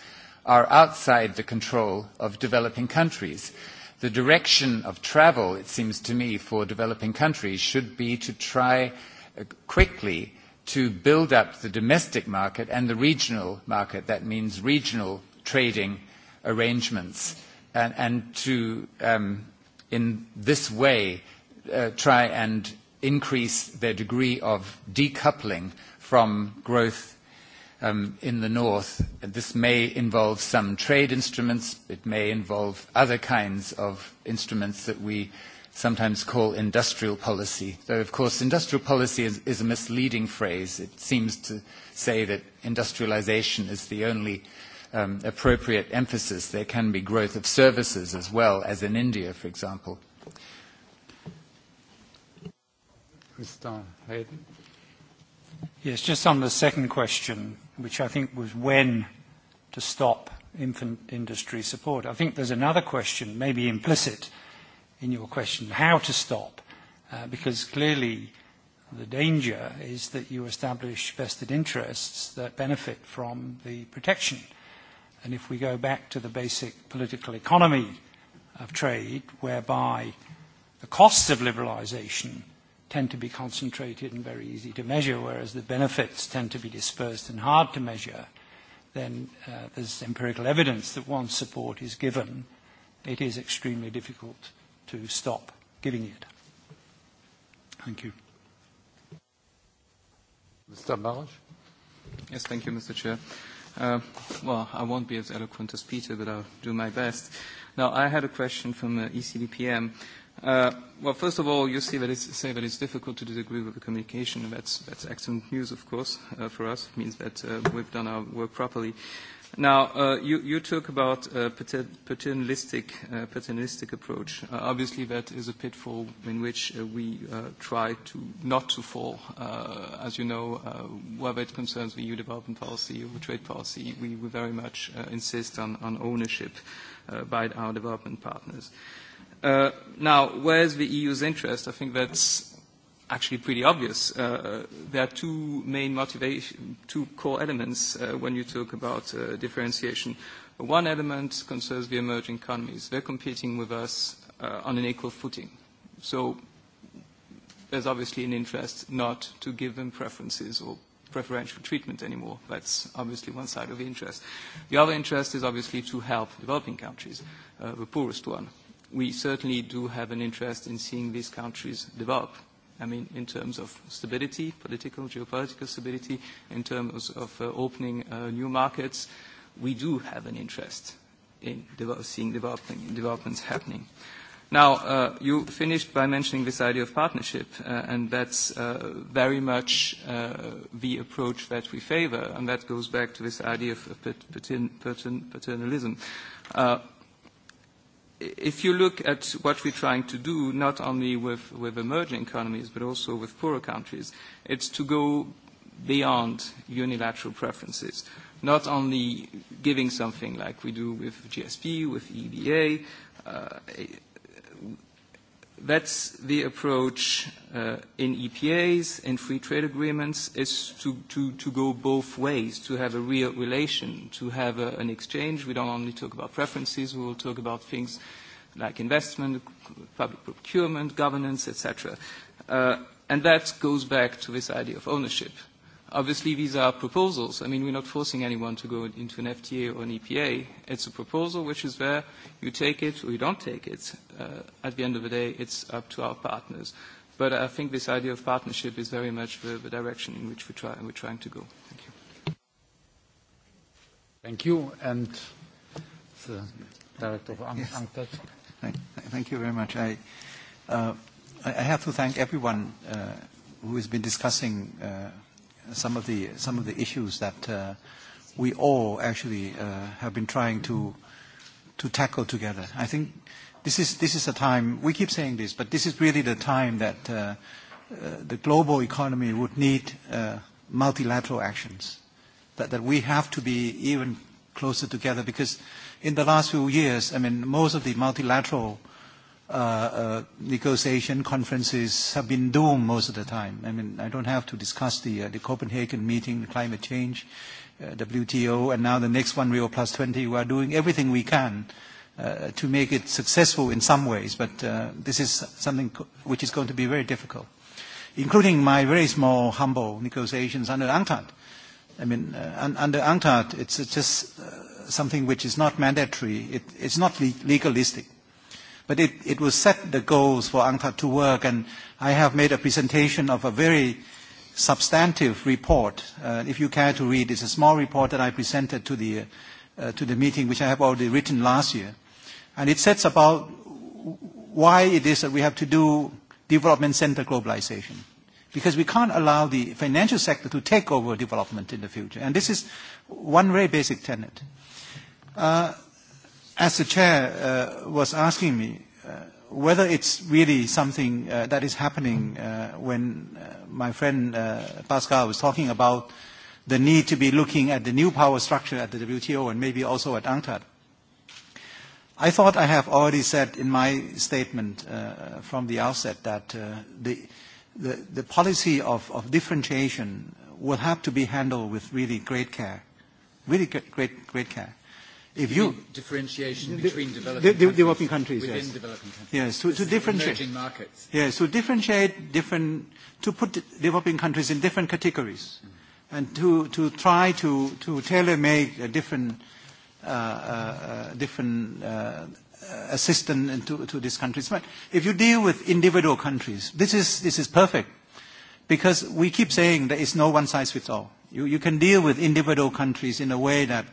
are outside the control of developing countries the direction of travel, it seems to me, for developing countries should be to try uh, quickly to build up the domestic market and the regional market. That means regional trading arrangements. And, and to, um, in this way, uh, try and increase their degree of decoupling from growth um, in the north. This may involve some trade instruments. It may involve other kinds of instruments that we sometimes call industrial policy. Though, of course, industrial policy is, is a misleading phrase. It seems to say that industrialization is the only um, appropriate emphasis. There can be growth of services as well, as in India, for example. Mr. Hayden? Yes, just on the second question, which I think was when to stop infant industry support. I think there's another question, maybe implicit in your question, how to stop, uh, because clearly the danger is that you establish vested interests that benefit from the protection. And if we go back to the basic political economy of trade, whereby the costs of liberalisation tend to be concentrated and very easy to measure, whereas the benefits tend to be dispersed and hard to measure, then uh, there's empirical evidence that once support is given, it is extremely difficult to stop giving it. Thank you. Mr. Baraj? Yes, thank you, Mr. Chair. Uh, well, I won't be as eloquent as Peter, but I'll do my best. Now, I had a question from uh, ECDPM. Uh, well, first of all, you see that it's, say that it's difficult to disagree with the communication. That's, that's excellent news, of course, uh, for us. It means that uh, we've done our work properly. Now, uh, you, you talk about uh, paternalistic, uh, paternalistic approach. Uh, obviously, that is a pitfall in which uh, we uh, try to not to fall. Uh, as you know, uh, whether it concerns the EU development policy or the trade policy, we, we very much uh, insist on, on ownership uh, by our development partners. Uh, Uh, now, where's the EU's interest? I think that's actually pretty obvious. Uh, uh, there are two main motivation, two core elements uh, when you talk about uh, differentiation. One element concerns the emerging economies. They're competing with us uh, on an equal footing. So there's obviously an interest not to give them preferences or preferential treatment anymore. That's obviously one side of the interest. The other interest is obviously to help developing countries, uh, the poorest one we certainly do have an interest in seeing these countries develop. I mean, in terms of stability, political, geopolitical stability, in terms of uh, opening uh, new markets, we do have an interest in develop, seeing developing, developments happening. Now, uh, you finished by mentioning this idea of partnership, uh, and that's uh, very much uh, the approach that we favor, and that goes back to this idea of patern patern paternalism. Uh, if you look at what we're trying to do, not only with, with emerging economies, but also with poorer countries, it's to go beyond unilateral preferences, not only giving something like we do with GSP, with EBA, uh, That's the approach uh, in EPAs, in free trade agreements, is to, to, to go both ways, to have a real relation, to have a, an exchange. We don't only talk about preferences, we will talk about things like investment, public procurement, governance, etc. Uh, and that goes back to this idea of ownership. Obviously, these are proposals. I mean, we're not forcing anyone to go into an FTA or an EPA. It's a proposal which is there. You take it or you don't take it. Uh, at the end of the day, it's up to our partners. But I think this idea of partnership is very much the, the direction in which we're, try, we're trying to go. Thank you. Thank you. And the Director of Yes. Thank, thank you very much. I, uh, I have to thank everyone uh, who has been discussing uh, some of the some of the issues that uh, we all actually uh, have been trying to to tackle together. I think this is this is a time we keep saying this, but this is really the time that uh, uh, the global economy would need uh, multilateral actions. That that we have to be even closer together because in the last few years, I mean, most of the multilateral Uh, uh, negotiation conferences have been doomed most of the time. I mean, I don't have to discuss the, uh, the Copenhagen meeting, climate change, uh, WTO, and now the next one, Rio Plus 20. We are doing everything we can uh, to make it successful in some ways, but uh, this is something which is going to be very difficult, including my very small, humble negotiations under UNCTAD. I mean, uh, under UNCTAD, it's, it's just uh, something which is not mandatory. It, it's not le legalistic. But it, it will set the goals for UNCTAD to work, and I have made a presentation of a very substantive report. Uh, if you care to read, it's a small report that I presented to the, uh, to the meeting, which I have already written last year. And it sets about why it is that we have to do development-centered globalization because we can't allow the financial sector to take over development in the future. And this is one very basic tenet. Uh, as the chair uh, was asking me, uh, whether it's really something uh, that is happening uh, when uh, my friend uh, Pascal was talking about the need to be looking at the new power structure at the WTO and maybe also at UNCTAD. I thought I have already said in my statement uh, from the outset that uh, the, the, the policy of, of differentiation will have to be handled with really great care, really great, great care. If you differentiation the, between developing the, the, countries, developing countries within yes. developing countries, yes, to, to differentiate emerging markets, yes, to differentiate different, to put developing countries in different categories, mm. and to to try to to tailor make a different uh, uh, uh different uh, assistance to to these countries. But if you deal with individual countries, this is this is perfect, because we keep saying there is no one size fits all. You you can deal with individual countries in a way that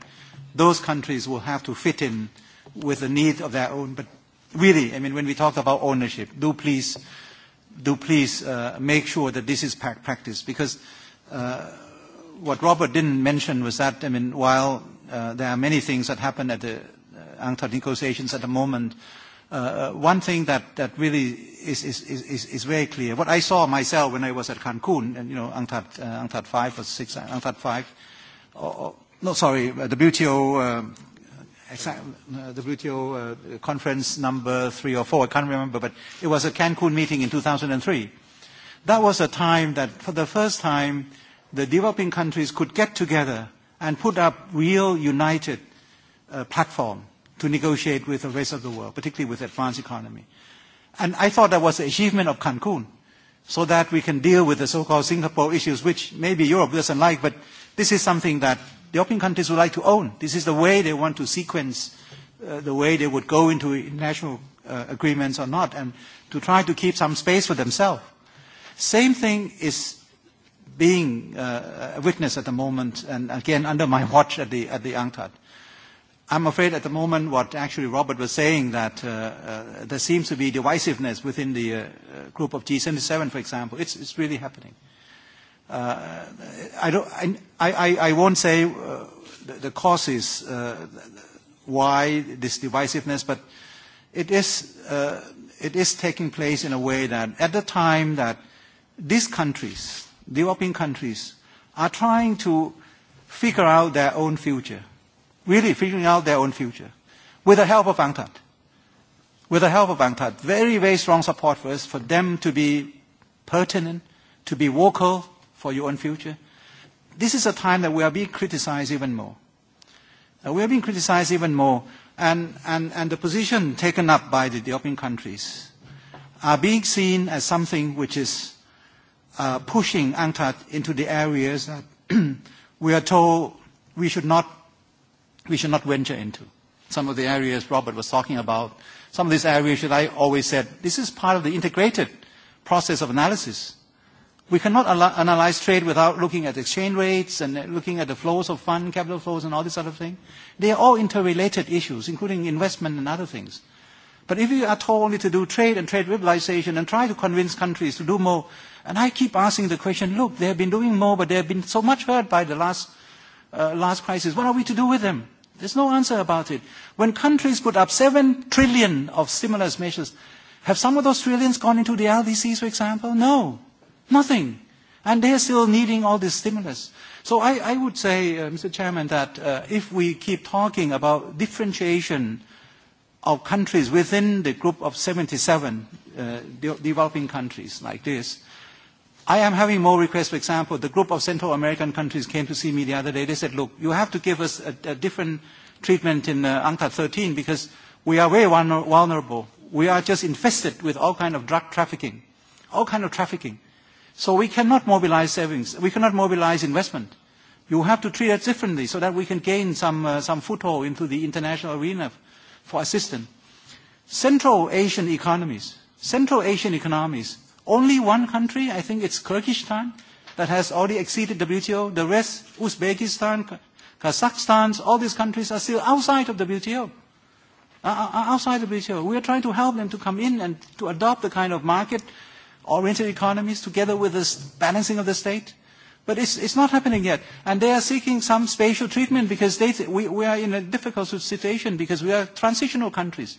those countries will have to fit in with the need of their own. But really, I mean, when we talk about ownership, do please, do please uh, make sure that this is practice because uh, what Robert didn't mention was that, I mean, while uh, there are many things that happen at the UNCTAD uh, negotiations at the moment, uh, uh, one thing that, that really is, is, is, is very clear, what I saw myself when I was at Cancun, and you know, UNCTAD, uh, UNCTAD 5 or 6, UNCTAD 5, or, or No, sorry, the WTO, uh, the uh, uh, WTO uh, conference number three or four, I can't remember, but it was a Cancun meeting in 2003. That was a time that, for the first time, the developing countries could get together and put up real united uh, platform to negotiate with the rest of the world, particularly with advanced economy. And I thought that was the achievement of Cancun, so that we can deal with the so-called Singapore issues, which maybe Europe doesn't like, but this is something that European countries would like to own. This is the way they want to sequence uh, the way they would go into international uh, agreements or not, and to try to keep some space for themselves. Same thing is being uh, a witness at the moment, and again under my watch at the at the UNCTAD. I'm afraid at the moment what actually Robert was saying that uh, uh, there seems to be divisiveness within the uh, group of G77, for example. It's, it's really happening. Uh, I, don't, I, I, I won't say uh, the, the causes uh, why this divisiveness, but it is, uh, it is taking place in a way that at the time that these countries, developing countries, are trying to figure out their own future, really figuring out their own future, with the help of UNCTAD. With the help of UNCTAD, very, very strong support for us, for them to be pertinent, to be vocal, for your own future. This is a time that we are being criticized even more. Uh, we are being criticized even more, and, and, and the position taken up by the developing countries are being seen as something which is uh, pushing UNCTAD into the areas that we are told we should, not, we should not venture into. Some of the areas Robert was talking about, some of these areas that I always said, this is part of the integrated process of analysis. We cannot analyze trade without looking at exchange rates and looking at the flows of fund, capital flows, and all this other thing. They are all interrelated issues, including investment and other things. But if you are told only to do trade and trade liberalization and try to convince countries to do more, and I keep asking the question, look, they have been doing more, but they have been so much hurt by the last, uh, last crisis. What are we to do with them? There's no answer about it. When countries put up 7 trillion of stimulus measures, have some of those trillions gone into the LDCs, for example? No. Nothing. And they're still needing all this stimulus. So I, I would say, uh, Mr. Chairman, that uh, if we keep talking about differentiation of countries within the group of 77 uh, de developing countries like this, I am having more requests. For example, the group of Central American countries came to see me the other day. They said, look, you have to give us a, a different treatment in uh, UNCTAD 13 because we are very vulnerable. We are just infested with all kind of drug trafficking, all kind of trafficking. So we cannot mobilize savings. We cannot mobilize investment. You have to treat it differently so that we can gain some, uh, some foothold into the international arena for assistance. Central Asian economies, Central Asian economies, only one country, I think it's Kyrgyzstan, that has already exceeded WTO. The rest, Uzbekistan, Kazakhstan, all these countries are still outside of WTO. Uh, uh, uh, outside of WTO. We are trying to help them to come in and to adopt the kind of market oriented economies together with this balancing of the state. But it's, it's not happening yet. And they are seeking some spatial treatment because they th- we, we are in a difficult situation because we are transitional countries.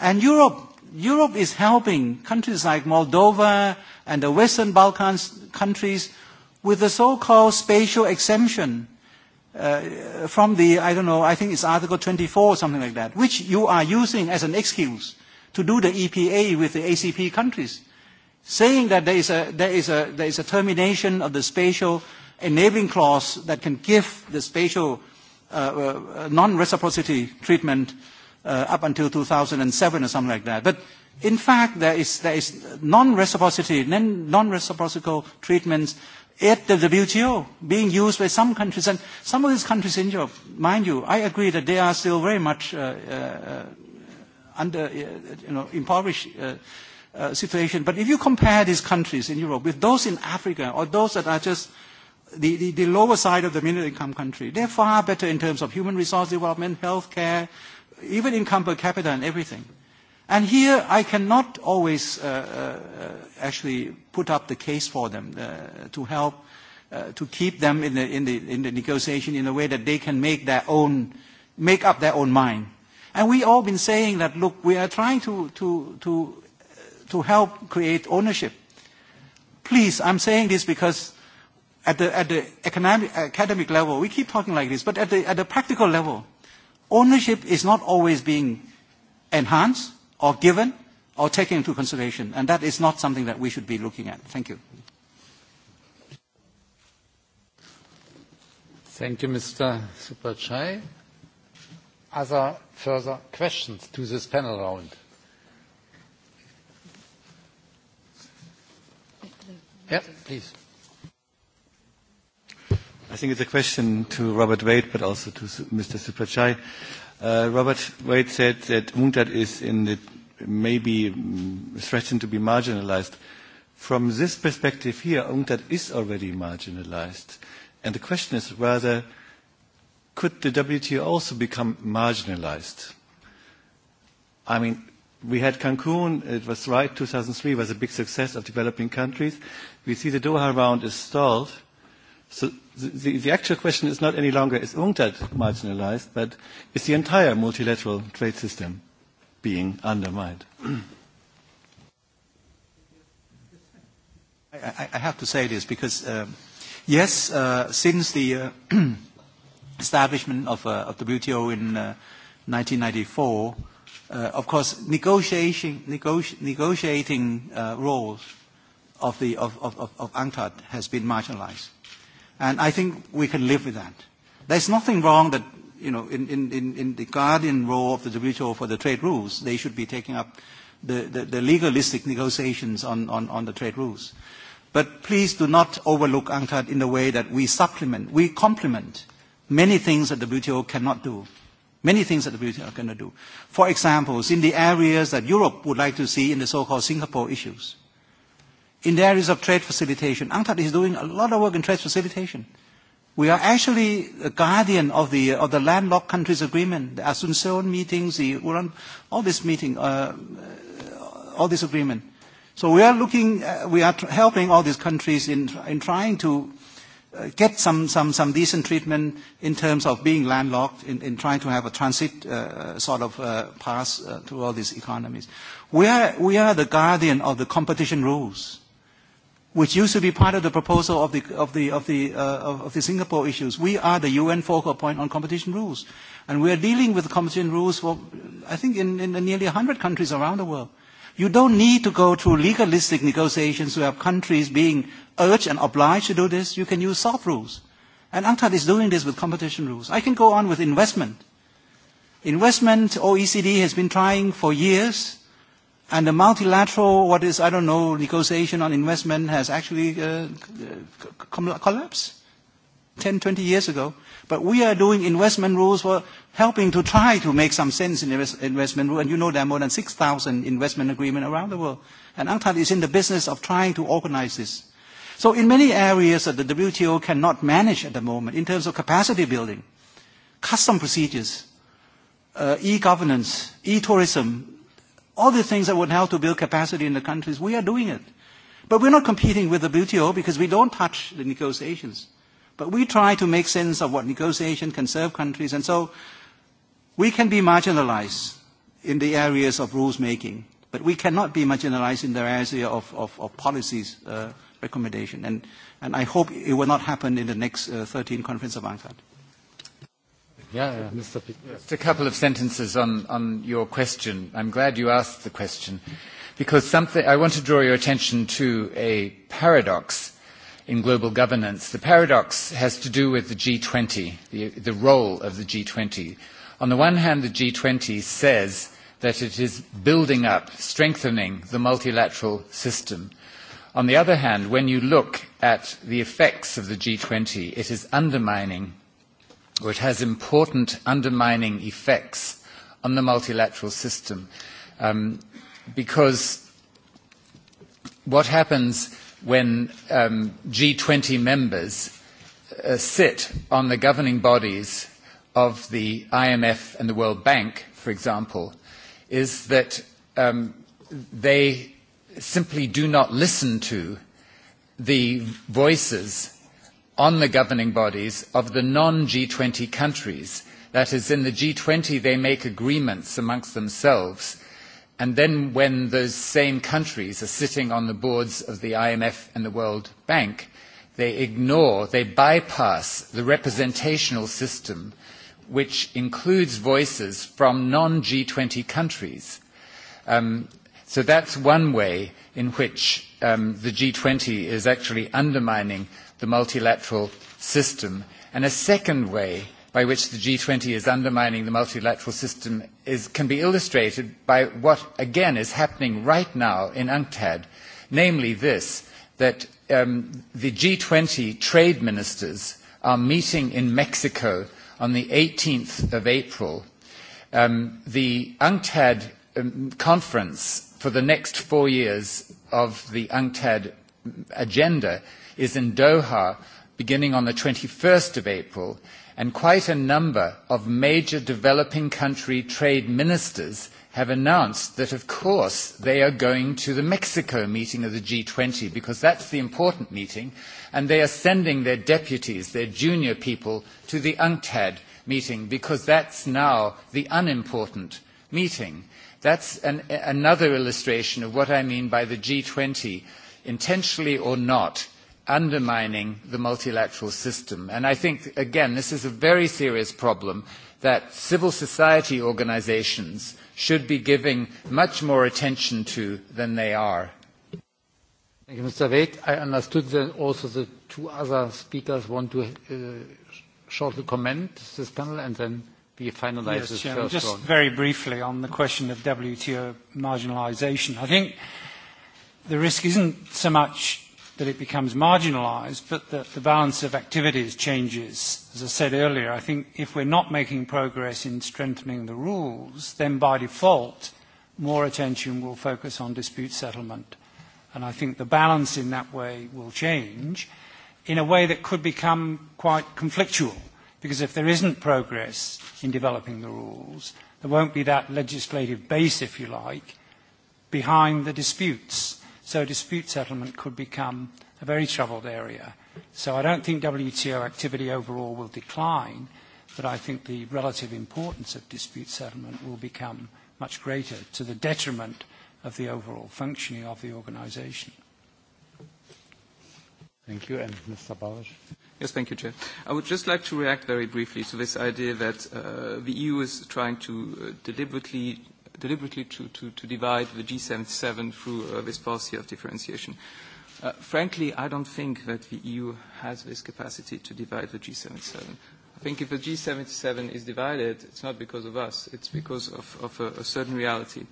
And Europe, Europe is helping countries like Moldova and the Western Balkans countries with the so-called spatial exemption uh, from the, I don't know, I think it's Article 24 or something like that, which you are using as an excuse to do the EPA with the ACP countries saying that there is, a, there, is a, there is a termination of the spatial enabling clause that can give the spatial uh, uh non-reciprocity treatment uh, up until 2007 or something like that. But in fact, there is, there is non-reciprocity, non-reciprocal treatments at the WTO being used by some countries. And some of these countries in Europe, mind you, I agree that they are still very much uh, uh, uh under, uh, you know, impoverished uh, Uh, situation. But if you compare these countries in Europe with those in Africa or those that are just the, the, the lower side of the middle income country, they're far better in terms of human resource development, healthcare, even income per capita and everything. And here I cannot always uh, uh, actually put up the case for them uh, to help uh, to keep them in the, in, the, in the negotiation in a way that they can make their own, make up their own mind. And we all been saying that, look, we are trying to, to, to to help create ownership. Please, I'm saying this because at the, at the economic, academic level, we keep talking like this, but at the, at the practical level, ownership is not always being enhanced or given or taken into consideration, and that is not something that we should be looking at. Thank you. Thank you, Mr. Superchai. Other further questions to this panel round? Yeah, please. I think it's a question to Robert Wade, but also to Mr. Superchai. Uh, Robert Wade said that Muntad is in the maybe mm, threatened to be marginalized. From this perspective here, UNCTAD is already marginalized. And the question is rather, could the WTO also become marginalized? I mean, We had Cancun, it was right, 2003 was a big success of developing countries. We see the Doha round is stalled. So the, the, actual question is not any longer is UNCTAD marginalized, but is the entire multilateral trade system being undermined? I, I have to say this because, uh, yes, uh, since the uh, establishment of, uh, of the WTO in uh, 1994, Uh, of course, negotiating, negoti negotiating uh, roles of, the, of, of, of UNCTAD has been marginalized. And I think we can live with that. There's nothing wrong that, you know, in, in, in the guardian role of the WTO for the trade rules, they should be taking up the, the, the legalistic negotiations on, on, on the trade rules. But please do not overlook UNCTAD in the way that we supplement, we complement many things that the WTO cannot do. Many things that the are going to do. For example, in the areas that Europe would like to see in the so-called Singapore issues, in the areas of trade facilitation, UNCTAD is doing a lot of work in trade facilitation. We are actually a guardian of the, of the landlocked countries agreement, the Asunción meetings, the Uran, all this meeting, uh, uh all this agreement. So we are looking, uh, we are helping all these countries in, in trying to Uh, get some, some, some decent treatment in terms of being landlocked in, in trying to have a transit uh, sort of uh, pass uh, to all these economies. We are, we are the guardian of the competition rules, which used to be part of the proposal of the, of the, of the, uh, of, of the Singapore issues. We are the UN focal point on competition rules. And we are dealing with competition rules for, I think, in, in nearly 100 countries around the world. You don't need to go through legalistic negotiations where countries being urged and obliged to do this. You can use soft rules. And UNCTAD is doing this with competition rules. I can go on with investment. Investment, OECD has been trying for years, and the multilateral, what is, I don't know, negotiation on investment has actually uh, collapsed 10, 20 years ago. But we are doing investment rules for helping to try to make some sense in investment rule. And you know there are more than 6,000 investment agreements around the world. And UNCTAD is in the business of trying to organize this. So in many areas that the WTO cannot manage at the moment, in terms of capacity building, custom procedures, uh, e-governance, e-tourism, all the things that would help to build capacity in the countries, we are doing it. But we're not competing with the WTO because we don't touch the negotiations. But we try to make sense of what negotiation can serve countries, and so we can be marginalized in the areas of rules making, but we cannot be marginalized in the area of, of, of policies uh, recommendation. And, and I hope it will not happen in the next uh, 13 conference of ANCTAD. Yeah, yeah. Mr. Just a couple of sentences on, on your question. I'm glad you asked the question because something, I want to draw your attention to a paradox in global governance. The paradox has to do with the G20, the, the role of the G20. On the one hand, the G20 says that it is building up, strengthening the multilateral system. On the other hand, when you look at the effects of the G20, it is undermining, or it has important undermining effects on the multilateral system. Um, because what happens when um, G20 members uh, sit on the governing bodies of the IMF and the World Bank, for example, is that um, they simply do not listen to the voices on the governing bodies of the non-G20 countries. That is, in the G20, they make agreements amongst themselves And then when those same countries are sitting on the boards of the IMF and the World Bank, they ignore, they bypass the representational system, which includes voices from non-G20 countries. Um, so that's one way in which um, the G20 is actually undermining the multilateral system. And a second way by which the G20 is undermining the multilateral system is, can be illustrated by what, again, is happening right now in UNCTAD, namely this, that um, the G20 trade ministers are meeting in Mexico on the 18th of April. Um, the UNCTAD um, conference for the next four years of the UNCTAD agenda is in Doha, beginning on the 21st of April, and quite a number of major developing country trade ministers have announced that, of course, they are going to the Mexico meeting of the G20 because that's the important meeting, and they are sending their deputies, their junior people, to the UNCTAD meeting because that's now the unimportant meeting. That's an, another illustration of what I mean by the G20, intentionally or not undermining the multilateral system. And I think, again, this is a very serious problem that civil society organizations should be giving much more attention to than they are. Thank you, Mr. Wade. I understood that also the two other speakers want to uh, shortly comment this panel and then we finalize yes, this Chair, first Just round. very briefly on the question of WTO marginalization. I think the risk isn't so much that it becomes marginalized, but that the balance of activities changes. As I said earlier, I think if we're not making progress in strengthening the rules, then by default, more attention will focus on dispute settlement. And I think the balance in that way will change in a way that could become quite conflictual. Because if there isn't progress in developing the rules, there won't be that legislative base, if you like, behind the disputes. So dispute settlement could become a very troubled area. So I don't think WTO activity overall will decline, but I think the relative importance of dispute settlement will become much greater to the detriment of the overall functioning of the organization. Thank you. And Mr. Bauer? Yes, thank you, Chair. I would just like to react very briefly to this idea that uh, the EU is trying to uh, deliberately deliberately to, to, to divide the G77 through uh, this policy of differentiation. Uh, frankly, I don't think that the EU has this capacity to divide the G77. I think if the G77 is divided, it's not because of us, it's because of, of a, a certain reality.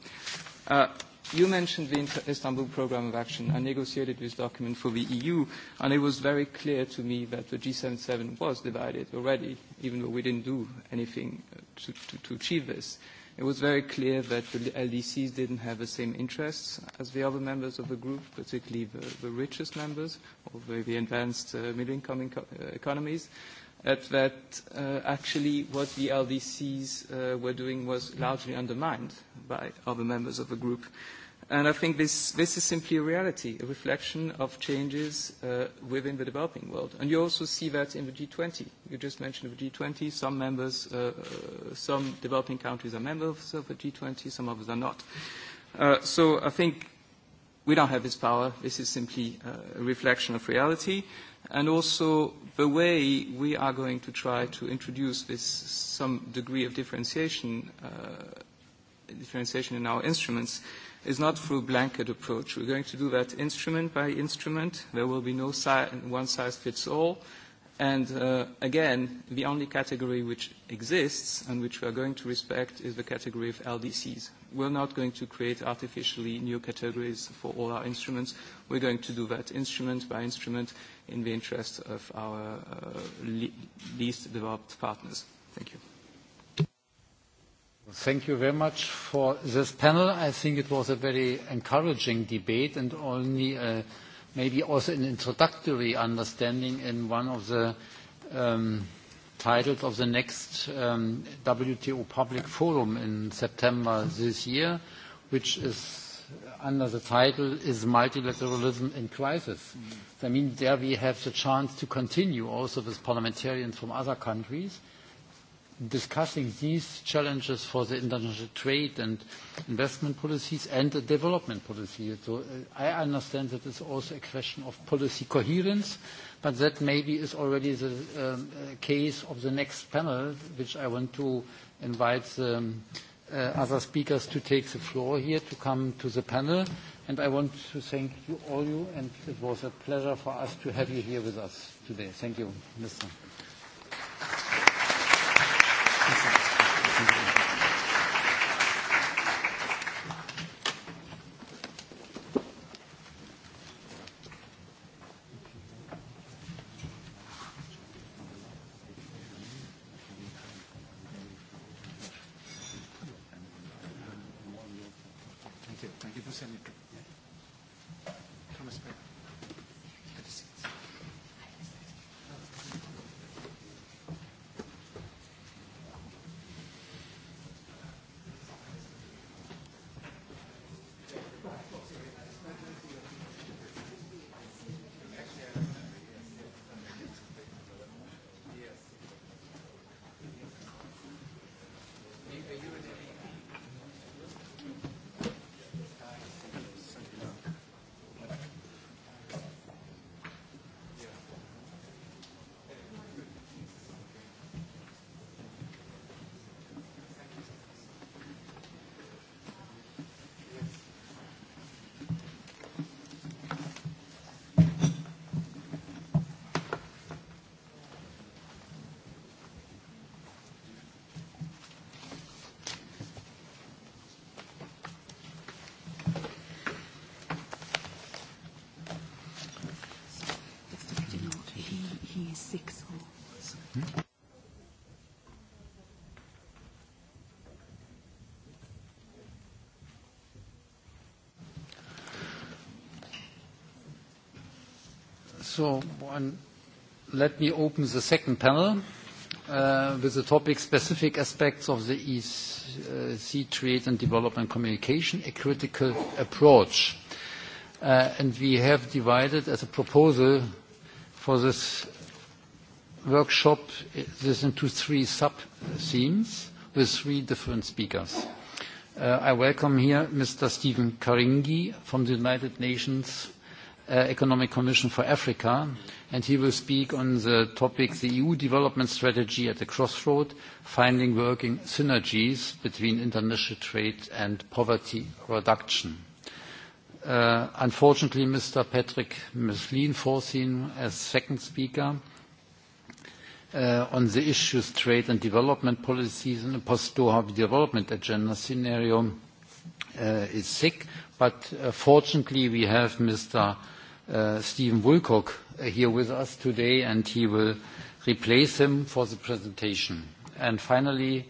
Uh, you mentioned the Istanbul Programme of Action. I negotiated this document for the EU, and it was very clear to me that the G77 was divided already, even though we didn't do anything uh, to, to, to achieve this. Uh, It was very clear that the LDCs didn't have the same interests as the other members of the group, particularly the, the richest members or the, the advanced uh, middle-income inco- uh, economies. At uh, that uh, actually what the LDCs uh, were doing was largely undermined by other members of the group. Uh, And I think this, this is simply a reality, a reflection of changes uh, within the developing world. And you also see that in the G20. You just mentioned the G20. Some members, uh, uh, some developing countries are members of the G20, some others are not. Uh, so I think we don't have this power. This is simply uh, a reflection of reality. And also the way we are going to try to introduce this some degree of differentiation, uh, differentiation in our instruments – is not through blanket approach. We're going to do that instrument by instrument. There will be no si one size fits all. And uh, again, the only category which exists and which we are going to respect is the category of LDCs. We're not going to create artificially new categories for all our instruments. We're going to do that instrument by instrument in the interest of our uh, le least developed partners. Thank you. Thank you very much for this panel. I think it was a very encouraging debate and only uh, maybe also an introductory understanding in one of the um, titles of the next um, WTO Public Forum in September this year, which is under the title Is Multilateralism in Crisis? Mm -hmm. I mean, there we have the chance to continue also with parliamentarians from other countries discussing these challenges for the international trade and investment policies and the development policy. So uh, I understand that it's also a question of policy coherence, but that maybe is already the um, uh, case of the next panel, which I want to invite the um, uh, other speakers to take the floor here, to come to the panel. And I want to thank you all you, and it was a pleasure for us to have you here with us today. Thank you, Mr. Děkuji. So let me open the second panel uh, with the topic specific aspects of the EC uh, trade and development communication, a critical approach. Uh, and we have divided as a proposal for this workshop this into three sub-themes with three different speakers. I welcome here Mr. Stephen Karingi from the United Nations Uh, Economic Commission for Africa, and he will speak on the topic, the EU development strategy at the crossroad, finding working synergies between international trade and poverty reduction. Uh, unfortunately, Mr. Patrick Meslin, foreseen as second speaker, Uh, on the issues trade and development policies in the post-Doha development agenda scenario uh, is sick. But uh, fortunately, we have Mr. Uh, Stephen Woolcock here with us today, and he will replace him for the presentation. And finally,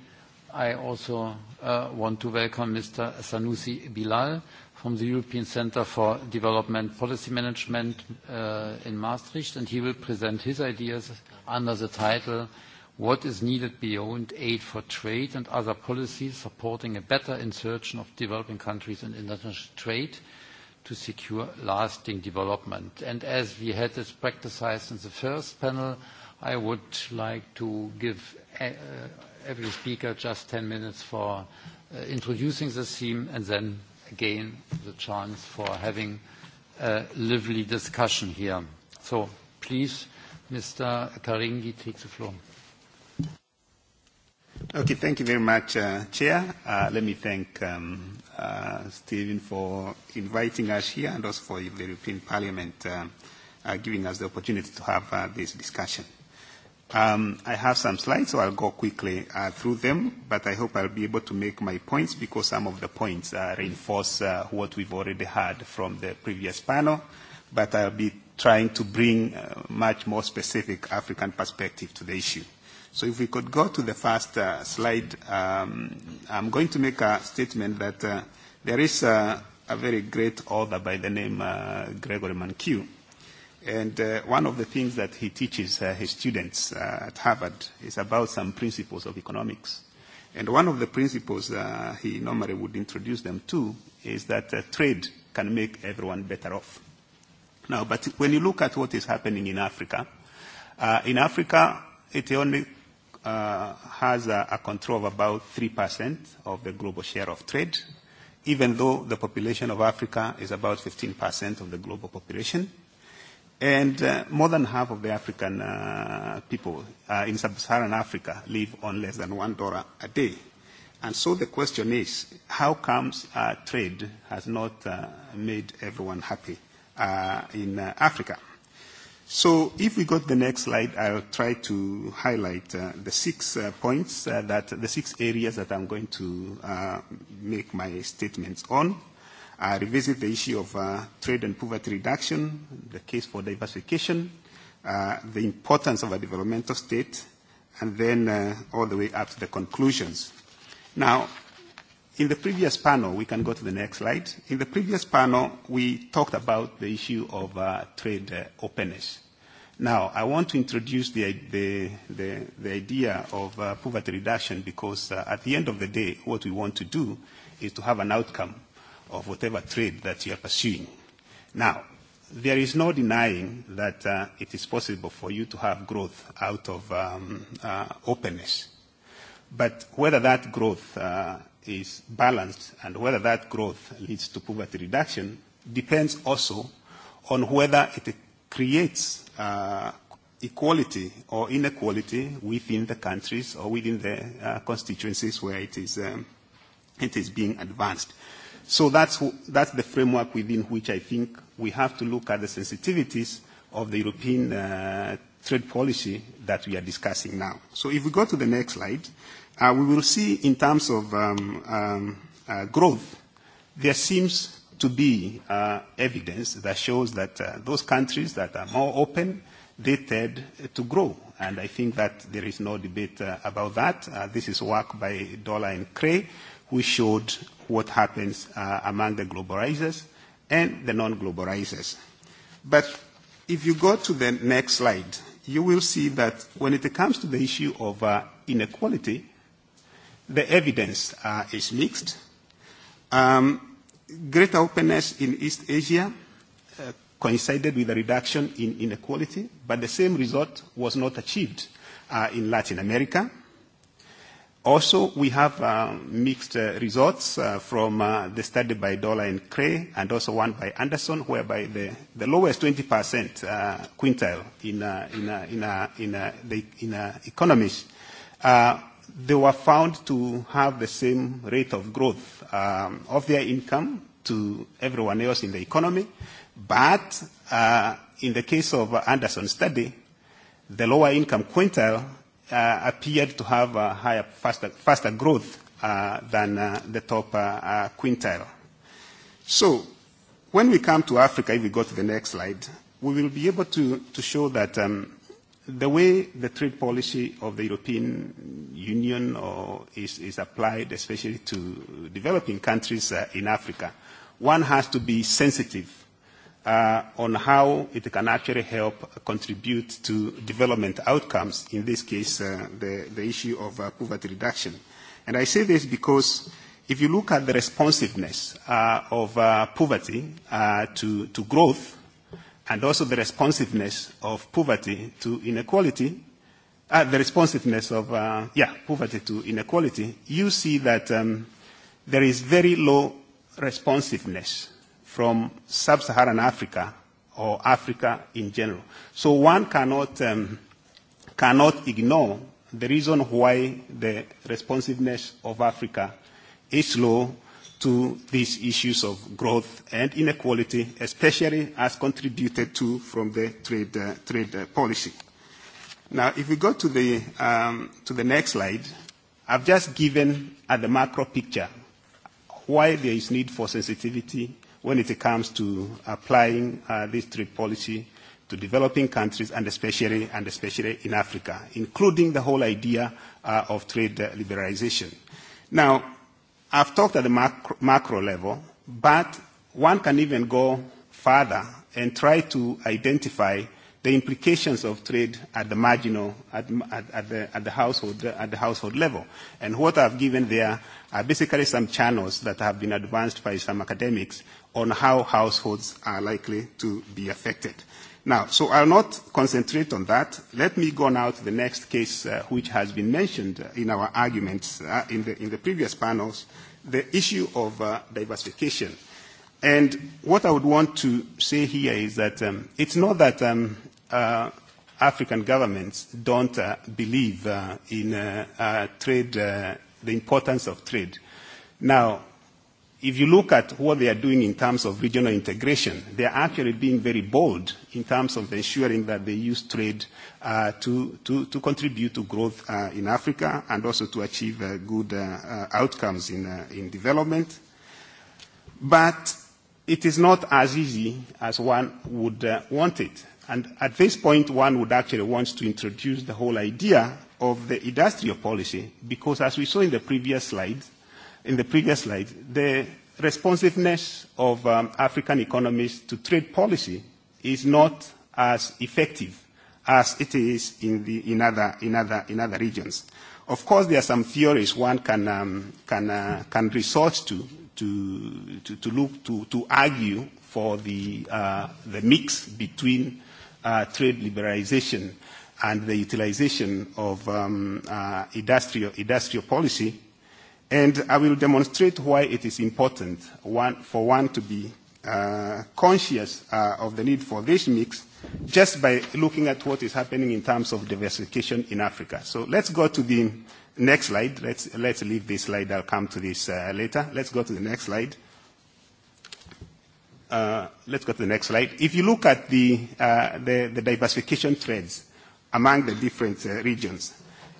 I also uh, want to welcome Mr. Sanusi Bilal from the European Centre for Development Policy Management uh, in Maastricht, and he will present his ideas under the title What is Needed Beyond Aid for Trade and Other Policies Supporting a Better Insertion of Developing Countries in International Trade? to secure lasting development. And as we had this practice in the first panel, I would like to give uh, uh, every speaker just 10 minutes for uh, introducing the theme and then again the chance for having a lively discussion here. So please, Mr. Karingi, take the floor. Okay, thank you very much, uh, Chair. Uh, let me thank um, uh, Stephen for inviting us here and also for the European Parliament uh, uh, giving us the opportunity to have uh, this discussion. Um, I have some slides, so I'll go quickly uh, through them, but I hope I'll be able to make my points because some of the points uh, reinforce uh, what we've already heard from the previous panel, but I'll be trying to bring uh, much more specific African perspective to the issue. So if we could go to the first uh, slide, um, I'm going to make a statement that uh, there is uh, a very great author by the name uh, Gregory Mankiw. And uh, one of the things that he teaches uh, his students uh, at Harvard is about some principles of economics. And one of the principles uh, he normally would introduce them to is that uh, trade can make everyone better off. Now, but when you look at what is happening in Africa, uh, in Africa, it only uh, has a, a control of about 3% of the global share of trade, even though the population of Africa is about 15% of the global population. And uh, more than half of the African uh, people uh, in sub-Saharan Africa live on less than one dollar a day. And so the question is, how comes uh, trade has not uh, made everyone happy uh, in uh, Africa? So if we go to the next slide, I'll try to highlight uh, the six uh, points uh, that the six areas that I'm going to uh, make my statements on. I revisit the issue of uh, trade and poverty reduction, the case for diversification, uh, the importance of a developmental state, and then uh, all the way up to the conclusions. Now, in the previous panel, we can go to the next slide. In the previous panel, we talked about the issue of uh, trade uh, openness. Now, I want to introduce the, the, the, the idea of uh, poverty reduction because uh, at the end of the day, what we want to do is to have an outcome of whatever trade that you are pursuing. Now, there is no denying that uh, it is possible for you to have growth out of um, uh, openness. But whether that growth uh, is balanced and whether that growth leads to poverty reduction depends also on whether it creates uh, equality or inequality within the countries or within the uh, constituencies where it is, um, it is being advanced. So that's, that's the framework within which I think we have to look at the sensitivities of the European uh, trade policy that we are discussing now. So if we go to the next slide, uh, we will see in terms of um, um, uh, growth, there seems to be uh, evidence that shows that uh, those countries that are more open, they tend to grow. And I think that there is no debate uh, about that. Uh, this is work by Dollar and Cray, who showed what happens uh, among the globalizers and the non-globalizers. But if you go to the next slide, you will see that when it comes to the issue of uh, inequality, the evidence uh, is mixed. Um, greater openness in East Asia uh, coincided with a reduction in inequality, but the same result was not achieved uh, in Latin America. Also, we have uh, mixed uh, results uh, from uh, the study by Dollar and Cray and also one by Anderson, whereby the, the lowest 20% uh, quintile in, uh, in, uh, in, uh, in, uh, the, in uh, economies, uh, they were found to have the same rate of growth um, of their income to everyone else in the economy. But uh, in the case of Anderson's study, the lower income quintile uh, appeared to have a higher, faster, faster growth uh, than uh, the top uh, uh, quintile. So when we come to Africa, if we go to the next slide, we will be able to, to show that um, the way the trade policy of the European Union or is, is applied, especially to developing countries uh, in Africa, one has to be sensitive uh, on how it can actually help contribute to development outcomes, in this case, uh, the, the issue of uh, poverty reduction. And I say this because if you look at the responsiveness uh, of uh, poverty uh, to, to growth, and also the responsiveness of poverty to inequality, uh, the responsiveness of, uh, yeah, poverty to inequality, you see that um, there is very low responsiveness from sub-Saharan Africa or Africa in general. So one cannot, um, cannot ignore the reason why the responsiveness of Africa is low to these issues of growth and inequality, especially as contributed to from the trade, uh, trade uh, policy. Now, if we go to the, um, to the next slide, I've just given at the macro picture why there is need for sensitivity when it comes to applying uh, this trade policy to developing countries and especially, and especially in Africa, including the whole idea uh, of trade uh, liberalization. Now, I've talked at the macro, macro level, but one can even go further and try to identify the implications of trade at the marginal, at, at, at, the, at, the, household, at the household level. And what I've given there are basically some channels that have been advanced by some academics on how households are likely to be affected. Now, so I'll not concentrate on that. Let me go now to the next case, uh, which has been mentioned uh, in our arguments uh, in, the, in the previous panels, the issue of uh, diversification. And what I would want to say here is that um, it's not that um, uh, African governments don't uh, believe uh, in uh, uh, trade, uh, the importance of trade. Now, if you look at what they are doing in terms of regional integration, they are actually being very bold in terms of ensuring that they use trade uh, to, to, to contribute to growth uh, in Africa and also to achieve uh, good uh, uh, outcomes in, uh, in development. But it is not as easy as one would uh, want it. And at this point, one would actually want to introduce the whole idea of the industrial policy because, as we saw in the previous slides, in the previous slide, the responsiveness of um, African economies to trade policy is not as effective as it is in, the, in, other, in, other, in other regions. Of course, there are some theories one can, um, can, uh, can resort to to, to, to look to, to argue for the, uh, the mix between uh, trade liberalization and the utilization of um, uh, industrial, industrial policy And I will demonstrate why it is important one, for one to be uh, conscious uh, of the need for this mix just by looking at what is happening in terms of diversification in Africa. So let's go to the next slide. Let's, let's leave this slide. I'll come to this uh, later. Let's go to the next slide. Uh, let's go to the next slide. If you look at the, uh, the, the diversification threads among the different uh, regions,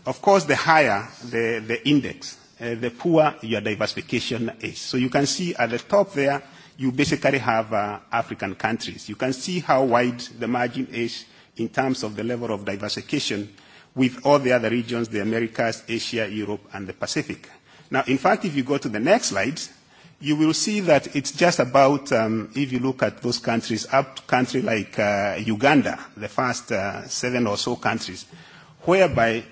of course, the higher the, the index, uh, the poor your diversification is. So you can see at the top there, you basically have uh, African countries. You can see how wide the margin is in terms of the level of diversification with all the other regions, the Americas, Asia, Europe, and the Pacific. Now, in fact, if you go to the next slide, you will see that it's just about, um, if you look at those countries, up to country like uh, Uganda, the first uh, seven or so countries, whereby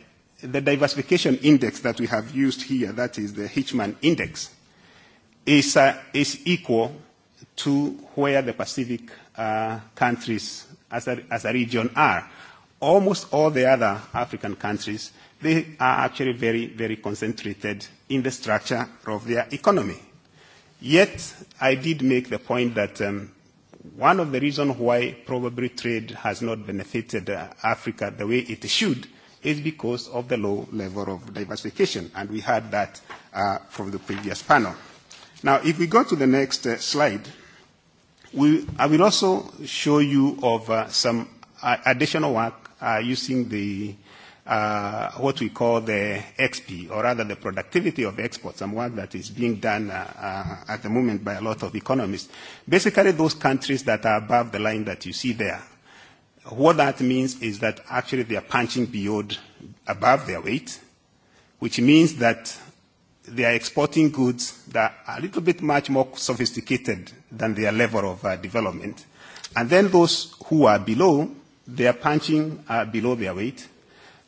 the diversification index that we have used here, that is the Hitchman index, is, uh, is equal to where the Pacific uh, countries as a, as a region are. Almost all the other African countries, they are actually very, very concentrated in the structure of their economy. Yet, I did make the point that um, one of the reasons why probably trade has not benefited uh, Africa the way it should – is because of the low level of diversification, and we had that uh, from the previous panel. Now, if we go to the next uh, slide, we, I will also show you of uh, some uh, additional work uh, using the uh, what we call the XP, or rather the productivity of exports, some work that is being done uh, uh, at the moment by a lot of economists. Basically, those countries that are above the line that you see there, What that means is that actually they are punching beyond above their weight, which means that they are exporting goods that are a little bit much more sophisticated than their level of uh, development. And then those who are below, they are punching uh, below their weight.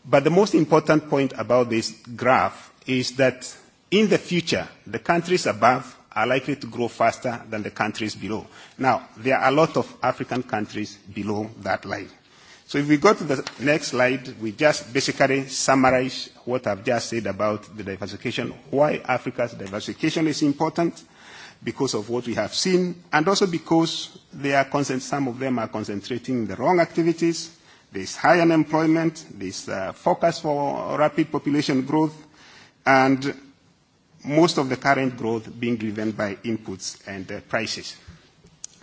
But the most important point about this graph is that in the future, the countries above are likely to grow faster than the countries below. Now, there are a lot of African countries below that line. So if we go to the next slide, we just basically summarize what I've just said about the diversification, why Africa's diversification is important, because of what we have seen, and also because they are concent- some of them are concentrating in the wrong activities. There's high unemployment, there's uh, focus for rapid population growth, and most of the current growth being driven by inputs and uh, prices.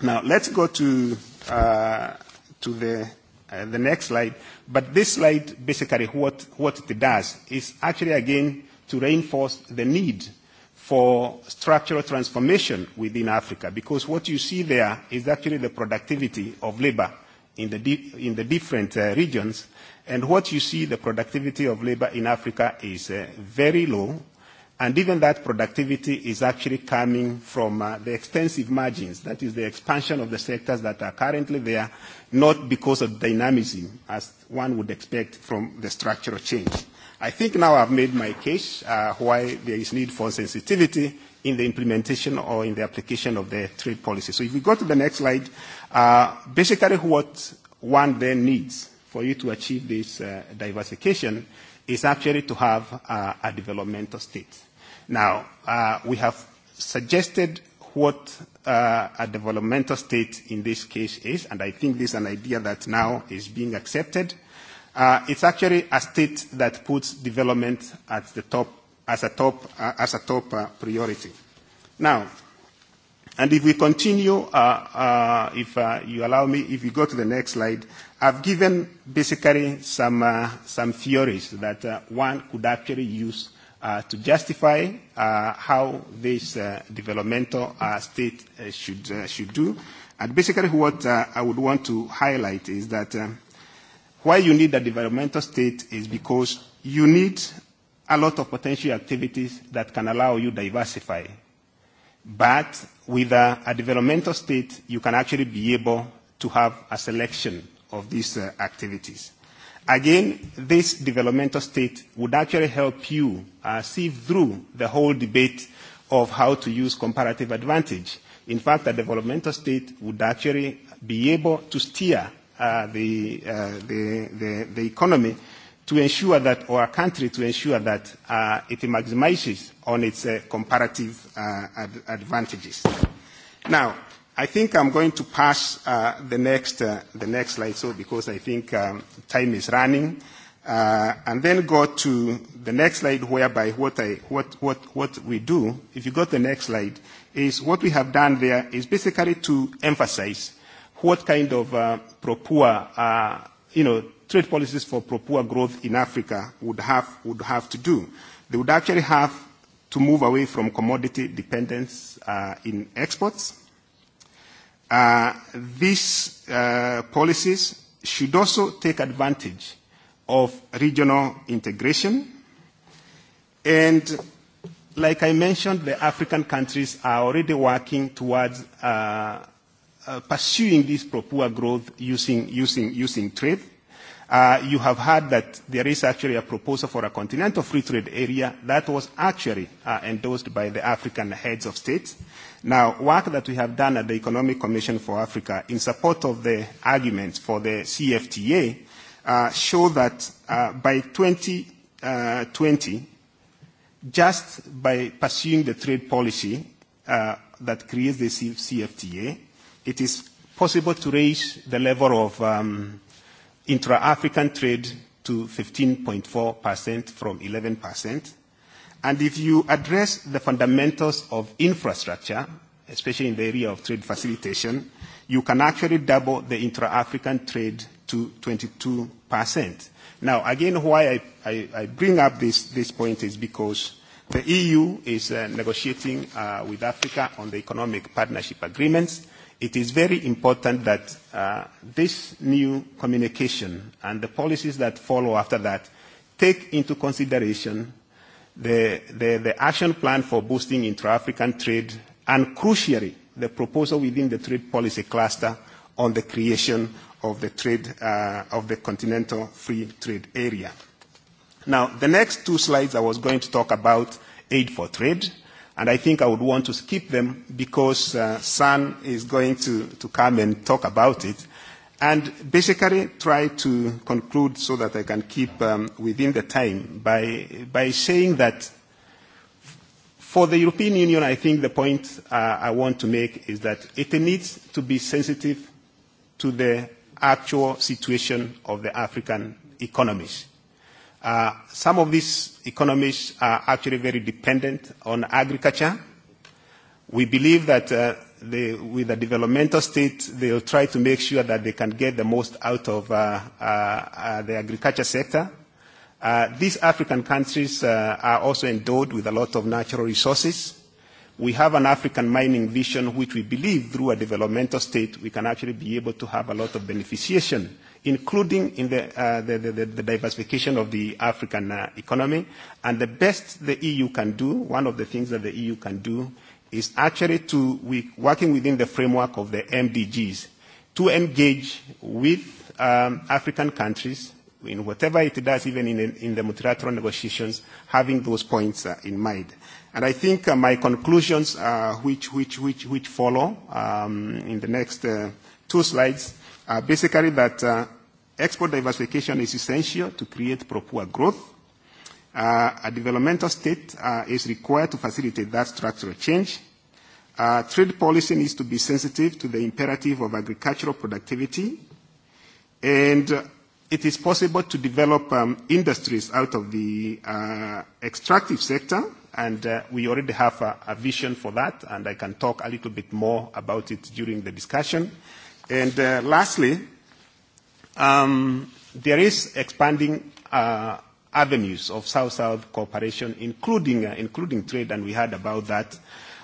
Now, let's go to, uh, to the, uh, the next slide. But this slide, basically what, what it does is actually, again, to reinforce the need for structural transformation within Africa, because what you see there is actually the productivity of labor in the, di- in the different uh, regions. And what you see, the productivity of labor in Africa is uh, very low And even that productivity is actually coming from uh, the extensive margins, that is the expansion of the sectors that are currently there, not because of dynamism, as one would expect from the structural change. I think now I've made my case uh, why there is need for sensitivity in the implementation or in the application of the trade policy. So if we go to the next slide, uh, basically what one then needs for you to achieve this uh, diversification is actually to have uh, a developmental state Now, uh, we have suggested what uh, a developmental state in this case is, and I think this is an idea that now is being accepted. Uh, it's actually a state that puts development at the top, as a top, uh, as a top uh, priority. Now, and if we continue, uh, uh, if uh, you allow me, if you go to the next slide, I've given basically some, uh, some theories that uh, one could actually use uh, to justify uh, how this uh, developmental uh, state uh, should, uh, should do. And basically what uh, I would want to highlight is that um, why you need a developmental state is because you need a lot of potential activities that can allow you diversify. But with a, a developmental state, you can actually be able to have a selection of these uh, activities. Again, this developmental state would actually help you uh, see through the whole debate of how to use comparative advantage. In fact, a developmental state would actually be able to steer uh, the, uh, the, the, the economy to ensure that, or a country to ensure that uh, it maximizes on its uh, comparative uh, ad- advantages. Now, i think I'm going to pass uh, the, next, uh, the next slide, so because I think um, time is running, uh, and then go to the next slide, whereby what, I, what, what, what we do, if you go to the next slide, is what we have done there is basically to emphasize what kind of uh, pro-poor, uh, you know, trade policies for pro-poor growth in Africa would have, would have to do. They would actually have to move away from commodity dependence uh, in exports Uh, these uh, policies should also take advantage of regional integration. And like I mentioned, the African countries are already working towards uh, uh, pursuing this pro growth using, using, using trade. Uh, you have heard that there is actually a proposal for a continental free trade area that was actually uh, endorsed by the African heads of state. Now, work that we have done at the Economic Commission for Africa in support of the argument for the CFTA uh, show that uh, by 2020, uh, just by pursuing the trade policy uh, that creates the CFTA, it is possible to raise the level of um, intra-African trade to 15.4% from 11%. And if you address the fundamentals of infrastructure, especially in the area of trade facilitation, you can actually double the intra-African trade to 22%. Now, again, why I, I, I bring up this, this point is because the EU is uh, negotiating uh, with Africa on the economic partnership agreements, it is very important that uh, this new communication and the policies that follow after that take into consideration the, the, the action plan for boosting intra-African trade and crucially the proposal within the trade policy cluster on the creation of the trade uh, of the continental free trade area. Now, the next two slides I was going to talk about aid for trade. Uh, And I think I would want to skip them because uh, San is going to, to come and talk about it. And basically try to conclude so that I can keep um, within the time by, by saying that for the European Union, I think the point uh, I want to make is that it needs to be sensitive to the actual situation of the African economies. Uh, some of these economies are actually very dependent on agriculture. We believe that uh, they, with a developmental state, they'll try to make sure that they can get the most out of uh, uh, uh, the agriculture sector. Uh, these African countries uh, are also endowed with a lot of natural resources. We have an African mining vision, which we believe through a developmental state, we can actually be able to have a lot of beneficiation including in the, uh, the, the, the diversification of the African uh, economy. And the best the EU can do, one of the things that the EU can do, is actually to we, working within the framework of the MDGs to engage with um, African countries in whatever it does, even in, in the multilateral negotiations, having those points uh, in mind. And I think uh, my conclusions, uh, which, which, which, which follow um, in the next uh, two slides, are uh, basically that uh, export diversification is essential to create proper growth. Uh, a developmental state uh, is required to facilitate that structural change. Uh, trade policy needs to be sensitive to the imperative of agricultural productivity, and uh, it is possible to develop um, industries out of the uh, extractive sector, and uh, we already have a, a vision for that, and I can talk a little bit more about it during the discussion. And uh, lastly, um, there is expanding uh, avenues of South-South cooperation, including, uh, including trade, and we heard about that.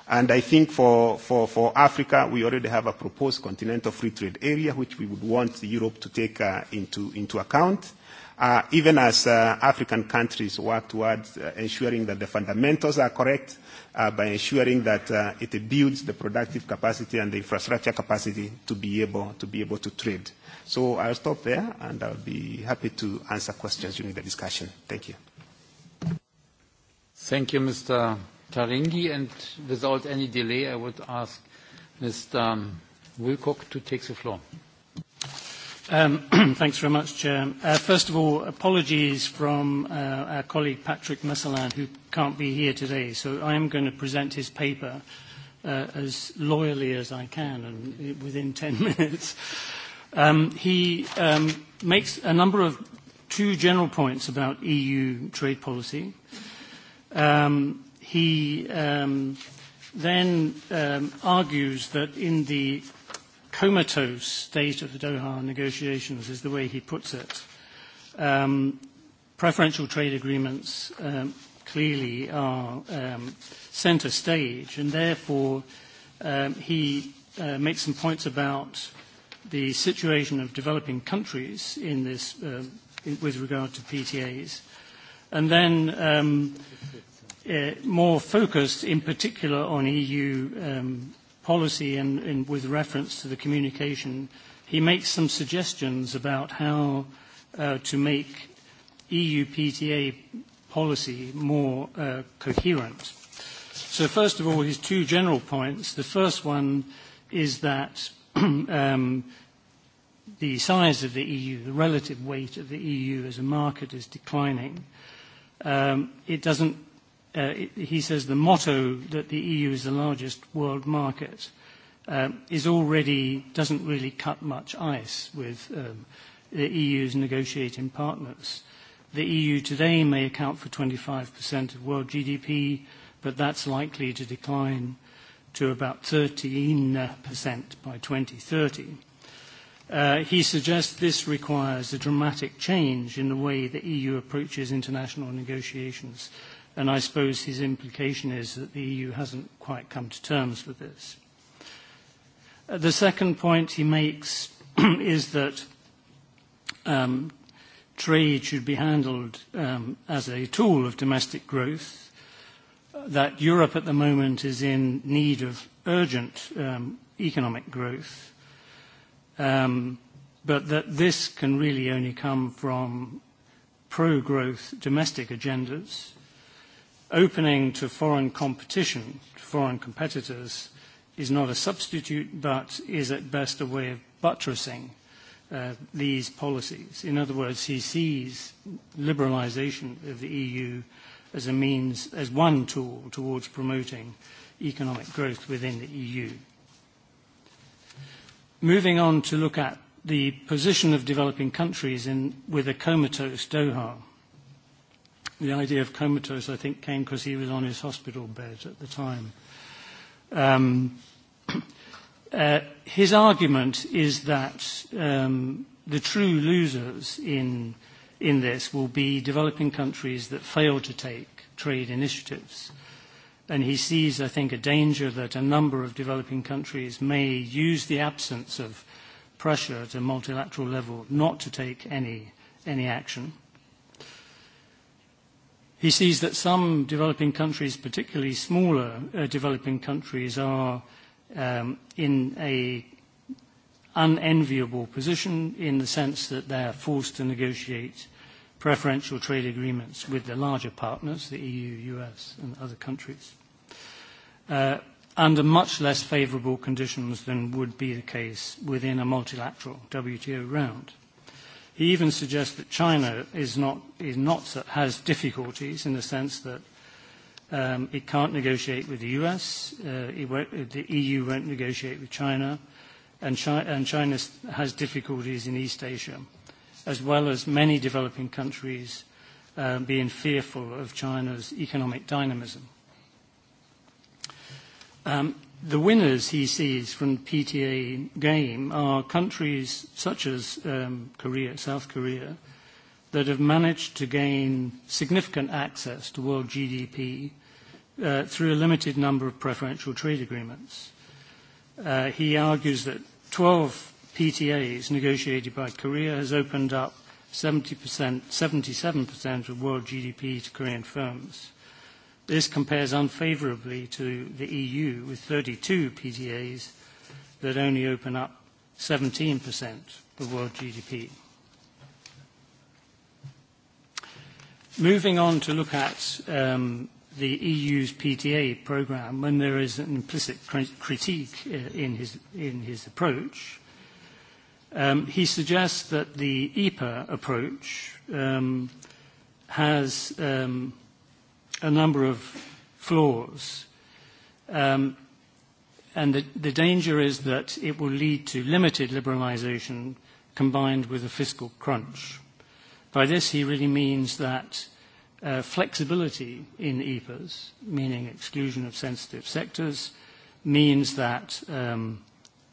And I think for, for, for Africa, we already have a proposed continental free trade area, which we would want Europe to take uh, into, into account. Uh, even as uh, African countries work towards uh, ensuring that the fundamentals are correct, uh, by ensuring that uh, it builds the productive capacity and the infrastructure capacity to be able to be able to trade. So I'll stop there, and I'll be happy to answer questions during the discussion. Thank you. Thank you, Mr. Taringi. And without any delay, I would ask Mr. Um, Wilcock to take the floor. Um, thanks very much, Chair. Uh, first of all, apologies from uh, our colleague Patrick Massalan, who can't be here today. So I am going to present his paper uh, as loyally as I can and within 10 minutes. Um, he um, makes a number of two general points about EU trade policy. Um, he um, then um, argues that in the comatose state of the Doha negotiations is the way he puts it. Um, preferential trade agreements um, clearly are um, center stage, and therefore um, he uh, makes some points about the situation of developing countries in this, um, in, with regard to PTAs, and then um, uh, more focused in particular on EU um, policy and, and with reference to the communication, he makes some suggestions about how uh, to make EU PTA policy more uh, coherent. So first of all, his two general points. The first one is that um, the size of the EU, the relative weight of the EU as a market is declining. Um, it doesn't uh, he says the motto that the EU is the largest world market um, is already doesn't really cut much ice with um, the EU's negotiating partners. The EU today may account for 25% of world GDP, but that's likely to decline to about 13% by 2030. Uh, he suggests this requires a dramatic change in the way the EU approaches international negotiations and I suppose his implication is that the EU hasn't quite come to terms with this. Uh, the second point he makes is that um, trade should be handled um, as a tool of domestic growth, uh, that Europe at the moment is in need of urgent um, economic growth, um, but that this can really only come from pro-growth domestic agendas opening to foreign competition, to foreign competitors, is not a substitute, but is at best a way of buttressing uh, these policies. In other words, he sees liberalisation of the EU as a means, as one tool towards promoting economic growth within the EU. Moving on to look at the position of developing countries in, with a comatose Doha. The idea of comatose, I think, came because he was on his hospital bed at the time. Um, uh, his argument is that um, the true losers in, in this will be developing countries that fail to take trade initiatives. And he sees, I think, a danger that a number of developing countries may use the absence of pressure at a multilateral level not to take any, any action. He sees that some developing countries, particularly smaller uh, developing countries, are um, in a unenviable position in the sense that they are forced to negotiate preferential trade agreements with their larger partners, the EU, US, and other countries, uh, under much less favorable conditions than would be the case within a multilateral WTO round. He even suggests that China is not, is not, has difficulties in the sense that um, it can't negotiate with the US, uh, it won't, the EU won't negotiate with China, and, Chi- and China has difficulties in East Asia, as well as many developing countries um, being fearful of China's economic dynamism. Um, the winners he sees from the PTA game are countries such as um, Korea, South Korea, that have managed to gain significant access to world GDP uh, through a limited number of preferential trade agreements. Uh, he argues that 12 PTAs negotiated by Korea has opened up 70%, 77% of world GDP to Korean firms. This compares unfavorably to the EU with 32 PTAs that only open up 17% of world GDP. Moving on to look at um, the EU's PTA program, when there is an implicit critique uh, in his, in his approach, um, he suggests that the EPA approach um, has um, a number of flaws. Um, and the, the danger is that it will lead to limited liberalisation combined with a fiscal crunch. By this, he really means that uh, flexibility in EPAs, meaning exclusion of sensitive sectors, means that um,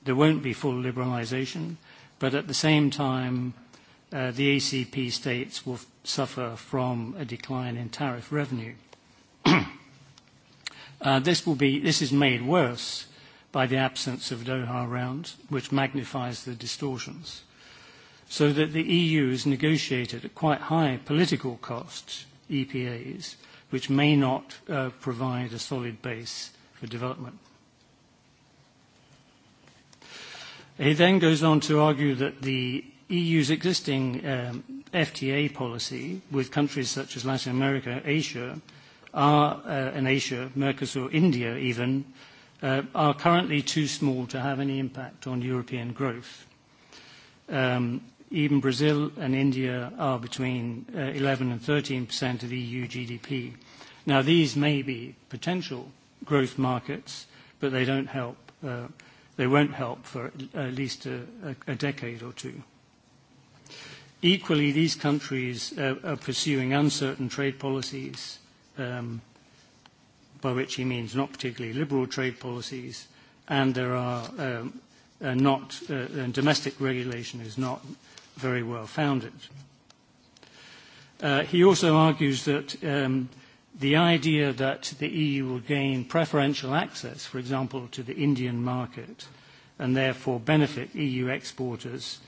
there won't be full liberalisation, but at the same time, uh, the ACP states will suffer from a decline in tariff revenue. Uh, this, will be, this is made worse by the absence of Doha round, which magnifies the distortions, so that the EU has negotiated at quite high political costs EPAs, which may not uh, provide a solid base for development. He then goes on to argue that the EU's existing um, FTA policy with countries such as Latin America, Asia, are, uh, in Asia, Mercosur, India even, uh, are currently too small to have any impact on European growth. Um, even Brazil and India are between uh, 11% and 13% of EU GDP. Now, these may be potential growth markets, but they don't help. Uh, they won't help for at least a, a decade or two. Equally, these countries uh, are pursuing uncertain trade policies Um, by which he means not particularly liberal trade policies, and there are um, uh, not, uh, and domestic regulation is not very well founded. Uh, he also argues that um, the idea that the EU will gain preferential access, for example, to the Indian market, and therefore benefit EU exporters,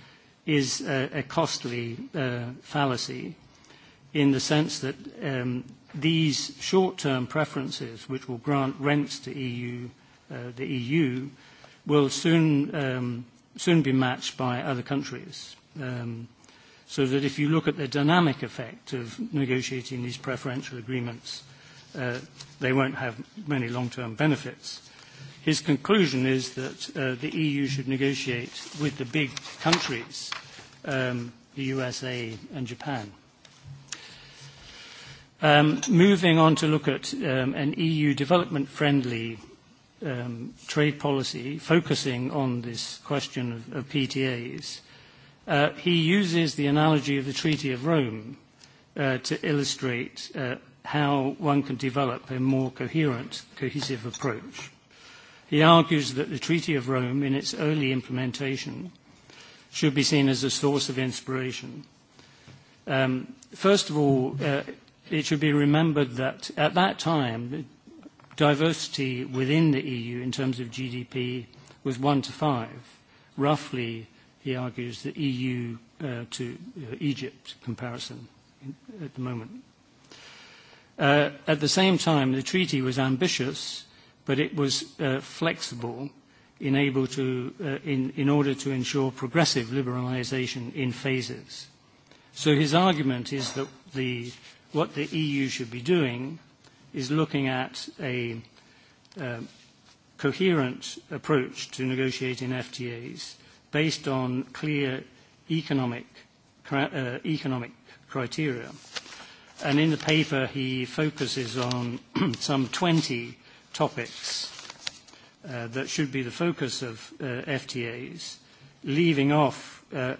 is a, a costly uh, fallacy in the sense that um, these short-term preferences, which will grant rents to EU, uh, the EU, will soon, um, soon be matched by other countries. Um, so that if you look at the dynamic effect of negotiating these preferential agreements, uh, they won't have many long-term benefits. His conclusion is that uh, the EU should negotiate with the big countries, um, the USA and Japan. Um, moving on to look at um, an EU development-friendly um, trade policy, focusing on this question of, of PTAs, uh, he uses the analogy of the Treaty of Rome uh, to illustrate uh, how one can develop a more coherent, cohesive approach. He argues that the Treaty of Rome, in its early implementation, should be seen as a source of inspiration. Um, first of all, uh, it should be remembered that at that time, diversity within the EU in terms of GDP was one to five. Roughly, he argues, the EU uh, to uh, Egypt comparison in, at the moment. Uh, at the same time, the treaty was ambitious, but it was uh, flexible in, able to, uh, in, in order to ensure progressive liberalisation in phases. So his argument is that the what the EU should be doing is looking at a um, coherent approach to negotiating FTAs based on clear economic, uh, economic criteria. And in the paper, he focuses on some 20 topics uh, that should be the focus of uh, FTAs, leaving off uh,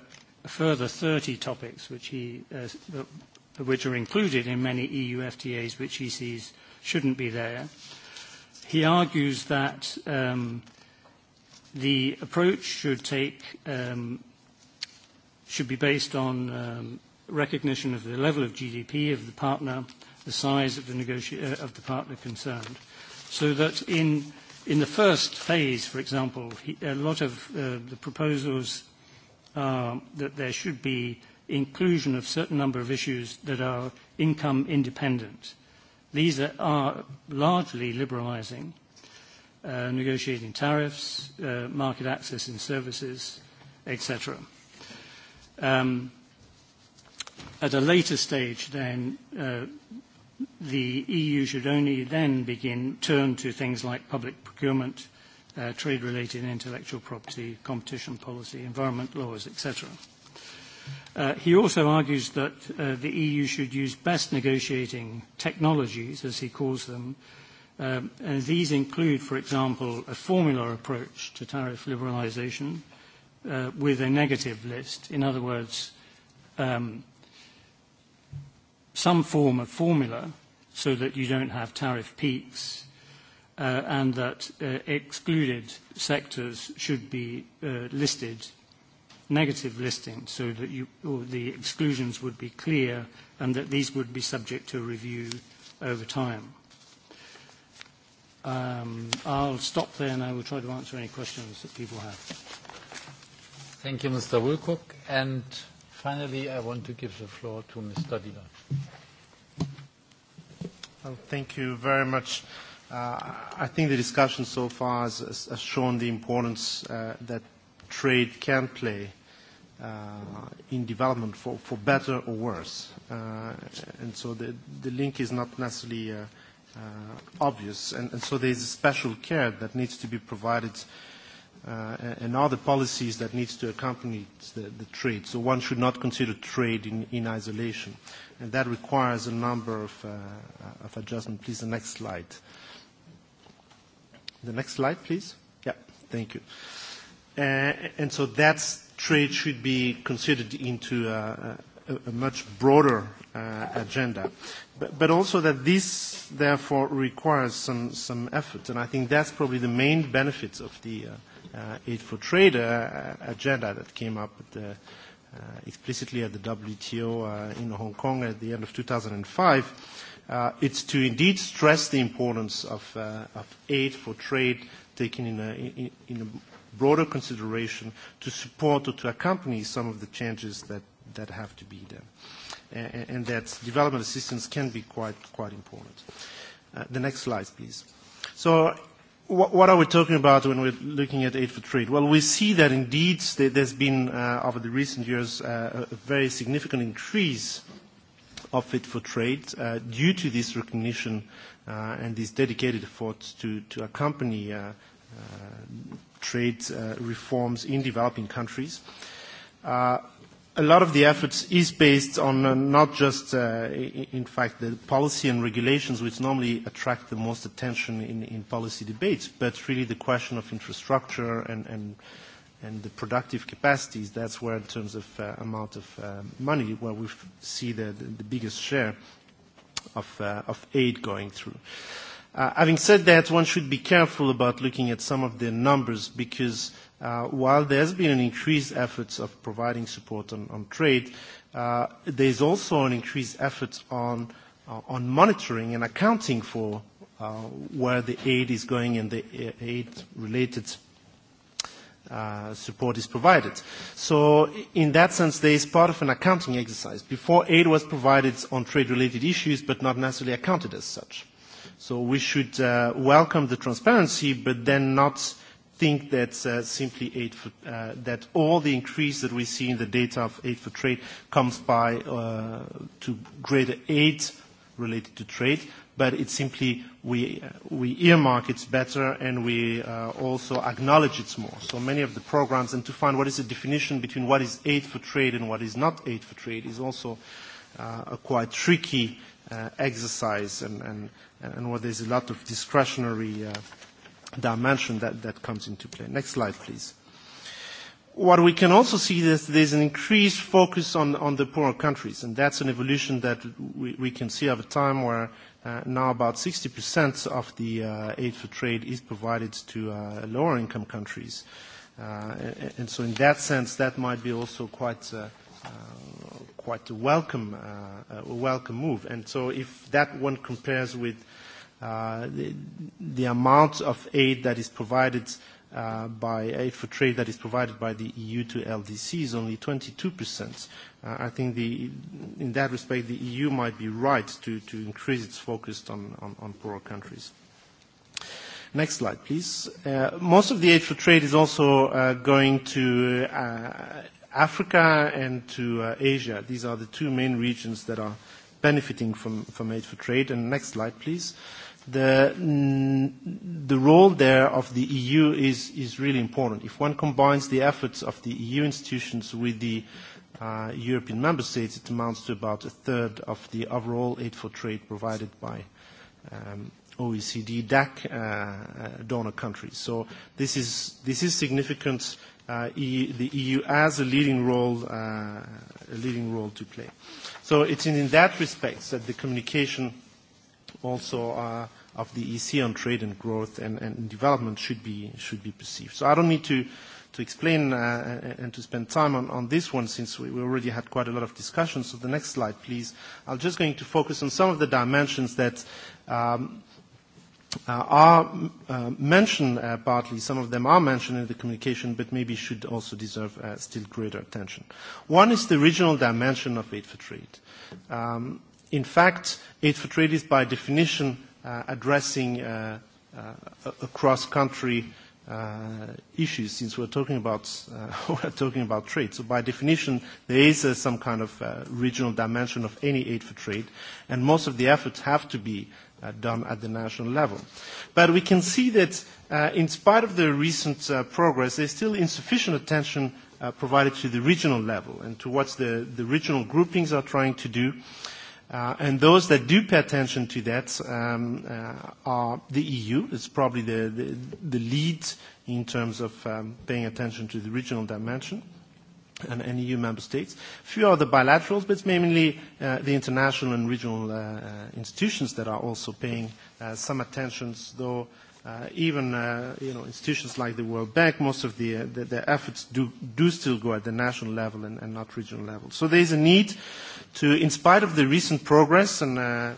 a further 30 topics, which he uh, which are included in many EU FTAs which he sees shouldn't be there. He argues that um, the approach should take um, should be based on um, recognition of the level of GDP of the partner, the size of the, negoti- uh, of the partner concerned, so that in in the first phase, for example, he, a lot of uh, the proposals are that there should be inclusion of certain number of issues that are income independent. These are largely liberalising, uh, negotiating tariffs, uh, market access in services, etc. Um, at a later stage, then, uh, the EU should only then begin turn to things like public procurement, uh, trade-related intellectual property, competition policy, environment laws, etc. Uh, he also argues that uh, the EU should use best negotiating technologies, as he calls them, um, and these include, for example, a formula approach to tariff liberalisation uh, with a negative list. In other words, um, some form of formula so that you don't have tariff peaks uh, and that uh, excluded sectors should be uh, listed negative listing so that you, or the exclusions would be clear and that these would be subject to review over time. Um, I'll stop there and I will try to answer any questions that people have. Thank you, Mr. Wilcock. And finally, I want to give the floor to Mr. Dillon. Well, thank you very much. Uh, I think the discussion so far has, has shown the importance uh, that trade can play uh, in development for, for better or worse. Uh, and so the, the link is not necessarily uh, uh, obvious. And, and so there's a special care that needs to be provided uh, and other policies that needs to accompany the, the trade. So one should not consider trade in, in isolation. And that requires a number of, uh, uh of adjustments. Please, the next slide. The next slide, please. Yeah, thank you. Uh, and so that trade should be considered into a, uh, a, a much broader uh, agenda. But, but also that this, therefore, requires some, some effort. And I think that's probably the main benefits of the uh, uh, Aid for Trade uh, agenda that came up at the, uh, explicitly at the WTO uh, in Hong Kong at the end of 2005. Uh, it's to indeed stress the importance of, uh, of aid for trade taken in a, in, in a broader consideration to support or to accompany some of the changes that, that have to be there. And, and that development assistance can be quite, quite important. Uh, the next slide, please. So what, what are we talking about when we're looking at aid for trade? Well, we see that indeed there's been, uh, over the recent years, uh, a very significant increase of aid for trade uh, due to this recognition uh, and these dedicated efforts to, to accompany uh, uh, trade uh, reforms in developing countries. Uh, a lot of the efforts is based on uh, not just, uh, in fact, the policy and regulations which normally attract the most attention in, in policy debates, but really the question of infrastructure and, and, and the productive capacities. That's where, in terms of uh, amount of uh, money, where we see the, the, the biggest share of, uh, of aid going through. Uh, Uh, having said that, one should be careful about looking at some of the numbers because uh, while there has been an increased effort of providing support on, on trade, uh, there's also an increased effort on, uh, on monitoring and accounting for uh, where the aid is going and the uh, aid-related uh, support is provided. So in that sense, there is part of an accounting exercise. Before, aid was provided on trade-related issues, but not necessarily accounted as such. So we should uh, welcome the transparency, but then not think that uh, simply aid for, uh, that all the increase that we see in the data of aid for trade comes by uh, to greater aid related to trade, but it's simply we, uh, we earmark it better and we uh, also acknowledge it more. So many of the programs, and to find what is the definition between what is aid for trade and what is not aid for trade is also uh, uh, a quite tricky uh, exercise and, and, and where there's a lot of discretionary uh, dimension that, that comes into play. Next slide, please. What we can also see is there's an increased focus on, on the poorer countries, and that's an evolution that we, we can see over time where uh, now about 60% of the uh, aid for trade is provided to uh, lower income countries. Uh, and, and so in that sense, that might be also quite uh, uh, quite a welcome, uh, a welcome move. And so if that one compares with uh, the, the amount of aid that is provided uh, by aid for trade that is provided by the EU to LDC is only 22%. Uh, I think the, in that respect, the EU might be right to, to increase its focus on, on, on poorer countries. Next slide, please. Uh, most of the aid for trade is also uh, going to uh, Africa and to uh, Asia. These are the two main regions that are benefiting from, from aid for trade. And next slide, please. The, mm, the role there of the EU is, is really important. If one combines the efforts of the EU institutions with the uh, European member states, it amounts to about a third of the overall aid for trade provided by um, OECD DAC uh, uh, donor countries. So this is, this is significant uh, EU, the EU has a leading role, uh, a leading role to play. So it's in, in that respect that the communication also uh, of the EC on trade and growth and, and development should be, should be perceived. So I don't need to, to explain uh, and to spend time on, on this one since we, we already had quite a lot of discussion. So the next slide, please. I'm just going to focus on some of the dimensions that um, – uh, are uh, mentioned uh, partly, some of them are mentioned in the communication, but maybe should also deserve uh, still greater attention. One is the regional dimension of aid for trade. Um, in fact, aid for trade is by definition uh, addressing uh, uh, across-country uh, issues, since we're talking about uh, we're talking about trade. So by definition, there is uh, some kind of uh, regional dimension of any aid for trade, and most of the efforts have to be uh, Uh, done at the national level. But we can see that uh, in spite of the recent uh, progress, there's still insufficient attention uh, provided to the regional level and to what the, the regional groupings are trying to do. Uh, and those that do pay attention to that um, uh, are the EU. It's probably the, the, the lead in terms of um, paying attention to the regional dimension and, and EU member states. Few are the bilaterals, but it's mainly uh, the international and regional uh, uh institutions that are also paying uh, some attention, though uh, even uh, you know, institutions like the World Bank, most of the, uh, the, their efforts do, do still go at the national level and, and not regional level. So there is a need to, in spite of the recent progress, and uh,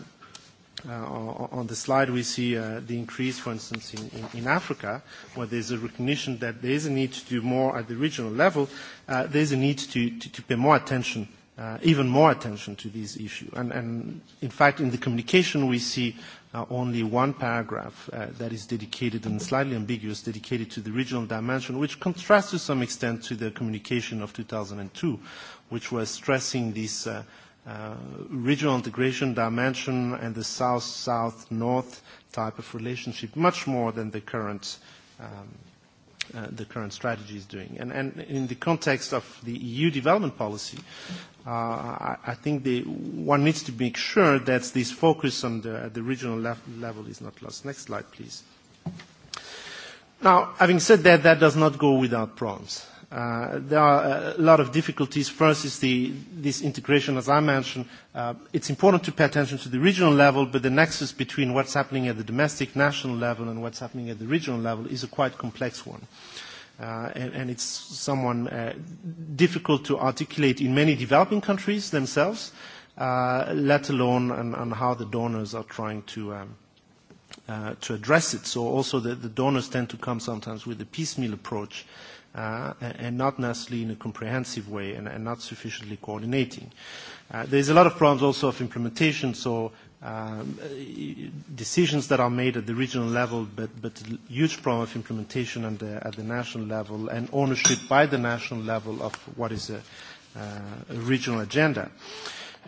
Uh, on the slide, we see uh, the increase, for instance, in, in, in Africa, where there's a recognition that there is a need to do more at the regional level. Uh, there's a need to, to, to pay more attention, uh, even more attention to this issue. And, and in fact, in the communication, we see uh, only one paragraph uh, that is dedicated and slightly ambiguous, dedicated to the regional dimension, which contrasts to some extent to the communication of 2002, which was stressing this. Uh, uh, regional integration dimension and the south-south-north type of relationship much more than the current, um, uh, the current strategy is doing. And, and in the context of the EU development policy, uh, I, I think the, one needs to make sure that this focus on the, the regional lef- level is not lost. Next slide, please. Now, having said that, that does not go without problems. Uh, there are uh, a lot of difficulties. First is the, this integration, as I mentioned. Uh, it's important to pay attention to the regional level, but the nexus between what's happening at the domestic national level and what's happening at the regional level is a quite complex one. Uh, and, and it's someone uh, difficult to articulate in many developing countries themselves, uh, let alone on, on how the donors are trying to um, uh, to address it. So also the, the donors tend to come sometimes with a piecemeal approach uh, uh, and not necessarily in a comprehensive way and, and not sufficiently coordinating. Uh, there's a lot of problems also of implementation, so um, uh, decisions that are made at the regional level, but, but huge problem of implementation at the, at the national level and ownership by the national level of what is a, uh, a regional agenda. Uh,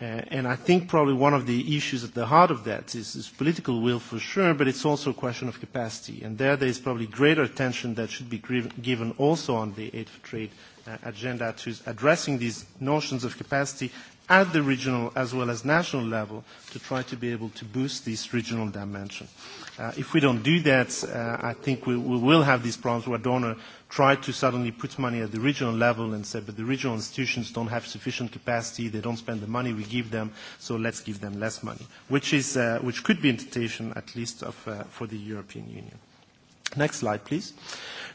Uh, and I think probably one of the issues at the heart of that is, is political will for sure, but it's also a question of capacity. And there, there's probably greater attention that should be given also on the aid for trade uh, agenda to addressing these notions of capacity at the regional as well as national level to try to be able to boost this regional dimension. Uh, Uh, if we don't do that, uh, I think we, we will have these problems where donors try to suddenly put money at the regional level and say, but the regional institutions don't have sufficient capacity, they don't spend the money we give them, so let's give them less money, which, is, uh, which could be an temptation, at least of, uh, for the European Union. Next slide, please.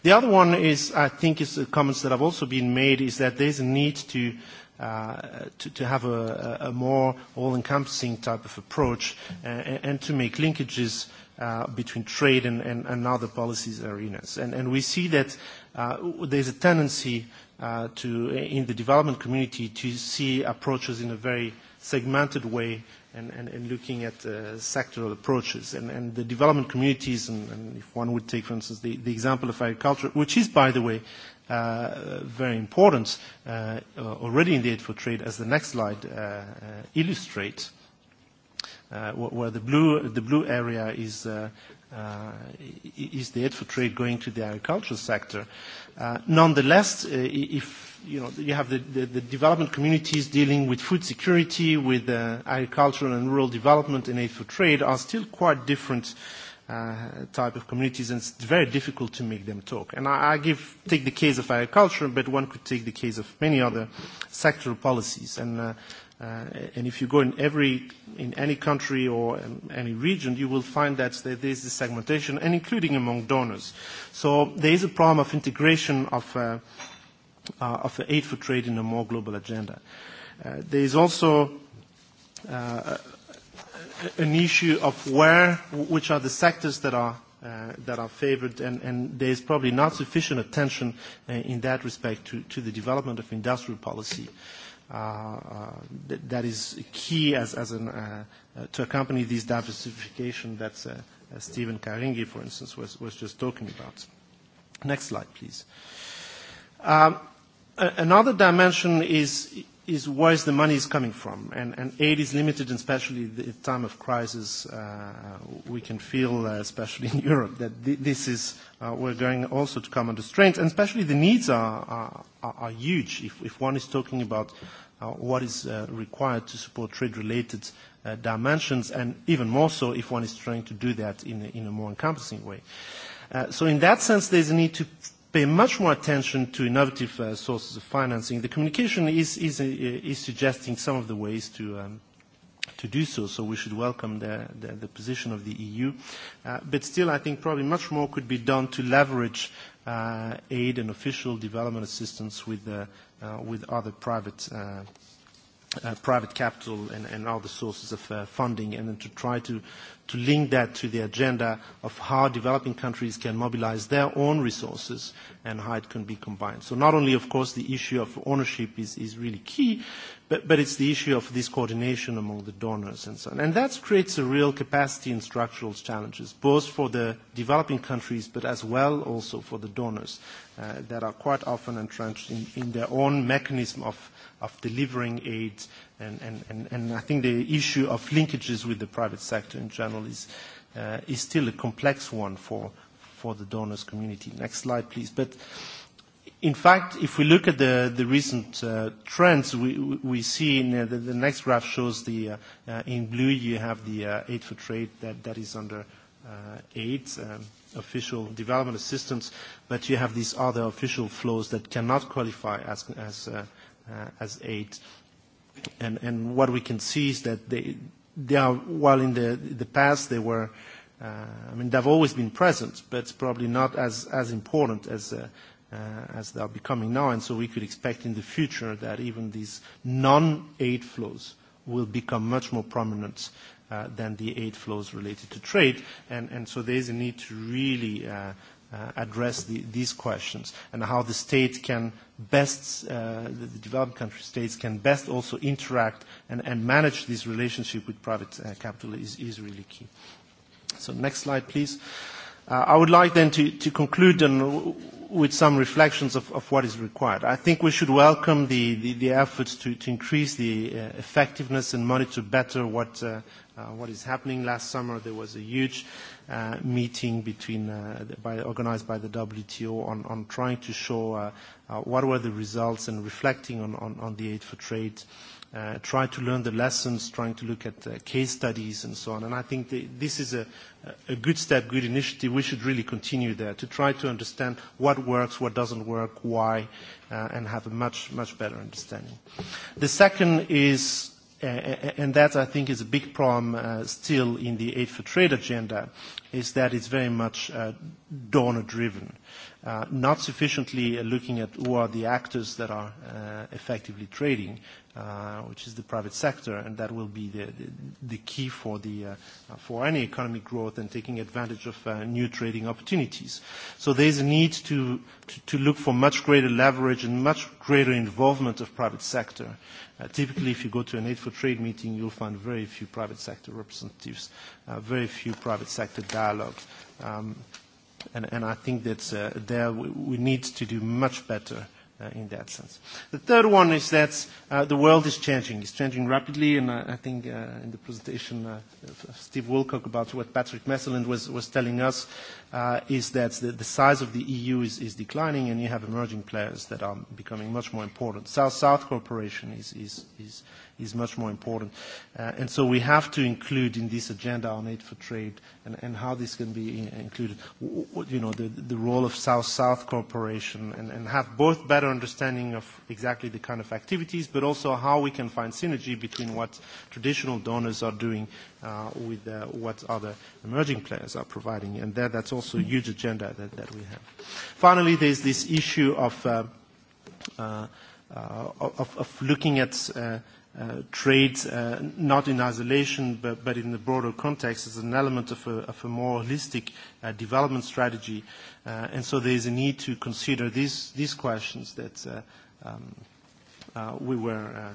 The other one is, I think, is the comments that have also been made, is that there's a need to Uh, to, to have a, a more all-encompassing type of approach and, uh, and to make linkages Uh, between trade and, and, and other policies arenas. And, and we see that uh, there's a tendency uh, to, in the development community to see approaches in a very segmented way and, and, and looking at uh, sectoral approaches. And, and the development communities, and, and if one would take, for instance, the, the example of agriculture, which is, by the way, uh, very important uh, already in the Aid for Trade, as the next slide uh, uh, illustrates, Uh, where the blue, the blue area is, uh, uh is the aid for trade going to the agricultural sector. Uh, nonetheless, uh, if you know, you have the, the, the development communities dealing with food security, with uh, agricultural and rural development and aid for trade are still quite different uh, type of communities, and it's very difficult to make them talk. And I, I give, take the case of agriculture, but one could take the case of many other sectoral policies. And uh, Uh, and if you go in every in any country or um, any region, you will find that there is this segmentation, and including among donors. So there is a problem of integration of uh, uh, of aid for trade in a more global agenda. Uh, there is also uh, an issue of where, which are the sectors that are Uh, that are favored, and, and there's probably not sufficient attention uh, in that respect to, to the development of industrial policy uh, uh that is key as, as an, uh, uh, to accompany this diversification that uh, uh, Stephen Karingi, for instance, was, was just talking about. Next slide, please. Um, another dimension is is where the money is coming from, and, and aid is limited, and especially the time of crisis. Uh, we can feel, uh, especially in Europe, that th- this is uh, we're going also to come under strain, and especially the needs are are, are huge. If, if one is talking about uh, what is uh, required to support trade-related uh, dimensions, and even more so if one is trying to do that in a, in a more encompassing way. Uh, so in that sense, there's a need to pay much more attention to innovative uh, sources of financing. The communication is, is, uh, is suggesting some of the ways to, um, to do so, so we should welcome the, the, the position of the EU. Uh, but still, I think probably much more could be done to leverage uh, aid and official development assistance with, uh, uh, with other private uh, uh, private capital and, and other sources of uh, funding and then to try to, to link that to the agenda of how developing countries can mobilize their own resources and how it can be combined. So not only, of course, the issue of ownership is, is really key, but, but it's the issue of this coordination among the donors and so on. And that creates a real capacity and structural challenges, both for the developing countries, but as well also for the donors uh, that are quite often entrenched in, in their own mechanism of, of delivering aid and, and, and, and I think the issue of linkages with the private sector in general is, uh, is still a complex one for, for the donors community. Next slide, please. But in fact, if we look at the, the recent uh, trends, we, we see in uh, the, the next graph shows the, uh, uh, in blue you have the uh, aid for trade that, that is under uh, aid, um, official development assistance, but you have these other official flows that cannot qualify as, as, uh, uh, as aid and, and what we can see is that they, they are, while in the, the past they were, uh, I mean, they've always been present, but probably not as, as important as, uh, uh, as they are becoming now. And so we could expect in the future that even these non-aid flows will become much more prominent uh, than the aid flows related to trade. And, and so there's a need to really uh, uh, address the, these questions and how the state can best, uh, the, the developed country states can best also interact and, and manage this relationship with private uh, capital is, is really key. So next slide, please. Uh, I would like then to, to conclude and with some reflections of, of what is required. I think we should welcome the, the, the efforts to, to increase the uh, effectiveness and monitor better what, uh, uh, what is happening. Last summer there was a huge uh, uh, meeting between, uh, by, organized by the WTO on, on trying to show uh, uh, what were the results and reflecting on, on, on the aid for trade. Uh, to learn the lessons, trying to look at uh, case studies and so on. And I think the, this is a, a good step, good initiative. We should really continue there to try to understand what works, what doesn't work, why, uh, and have a much, much better understanding. The second is and that, I think, is a big problem uh, still in the aid for trade agenda, is that it's very much uh, donor-driven. Uh, uh, not sufficiently looking at who are the actors that are uh, effectively trading, uh, which is the private sector, and that will be the, the, the key for, the, uh, for any economic growth and taking advantage of uh, new trading opportunities. So there's a need to, to, to look for much greater leverage and much greater involvement of private sector. Uh, typically, if you go to an aid for trade meeting, you'll find very few private sector representatives, uh, very few private sector dialogues. Um, And, and I think that uh, there we, need to do much better uh, in that sense. The third one is that uh, the world is changing. It's changing rapidly, and uh, I think uh, in the presentation uh, Steve Wilcock about what Patrick Messeland was, was telling us uh, is that the, the size of the EU is, is declining, and you have emerging players that are becoming much more important. South-South cooperation is, is, is – is much more important. Uh, and so we have to include in this agenda on aid for trade and, and how this can be included, you know, the, the role of South-South cooperation and, and have both better understanding of exactly the kind of activities, but also how we can find synergy between what traditional donors are doing uh, with uh, what other emerging players are providing. And that, that's also a huge agenda that, that we have. Finally, there's this issue of uh, uh, uh, of, of looking at uh, Uh, trade, uh, not in isolation, but, but in the broader context, as an element of a, of a more holistic uh, development strategy. Uh, and so there is a need to consider these, these questions that uh, um, uh, we were uh, uh,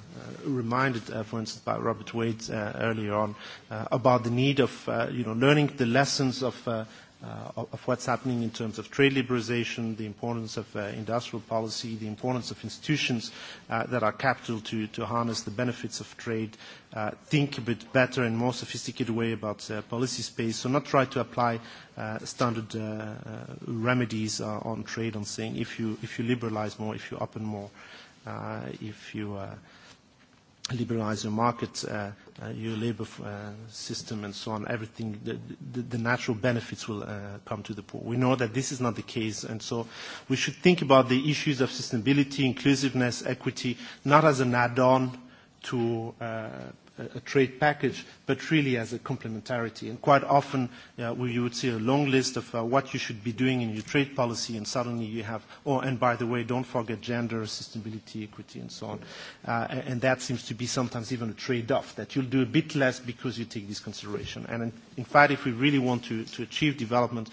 reminded, uh, for instance, by Robert Wade uh, earlier on, uh, about the need of uh, you know, learning the lessons of uh, uh, of what's happening in terms of trade liberalization, the importance of uh, industrial policy, the importance of institutions uh, that are capital to, to harness the benefits of trade, uh, think a bit better and more sophisticated way about uh, policy space, so not try to apply uh, standard uh, uh, remedies uh, on trade on saying if you, if you liberalize more, if you open more, uh, if you uh, – liberalize your market, uh, uh, your labor uh, system and so on, everything, the, the, the natural benefits will uh, come to the poor. We know that this is not the case, and so we should think about the issues of sustainability, inclusiveness, equity, not as an add-on to uh, a trade package, but really as a complementarity. And quite often, uh, you would see a long list of uh, what you should be doing in your trade policy, and suddenly you have, oh, and by the way, don't forget gender, sustainability, equity, and so on. Uh, and, that seems to be sometimes even a trade-off, that you'll do a bit less because you take this consideration. And in, in fact, if we really want to, to achieve development,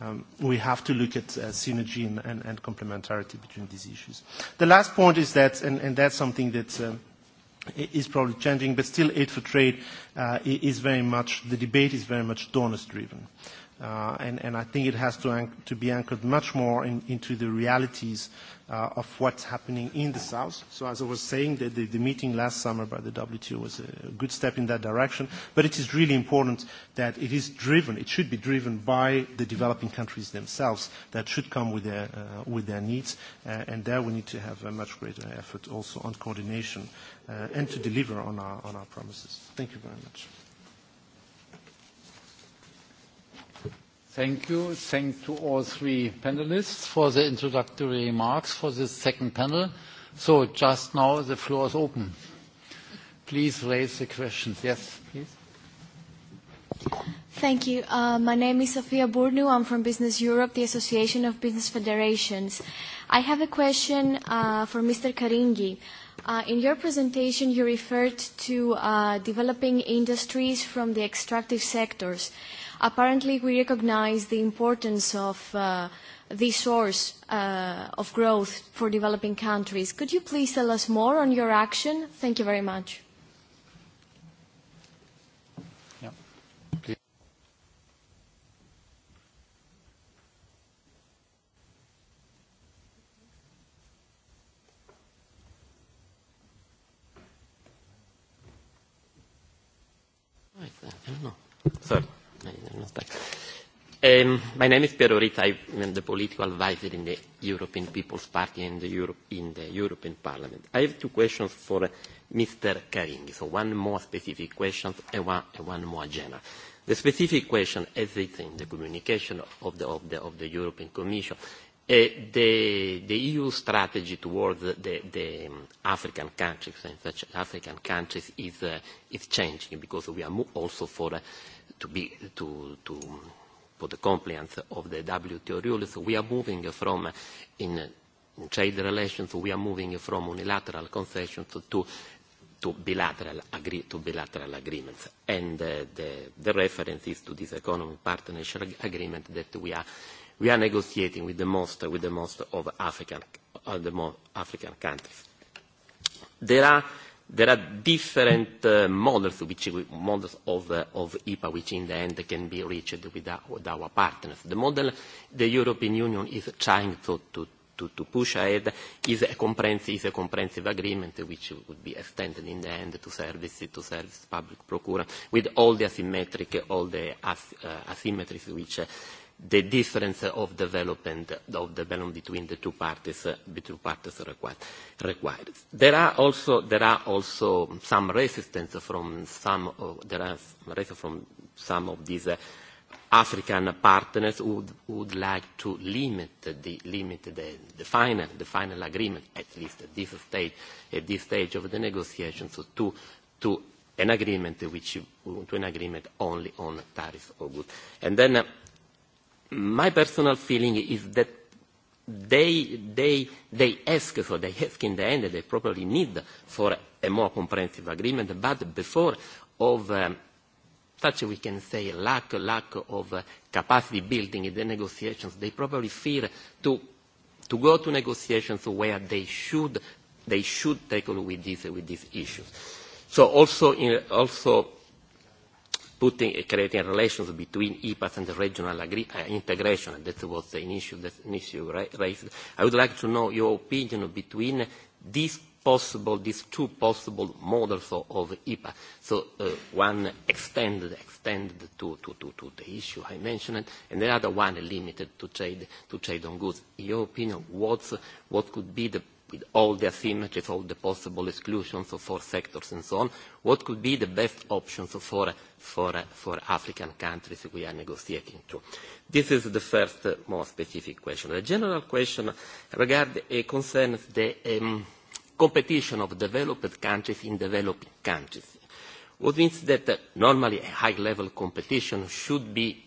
um, we have to look at uh, synergy and, and, and complementarity between these issues. The last point is that, and, and that's something that um, is probably changing, but still aid for trade uh, is very much, the debate is very much donors driven. Uh, and, and I think it has to, to be anchored much more in, into the realities uh, of what's happening in the South. So as I was saying, the, the, the meeting last summer by the WTO was a good step in that direction. But it is really important that it is driven, it should be driven by the developing countries themselves that should come with their, uh, with their needs. Uh, and there we need to have a much greater effort also on coordination uh, and to deliver on our, on our promises. Thank you very much. Thank you. Thanks to all three panelists for the introductory remarks for this second panel. So just now, the floor is open. Please raise the questions. Yes, please. Thank you. Uh, my name is Sofia Burnu. I'm from Business Europe, the Association of Business Federations. I have a question uh, for Mr. Karingi. Uh, in your presentation, you referred to uh, developing industries from the extractive sectors apparently we recognize the importance of uh, the source uh, of growth for developing countries. Could you please tell us more on your action? Thank you very much. Third. Um, my name is Piero Rita. I am the political advisor in the European People's Party and the Europe, in the European Parliament. I have two questions for uh, Mr. Karing. So one more specific question and one, and one more general. The specific question, as it's in the communication of the, of the, of the European Commission, uh, the, the EU strategy towards the, the um, African countries and such African countries is, uh, is changing because we are also for uh, to be to, to for the compliance of the WTO rules, we are moving from in trade relations, we are moving from unilateral concessions to to to bilateral, agree, to bilateral agreements. And uh, the, the reference is to this economic partnership agreement that we are, we are negotiating with the most, with the most of African, uh, the more African countries. There are There are different uh, models, which models of, uh, of IPA, which in the end can be reached with our, with our partners. The model the European Union is trying to, to, to, to push ahead is a, comprehensive, is a comprehensive agreement which would be extended in the end to service, to service public procurement with all the asymmetric, all the as, uh, asymmetries which uh, the difference of development of the balance between the two parties the two parties required, required. There are also there are also some resistance from some of, there are resistance from some of these uh, African partners who would, would like to limit the limit the, the final the final agreement at least at this stage at this stage of the negotiations so to to an agreement which to an agreement only on tariffs or goods and then. Uh, my personal feeling is that they, they, they ask, so they ask in the end, they probably need for a more comprehensive agreement, but before of um, such, we can say, lack, lack of uh, capacity building in the negotiations, they probably fear to, to go to negotiations where they should, they should tackle with, this, with these issues. So also, in, also putting, creating relations between EPAS and the regional agri uh, integration. That was the issue, that, an issue raised. I would like to know your opinion between these possible, these two possible models of, of e IPA. So uh, one extended, extended to, to, to, to the issue I mentioned, and the other one limited to trade, to trade on goods. In your opinion, what's, what could be the with all the asymmetries, all the possible exclusions of four sectors and so on, what could be the best options for, for, for African countries we are negotiating to? This is the first uh, more specific question. The general question regarding uh, concerns the um, competition of developed countries in developing countries. What means that uh, normally a high-level competition should be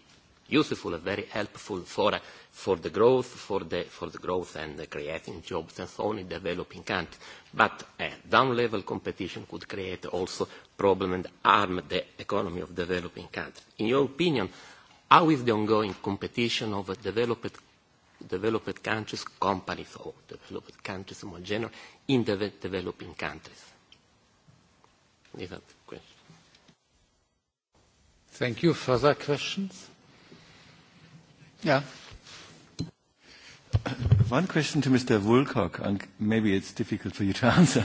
useful and very helpful for uh, for the growth, for the, for the growth and the creating jobs and so on in developing countries. But uh, down-level competition could create also problem and arm the economy of developing countries. In your opinion, how is the ongoing competition of developed, developed countries, companies or developed countries more general, in the de developing countries? Is that the question? Thank you. Further questions? Yeah. One question to Mr. Woolcock, and maybe it's difficult for you to answer,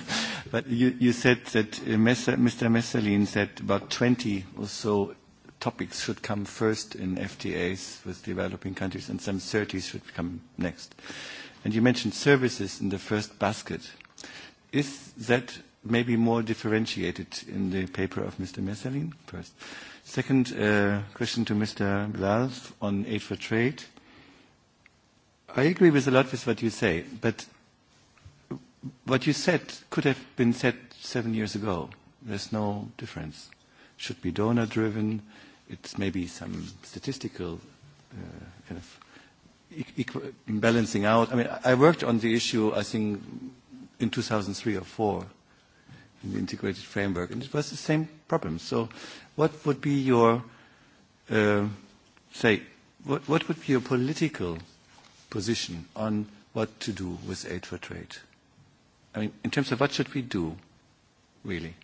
but you, you said that uh, Mr. Messerlin said about 20 or so topics should come first in FTAs with developing countries, and some 30 should come next. And you mentioned services in the first basket. Is that maybe more differentiated in the paper of Mr. Messerlin? First. Second uh, question to Mr. Bilal on aid for trade. I agree with a lot with what you say, but what you said could have been said seven years ago. There's no difference. Should be donor driven. It's maybe some statistical uh, kind of equal, balancing out. I mean, I worked on the issue, I think, in 2003 or 4 in the integrated framework, and it was the same problem. So what would be your, uh, say, what, what would be your political position on what to do with aid for trade. I mean, in terms of what should we do, really?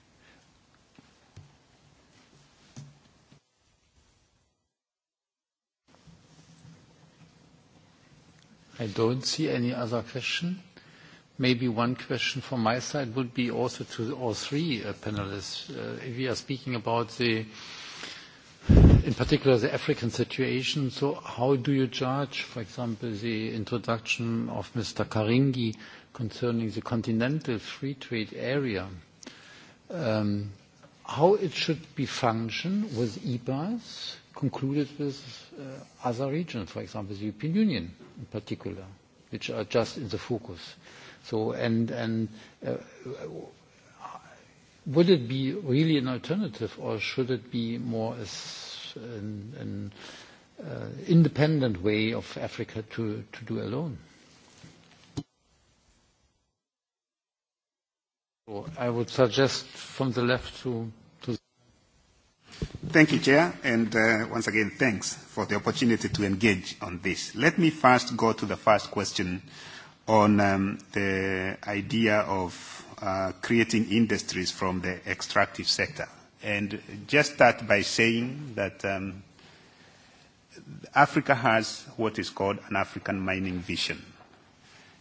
I don't see any other question. Maybe one question from my side would be also to all three uh, panelists. Uh, if we are speaking about the in particular the African situation. So how do you judge, for example, the introduction of Mr. Karingi concerning the continental free trade area? Um, how it should be function with EBA's concluded with uh, other regions, for example, the European Union in particular, which are just in the focus. So, and, and uh, would it be really an alternative, or should it be more as an, an uh, independent way of Africa to, to do alone. I would suggest from the left to, to Thank you, Chair, and uh, once again, thanks for the opportunity to engage on this. Let me first go to the first question on um, the idea of uh, creating industries from the extractive sector and just start by saying that um, Africa has what is called an African mining vision.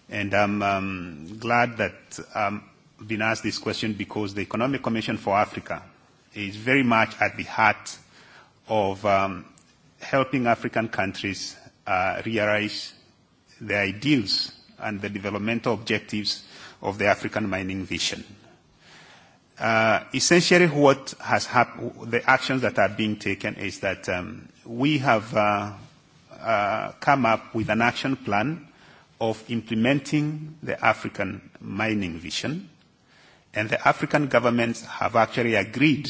And I'm um, glad that um, I've um, been asked this question because the Economic Commission for Africa is very much at the heart of um, helping African countries uh, realize the ideals and the developmental objectives of the African mining vision. Uh, essentially, what has happened, the actions that are being taken is that um, we have uh, uh, come up with an action plan of implementing the African mining vision, and the African governments have actually agreed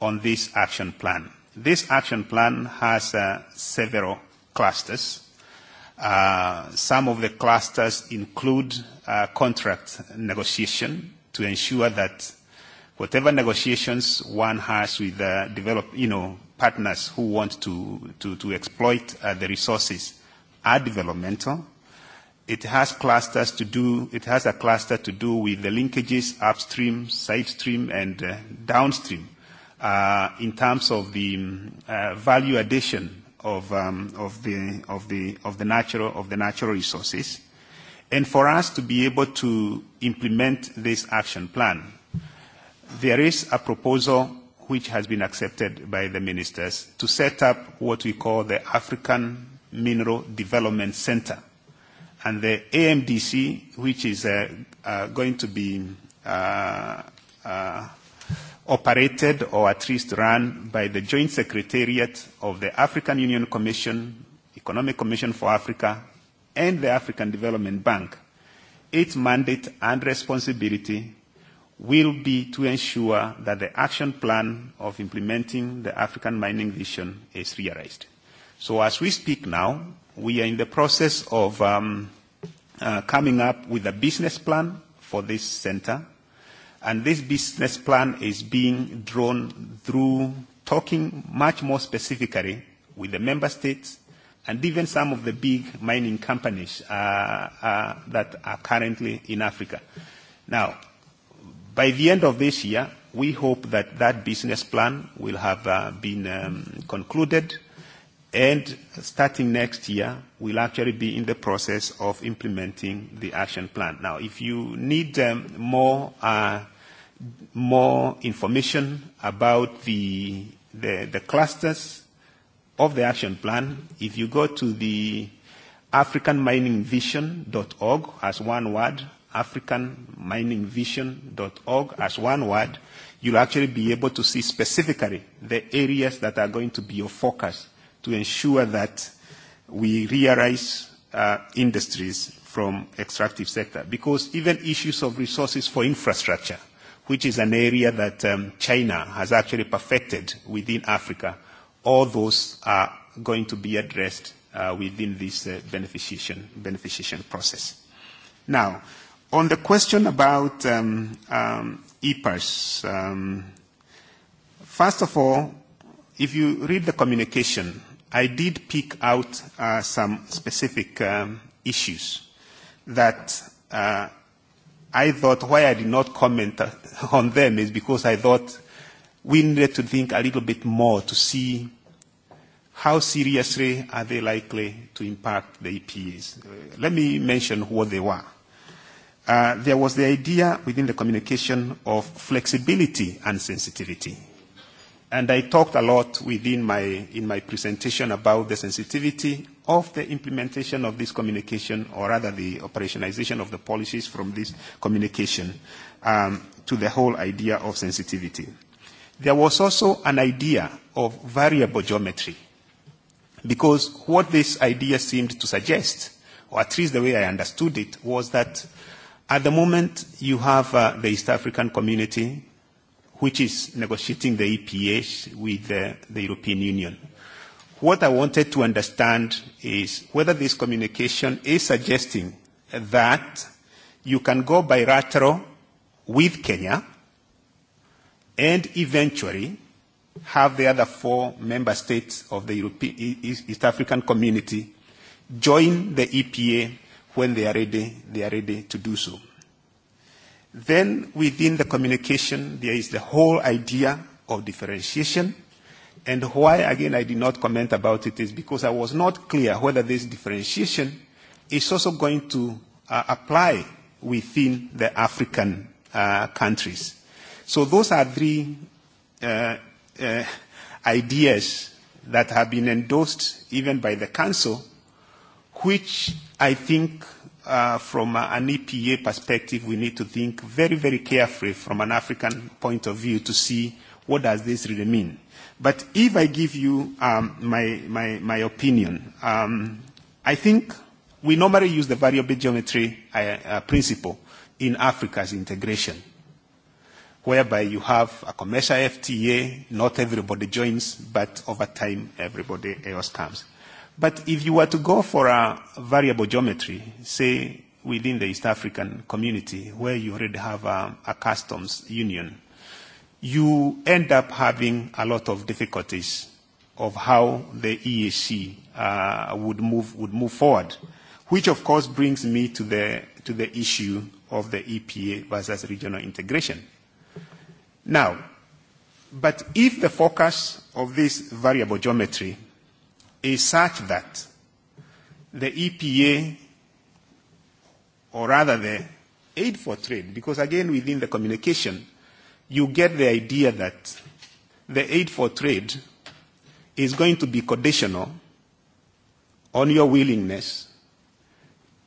on this action plan. This action plan has uh, several clusters. Uh, some of the clusters include uh, contract negotiation to ensure that whatever negotiations one has with the develop, you know, partners who want to, to, to exploit uh, the resources are developmental. It has clusters to do, it has a cluster to do with the linkages upstream, side stream, and uh, downstream uh, in terms of the um, uh, value addition of, um, of, the, of, the, of, the natural, of the natural resources. And for us to be able to implement this action plan, there is a proposal which has been accepted by the ministers to set up what we call the African Mineral Development Center. And the AMDC, which is uh, uh, going to be uh, uh, operated or at least run by the Joint Secretariat of the African Union Commission, Economic Commission for Africa, and the African Development Bank. Its mandate and responsibility will be to ensure that the action plan of implementing the African mining vision is realized. So as we speak now, we are in the process of um, uh, coming up with a business plan for this center. And this business plan is being drawn through talking much more specifically with the member states and even some of the big mining companies uh, uh, that are currently in Africa. Now, by the end of this year, we hope that that business plan will have uh, been um, concluded, and starting next year, we'll actually be in the process of implementing the action plan. Now, if you need um, more uh, more information about the, the the clusters of the action plan, if you go to the africanminingvision.org as one word, africanminingvision.org as one word, you'll actually be able to see specifically the areas that are going to be your focus to ensure that we realize uh, industries from extractive sector. Because even issues of resources for infrastructure, which is an area that um, China has actually perfected within Africa, all those are going to be addressed uh, within this uh, beneficiation, beneficiation process. Now, On the question about um, um EPAS, um, first of all, if you read the communication, I did pick out uh, some specific um, issues that uh, I thought why I did not comment on them is because I thought we needed to think a little bit more to see how seriously are they likely to impact the EPAs. Uh, let me mention what they were uh, there was the idea within the communication of flexibility and sensitivity. And I talked a lot within my, in my presentation about the sensitivity of the implementation of this communication, or rather the operationalization of the policies from this communication, um, to the whole idea of sensitivity. There was also an idea of variable geometry, because what this idea seemed to suggest, or at least the way I understood it, was that At the moment, you have uh, the East African community, which is negotiating the EPA with uh, the European Union. What I wanted to understand is whether this communication is suggesting that you can go bilateral with Kenya and eventually have the other four member states of the European e-, East African community join the EPA when they are ready, they are ready to do so. Then within the communication, there is the whole idea of differentiation. And why, again, I did not comment about it is because I was not clear whether this differentiation is also going to uh, apply within the African uh, countries. So those are three uh, uh, ideas that have been endorsed even by the Council which I think uh, from an EPA perspective, we need to think very, very carefully from an African point of view to see what does this really mean. But if I give you um, my, my, my opinion, um, I think we normally use the variable geometry uh, uh, principle in Africa's integration, whereby you have a commercial FTA, not everybody joins, but over time everybody else comes. But if you were to go for a variable geometry, say within the East African community, where you already have a, um, a customs union, you end up having a lot of difficulties of how the EAC uh, would move would move forward, which of course brings me to the to the issue of the EPA versus regional integration. Now, but if the focus of this variable geometry is such that the EPA, or rather the aid for trade, because again within the communication, you get the idea that the aid for trade is going to be conditional on your willingness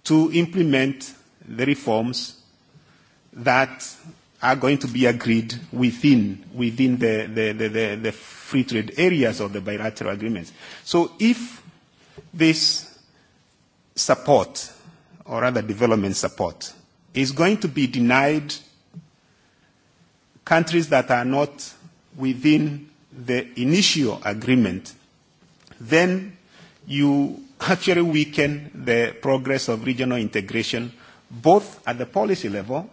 to implement the reforms that are going to be agreed within, within the, the, the, the, the free trade areas of the bilateral agreements. So if this support, or rather development support, is going to be denied countries that are not within the initial agreement, then you actually weaken the progress of regional integration both at the policy level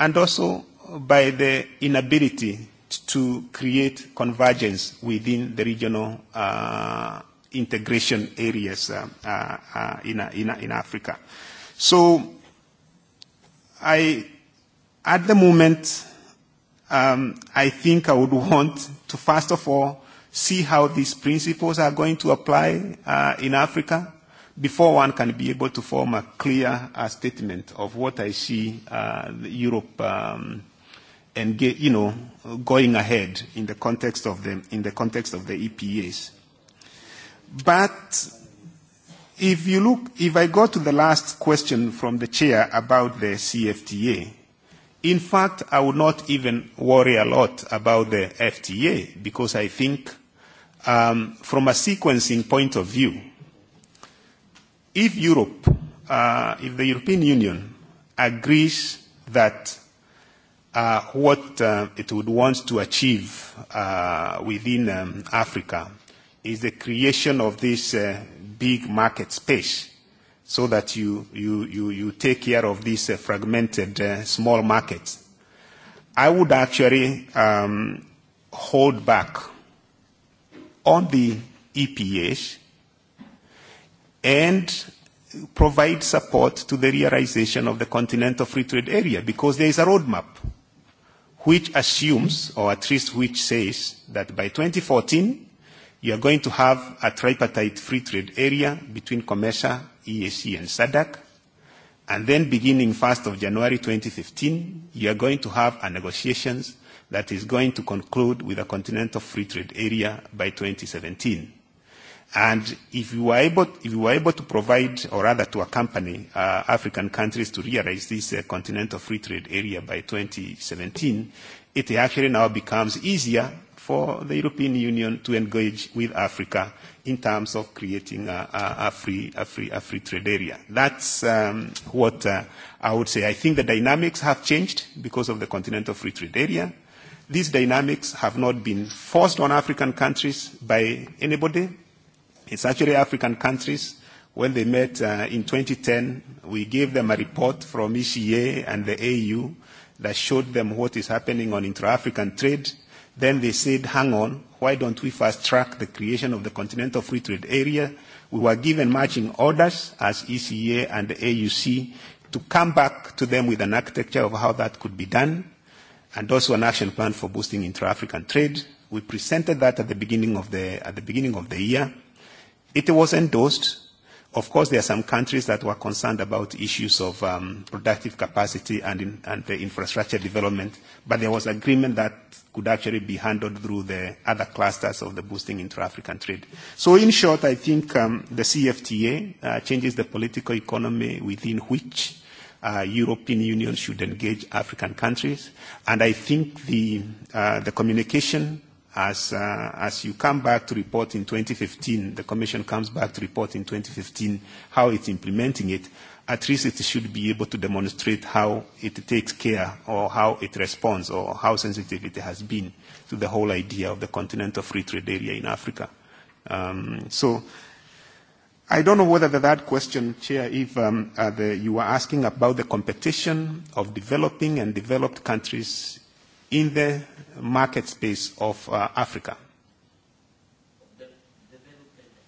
and also by the inability to create convergence within the regional uh, integration areas uh, uh, uh, in, in, in Africa. So I, at the moment, um, I think I would want to first of all see how these principles are going to apply uh, in Africa before one can be able to form a clear uh, statement of what I see uh, Europe um, and get, you know, going ahead in the context of the, in the context of the EPAs. But if you look, if I go to the last question from the chair about the CFTA, in fact, I would not even worry a lot about the FTA because I think um, from a sequencing point of view, if Europe, uh, if the European Union agrees that uh, what uh, it would want to achieve uh, within um, Africa is the creation of this uh, big market space so that you, you, you, you take care of these uh, fragmented uh, small markets. I would actually um, hold back on the EPAs and provide support to the realization of the Continental Free Trade Area because there is a roadmap which assumes, or at least which says, that by 2014, you are going to have a tripartite free trade area between COMESA, e EAC, and SADC. And then beginning 1st of January 2015, you are going to have a negotiations that is going to conclude with a continental free trade area by 2017. And if you were able, if you were able to provide, or rather to accompany uh, African countries to realize this uh, continental free trade area by 2017, it actually now becomes easier for the European Union to engage with Africa in terms of creating a, a, a, free, a, free, a free trade area. That's um, what uh, I would say. I think the dynamics have changed because of the continental free trade area. These dynamics have not been forced on African countries by anybody It's actually African countries. When they met uh, in 2010, we gave them a report from ECA and the AU that showed them what is happening on intra-African trade. Then they said, hang on, why don't we fast track the creation of the Continental Free Trade Area? We were given marching orders as ECA and the AUC to come back to them with an architecture of how that could be done and also an action plan for boosting intra-African trade. We presented that at the beginning of the, at the, beginning of the year. It was endorsed. Of course, there are some countries that were concerned about issues of um, productive capacity and, in, and the infrastructure development, but there was agreement that could actually be handled through the other clusters of the boosting intra-African trade. So in short, I think um, the CFTA uh, changes the political economy within which uh, European Union should engage African countries, and I think the, uh, the communication as, uh, as you come back to report in 2015, the Commission comes back to report in 2015 how it's implementing it, at least it should be able to demonstrate how it takes care or how it responds or how sensitive it has been to the whole idea of the continental free trade area in Africa. Um, so I don't know whether the, that question, Chair, if um, uh, the, you were asking about the competition of developing and developed countries in the market space of uh, Africa.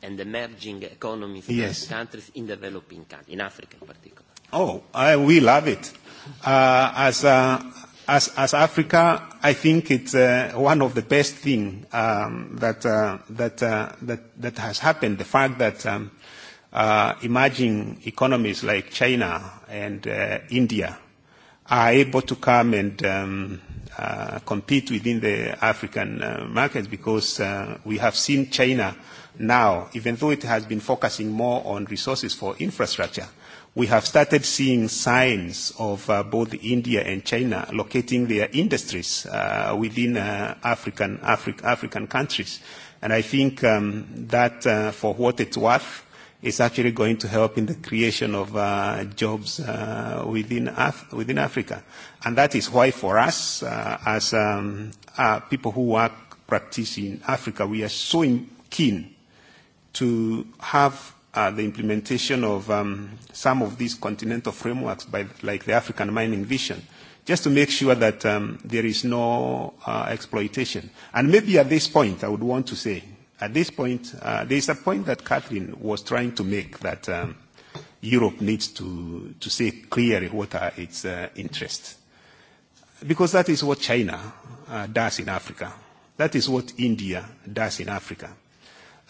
And emerging economies, in yes. countries in developing countries, in Africa in particular. Oh, I, we love it. Uh, as, uh, as, as Africa, I think it's uh, one of the best things um, that, uh, that, uh, that, that has happened. The fact that um, uh, emerging economies like China and uh, India are able to come and um, Uh, compete within the African uh, market because uh, we have seen China now, even though it has been focusing more on resources for infrastructure, we have started seeing signs of uh, both India and China locating their industries uh, within uh, African, Afri- African countries. And I think um, that, uh, for what it's worth, is actually going to help in the creation of uh, jobs uh, within, Af- within Africa. And that is why for us, uh, as um, uh, people who work, practice in Africa, we are so in- keen to have uh, the implementation of um, some of these continental frameworks, by, like the African Mining Vision, just to make sure that um, there is no uh, exploitation. And maybe at this point, I would want to say At this point, uh, is a point that Catherine was trying to make that um, Europe needs to, to say clearly what are its uh, interests. Because that is what China uh, does in Africa. That is what India does in Africa.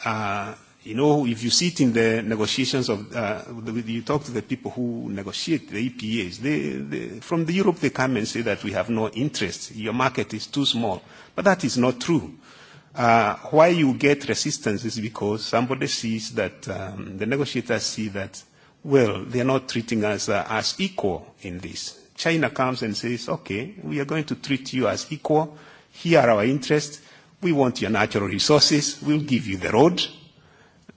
Uh, you know, if you sit in the negotiations of, uh, you talk to the people who negotiate the EPAs, they, they, from the Europe they come and say that we have no interest, your market is too small. But that is not true. Uh, why you get resistance is because somebody sees that, um, the negotiators see that, well, they are not treating us uh, as equal in this. China comes and says, okay, we are going to treat you as equal. Here are our interests. We want your natural resources. We'll give you the road.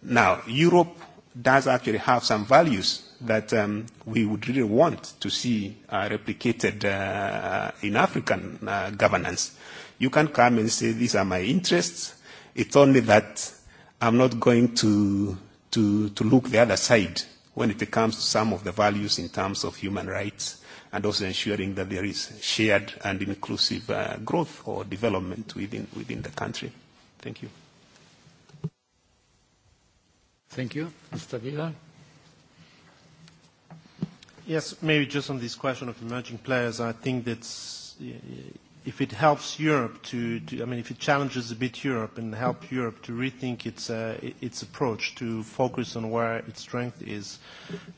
Now, Europe does actually have some values that um, we would really want to see uh, replicated uh, in African uh, governance. You can come and say, these are my interests. It's only that I'm not going to, to, to look the other side when it comes to some of the values in terms of human rights and also ensuring that there is shared and inclusive uh, growth or development within, within the country. Thank you. Thank you. Mr. Vila? Yes, maybe just on this question of emerging players, I think that's if it helps Europe to, to, I mean, if it challenges a bit Europe and help Europe to rethink its, uh, its approach, to focus on where its strength is,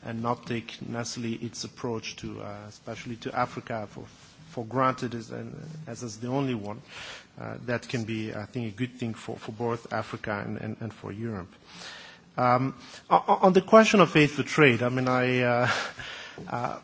and not take necessarily its approach to, uh, especially to Africa, for, for granted as, as is the only one, uh, that can be, I think, a good thing for, for both Africa and, and, and for Europe. Um, on, the question of aid for trade, I mean, I. Uh, uh,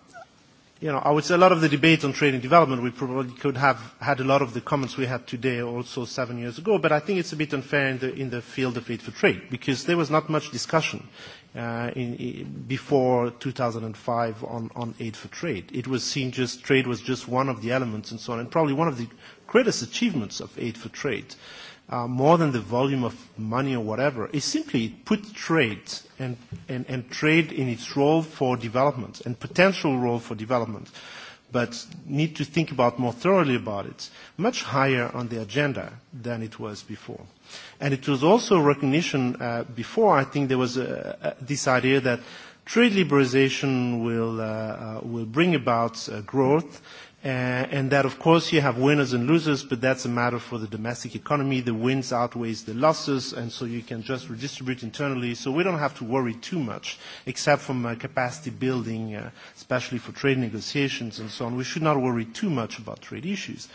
you know, I would say a lot of the debate on trade and development, we probably could have had a lot of the comments we had today also seven years ago, but I think it's a bit unfair in the, in the field of aid for trade because there was not much discussion uh, in, in, before 2005 on, on aid for trade. It was seen just trade was just one of the elements and so on, and probably one of the greatest achievements of aid for trade. Uh, Uh, more than the volume of money or whatever, is simply put trade and, and, and trade in its role for development and potential role for development, but need to think about more thoroughly about it, much higher on the agenda than it was before. And it was also recognition uh, before, I think there was a, a, this idea that trade liberalization will, uh, uh, will bring about uh, growth Uh, and that, of course, you have winners and losers, but that's a matter for the domestic economy. The wins outweighs the losses, and so you can just redistribute internally. So we don't have to worry too much, except from uh, capacity building, uh, especially for trade negotiations and so on. We should not worry too much about trade issues.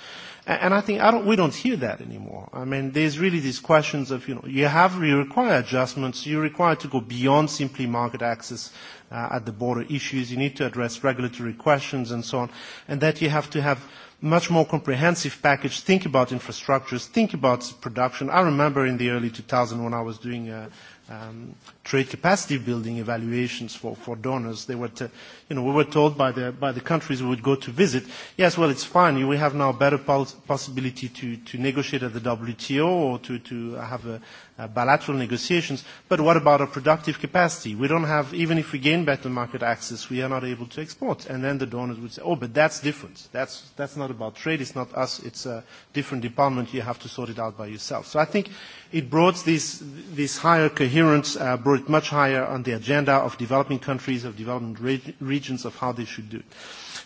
And I think I don't, we don't hear that anymore. I mean, there's really these questions of, you know, you have, you require adjustments, you require to go beyond simply market access uh, at the border issues, you need to address regulatory questions and so on, and that you have to have much more comprehensive package, think about infrastructures, think about production. I remember in the early 2000 when I was doing a, uh, um, trade capacity building evaluations for, for donors. They were, to, you know, we were told by the, by the countries we would go to visit, yes, well, it's fine. We have now better pos- possibility to, to negotiate at the WTO or to, to have a, a bilateral negotiations. But what about our productive capacity? We don't have, even if we gain better market access, we are not able to export. And then the donors would say, oh, but that's different. That's, that's not about trade. It's not us. It's a different department. You have to sort it out by yourself. So I think it brought this, this higher coherence, uh, brought brought it much higher on the agenda of developing countries, of developing reg regions, of how they should do it.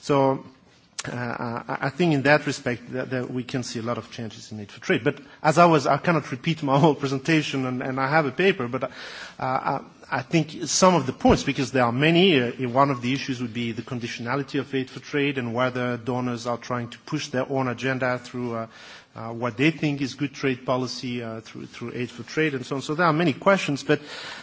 So uh, I think in that respect that, that we can see a lot of changes in need for trade. But as always, I cannot repeat my whole presentation, and, and I have a paper, but uh, I, I think some of the points, because there are many, uh, one of the issues would be the conditionality of aid for trade and whether donors are trying to push their own agenda through uh, uh, what they think is good trade policy uh, through, through aid for trade and so on. So there are many questions, but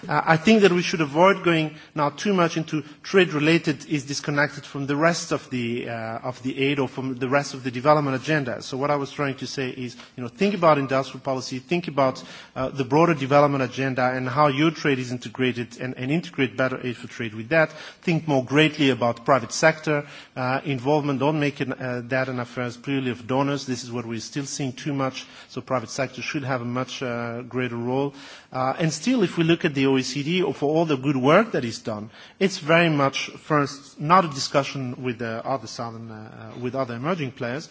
uh, I think that we should avoid going now too much into trade-related is disconnected from the rest of the, uh, of the aid or from the rest of the development agenda. So what I was trying to say is, you know, think about industrial policy, think about uh, the broader development agenda and how your trade is integrated and, and integrate better aid for trade with that. Think more greatly about private sector uh, involvement. Don't make it, uh, that an affair purely of donors. This is what we're still seeing seeing too much, so private sector should have a much uh, greater role. Uh, and still, if we look at the OECD, for all the good work that is done, it's very much first not a discussion with the uh, other southern, uh, uh, with other emerging players,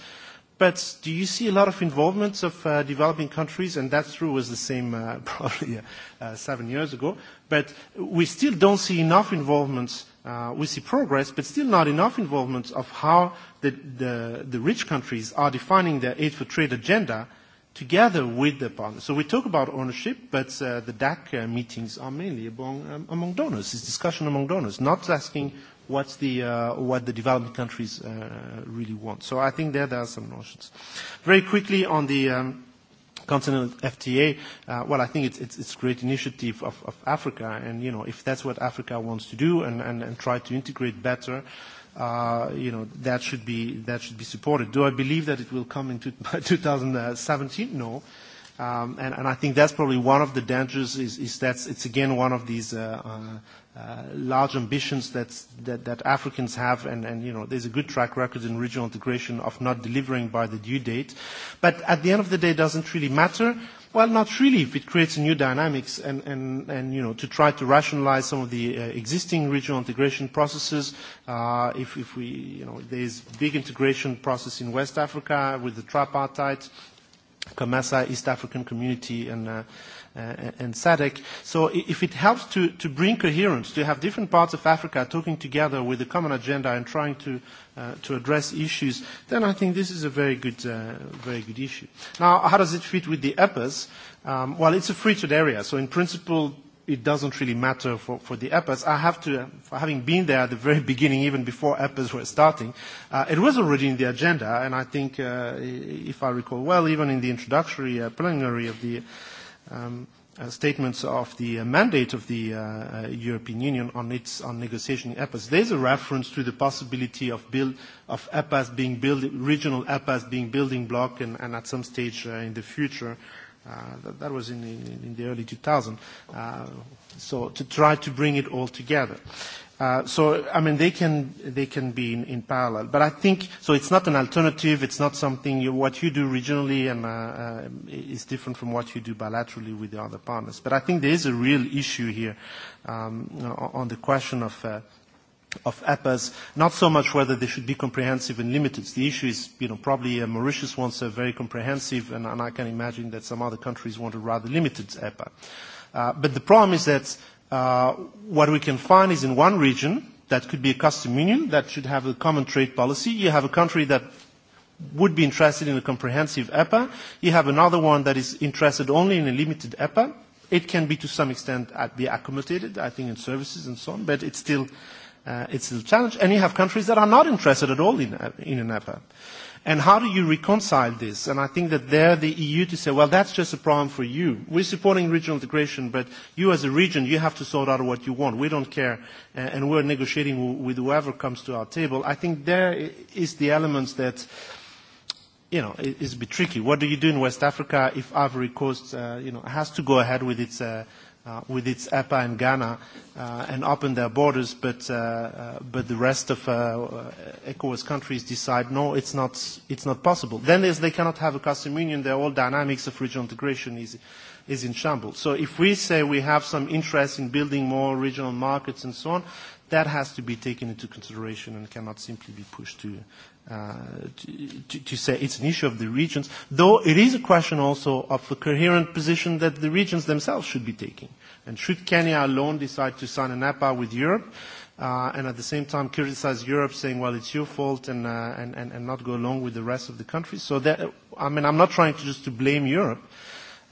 But do you see a lot of involvement of uh, developing countries? And that true was the same uh, probably uh, uh, seven years ago. But we still don't see enough involvement uh, we see progress, but still not enough involvement of how the, the, the rich countries are defining their aid for trade agenda together with their partners. So we talk about ownership, but uh, the DAC uh, meetings are mainly among, um, among donors. It's discussion among donors, not asking what's the, uh, what the developing countries uh, really want. So I think there, there are some notions. Very quickly on the... Um, continental FTA, uh, well, I think it's, it's, it's a great initiative of, of Africa. And, you know, if that's what Africa wants to do and, and, and try to integrate better, uh, you know, that should, be, that should be supported. Do I believe that it will come in by 2017? No. Um, and, and I think that's probably one of the dangers is, is that it's again one of these uh, uh, uh large ambitions that's, that, that Africans have, and, and you know, there's a good track record in regional integration of not delivering by the due date. But at the end of the day, it doesn't really matter. Well, not really, if it creates new dynamics and, and, and you know, to try to rationalize some of the uh, existing regional integration processes. Uh, if, if we, you know, there's big integration process in West Africa with the tripartite Kamasa, East African Community, and, uh, uh and SADC. So if it helps to, to bring coherence, to have different parts of Africa talking together with a common agenda and trying to, uh, to address issues, then I think this is a very good, uh, very good issue. Now, how does it fit with the EPAs? Um, well, it's a free trade area, so in principle, it doesn't really matter for, for the EPAs. I have to, for having been there at the very beginning, even before EPAs were starting, uh, it was already in the agenda, and I think, uh, if I recall well, even in the introductory uh, preliminary of the um, uh, statements of the uh, mandate of the uh, uh, European Union on its on negotiation EPAs, there's a reference to the possibility of build of EPAs being built, regional EPAs being building block, and, and at some stage uh, in the future. Uh, that, that was in, in the early 2000s. Uh, so to try to bring it all together. Uh, so, I mean, they can, they can be in, in parallel. But I think, so it's not an alternative, it's not something, you, what you do regionally and, uh, uh, is different from what you do bilaterally with the other partners. But I think there is a real issue here um, on the question of uh, of EPAs, not so much whether they should be comprehensive and limited. The issue is, you know, probably uh, Mauritius wants a very comprehensive, and, and I can imagine that some other countries want a rather limited EPA. Uh, but the problem is that uh, what we can find is in one region, that could be a custom union, that should have a common trade policy. You have a country that would be interested in a comprehensive EPA. You have another one that is interested only in a limited EPA. It can be to some extent uh, be accommodated, I think, in services and so on, but it's still uh, it's a challenge. And you have countries that are not interested at all in, uh, in an EPA. And how do you reconcile this? And I think that there the EU to say, well, that's just a problem for you. We're supporting regional integration, but you as a region, you have to sort out what you want. We don't care, uh, and we're negotiating with whoever comes to our table. I think there is the elements that, you know, is a bit tricky. What do you do in West Africa if Ivory Coast, uh, you know, has to go ahead with its uh, uh, with its EPA and Ghana uh, and open their borders, but, uh, uh, but the rest of uh, uh ECOWAS countries decide, no, it's not, it's not possible. Then there's, they cannot have a custom union. Their whole dynamics of regional integration is, is in shambles. So if we say we have some interest in building more regional markets and so on, that has to be taken into consideration and cannot simply be pushed to, Uh, to, to say it's an issue of the regions, though it is a question also of the coherent position that the regions themselves should be taking. And should Kenya alone decide to sign an APA with Europe, uh, and at the same time criticize Europe, saying, "Well, it's your fault," and, uh, and, and, and not go along with the rest of the countries? So that, I mean, I'm not trying to just to blame Europe.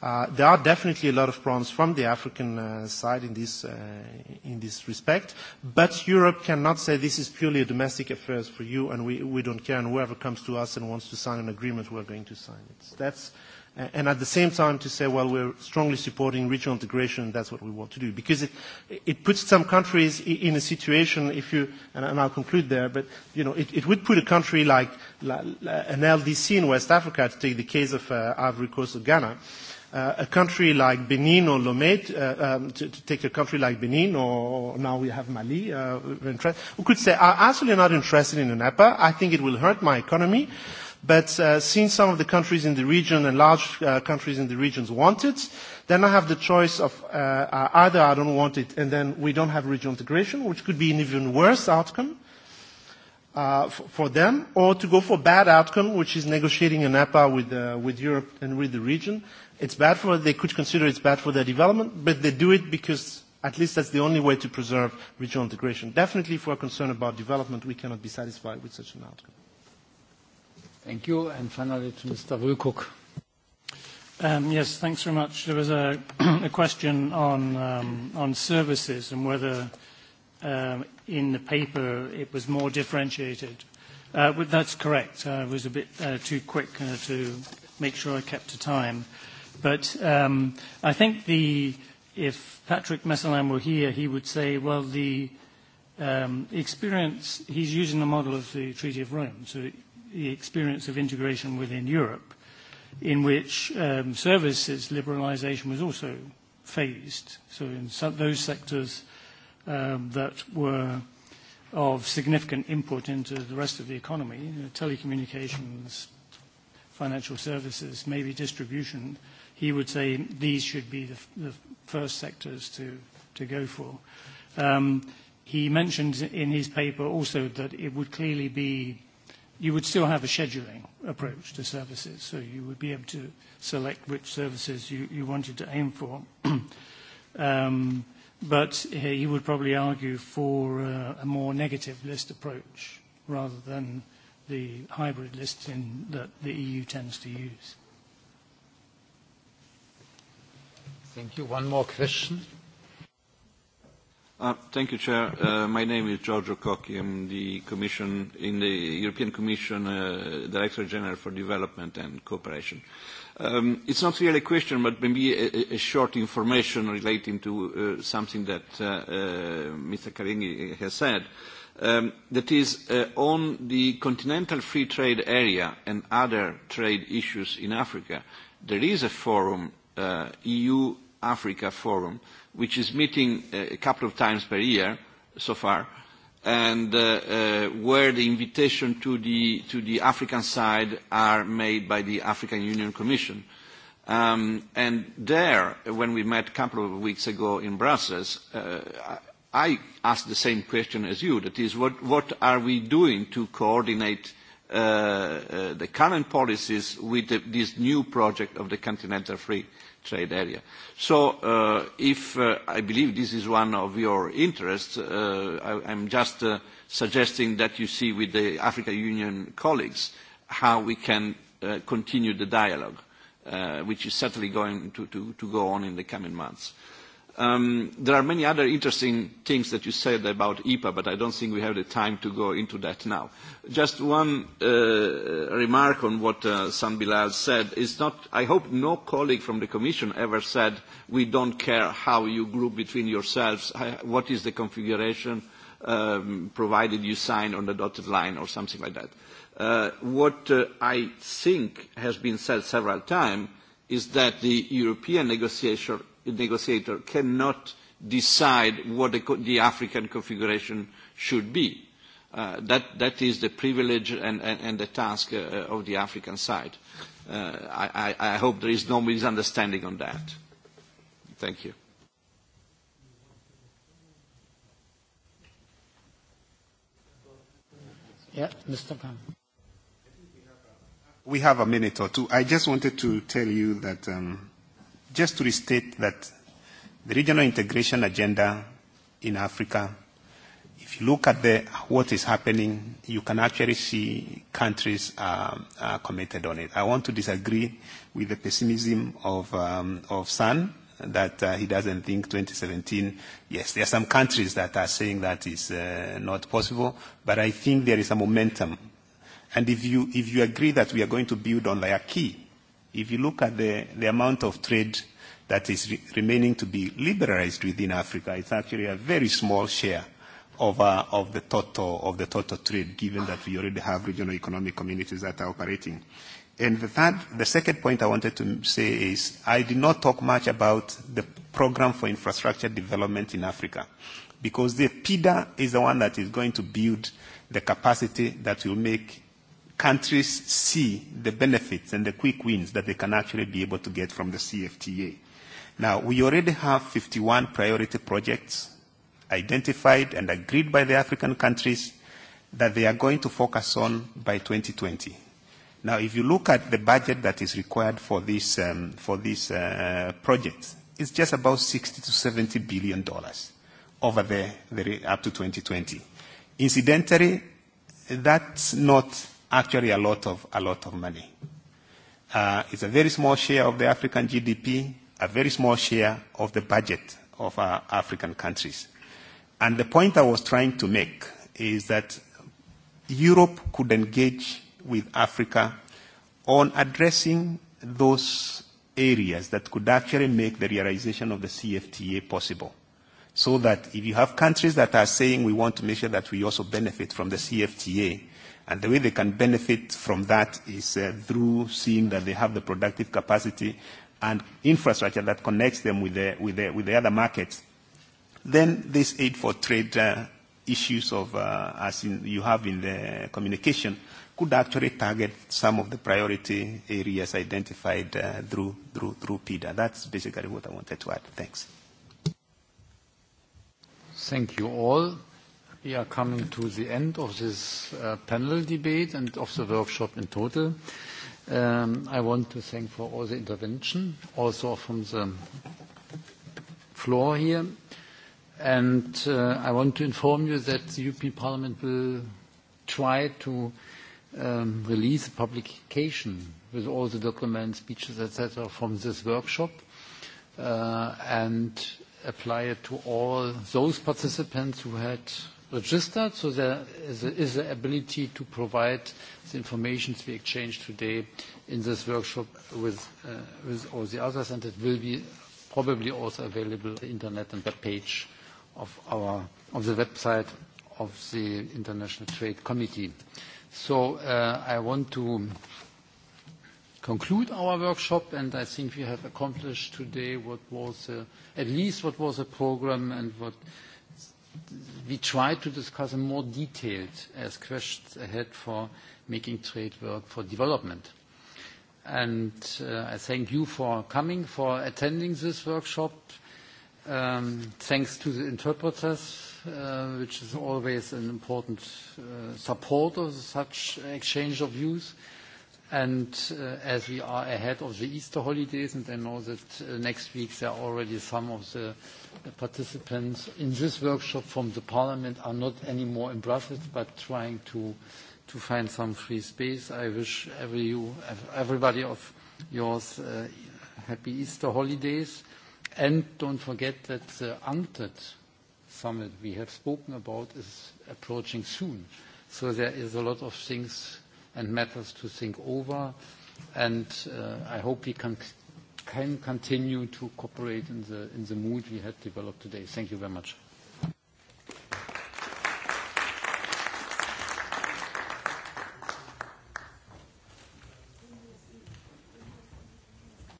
Uh, there are definitely a lot of problems from the African uh, side in this, uh, in this respect, but Europe cannot say this is purely a domestic affairs for you and we, we don't care, and whoever comes to us and wants to sign an agreement, we're going to sign it. That's, and at the same time to say, well, we're strongly supporting regional integration, and that's what we want to do. Because it, it puts some countries in a situation, if you, and, I'll conclude there, but you know, it, it would put a country like, like an LDC in West Africa, to take the case of uh, Ivory Coast or Ghana, Uh, a country like Benin or Lomé, uh, um, to, to take a country like Benin or now we have Mali, uh, who could say, I'm absolutely not interested in an EPA. I think it will hurt my economy. But uh, since some of the countries in the region and large uh, countries in the regions want it, then I have the choice of uh, either I don't want it and then we don't have regional integration, which could be an even worse outcome uh, f- for them, or to go for bad outcome, which is negotiating an EPA with, uh, with Europe and with the region, It's bad for, they could consider it's bad for their development, but they do it because at least that's the only way to preserve regional integration. Definitely, if we're concerned about development, we cannot be satisfied with such an outcome. Thank you. And finally, to Mr. Wilcock. Um, yes, thanks very much. There was a, a question on, um, on services and whether um, in the paper it was more differentiated. Uh, but that's correct. Uh, I was a bit uh, too quick uh, to make sure I kept to time. But um, I think the, if Patrick Messalam were here, he would say, well, the um, experience, he's using the model of the Treaty of Rome, so the experience of integration within Europe, in which um, services liberalization was also phased. So in some, those sectors um, that were of significant input into the rest of the economy, you know, telecommunications, financial services, maybe distribution, uh, he would say these should be the, the first sectors to, to go for. Um, he mentioned in his paper also that it would clearly be, you would still have a scheduling approach to services, so you would be able to select which services you, you wanted to aim for. um, but he would probably argue for a, uh, a more negative list approach rather than the hybrid listing that the EU tends to use. Thank you. One more question. Uh, thank you, Chair. Uh, my name is Giorgio Cocchi. I'm the Commission in the European Commission uh, Director General for Development and Cooperation. Um, it's not really a question, but maybe a, a short information relating to uh, something that uh, uh, Mr. Karingi has said. Um, that is, uh, on the continental free trade area and other trade issues in Africa, there is a forum, uh, EU Africa Forum, which is meeting uh, a couple of times per year so far, and uh, uh, where the invitation to the, to the African side are made by the African Union Commission. Um, and there, when we met a couple of weeks ago in Brussels, uh, I asked the same question as you, that is, what, what are we doing to coordinate uh, uh, the current policies with the, this new project of the Continental Free? Uh, trade area. So uh, if uh, I believe this is one of your interests, uh, I, I'm just uh, suggesting that you see with the African Union colleagues how we can uh, continue the dialogue, uh, which is certainly going to, to, to go on in the coming months. Uh, Um, there are many other interesting things that you said about EPA, but I don't think we have the time to go into that now. Just one uh, remark on what uh, Bilal said. It's not, I hope no colleague from the Commission ever said, we don't care how you group between yourselves, what is the configuration, um, provided you sign on the dotted line or something like that. Uh, what uh, I think has been said several times is that the European negotiator negotiator cannot decide what the, the African configuration should be. Uh, that, that is the privilege and, and, and the task uh, of the African side. Uh, I, I, I hope there is no misunderstanding on that. Thank you. Yeah, Mr. Khan. We have a minute or two. I just wanted to tell you that um, just to restate that the regional integration agenda in Africa, if you look at the, what is happening, you can actually see countries are, are committed on it. I want to disagree with the pessimism of, um, of Sun that uh, he doesn't think 2017. Yes, there are some countries that are saying that is uh, not possible, but I think there is a momentum. And if you, if you agree that we are going to build on the acquis if you look at the, the amount of trade that is re- remaining to be liberalized within Africa, it's actually a very small share of, uh, of, the total, of the total trade, given that we already have regional economic communities that are operating. And the, third, the second point I wanted to say is I did not talk much about the program for infrastructure development in Africa, because the PIDA is the one that is going to build the capacity that will make countries see the benefits and the quick wins that they can actually be able to get from the CFTA. Now, we already have 51 priority projects identified and agreed by the African countries that they are going to focus on by 2020. Now, if you look at the budget that is required for this, um, for this uh, project, it's just about 60 to 70 billion dollars over the, the, up to 2020. Incidentally, that's not actually a lot of, a lot of money. Uh, it's a very small share of the African GDP, a very small share of the budget of our uh, African countries. And the point I was trying to make is that Europe could engage with Africa on addressing those areas that could actually make the realization of the CFTA possible. So that if you have countries that are saying we want to make sure that we also benefit from the CFTA, And the way they can benefit from that is uh, through seeing that they have the productive capacity and infrastructure that connects them with the, with the, with the other markets. Then this aid for trade uh, issues of, uh, as in, you have in the communication could actually target some of the priority areas identified uh, through, through, through PIDA. That's basically what I wanted to add. Thanks. Thank you all. We are coming to the end of this uh, panel debate and of the workshop in total. Um, I want to thank for all the intervention, also from the floor here. And uh, I want to inform you that the European Parliament will try to um, release a publication with all the documents, speeches, etc., from this workshop, uh, and apply it to all those participants who had registered, so there is, the ability to provide the information we exchanged today in this workshop with, uh, with all the others, and it will be probably also available on the internet and web page of, our, of the website of the International Trade Committee. So uh, I want to conclude our workshop, and I think we have accomplished today what was uh, at least what was a program and what we try to discuss in more detail as questions ahead for making trade work for development. And uh, I thank you for coming, for attending this workshop. Um, thanks to the interpreters, uh, which is always an important uh, support of such exchange of views. And uh, as we are ahead of the Easter holidays, and I know that uh, next week there are already some of the participants in this workshop from the parliament are not anymore in Brussels, but trying to, find some free space. I wish everybody of yours uh, happy Easter holidays. don't forget that the UNCTAD summit we have spoken about is approaching soon. there is a lot of things and matters to think over. Uh, I hope we can, continue to cooperate in the, in the mood we had developed today. Thank you very much.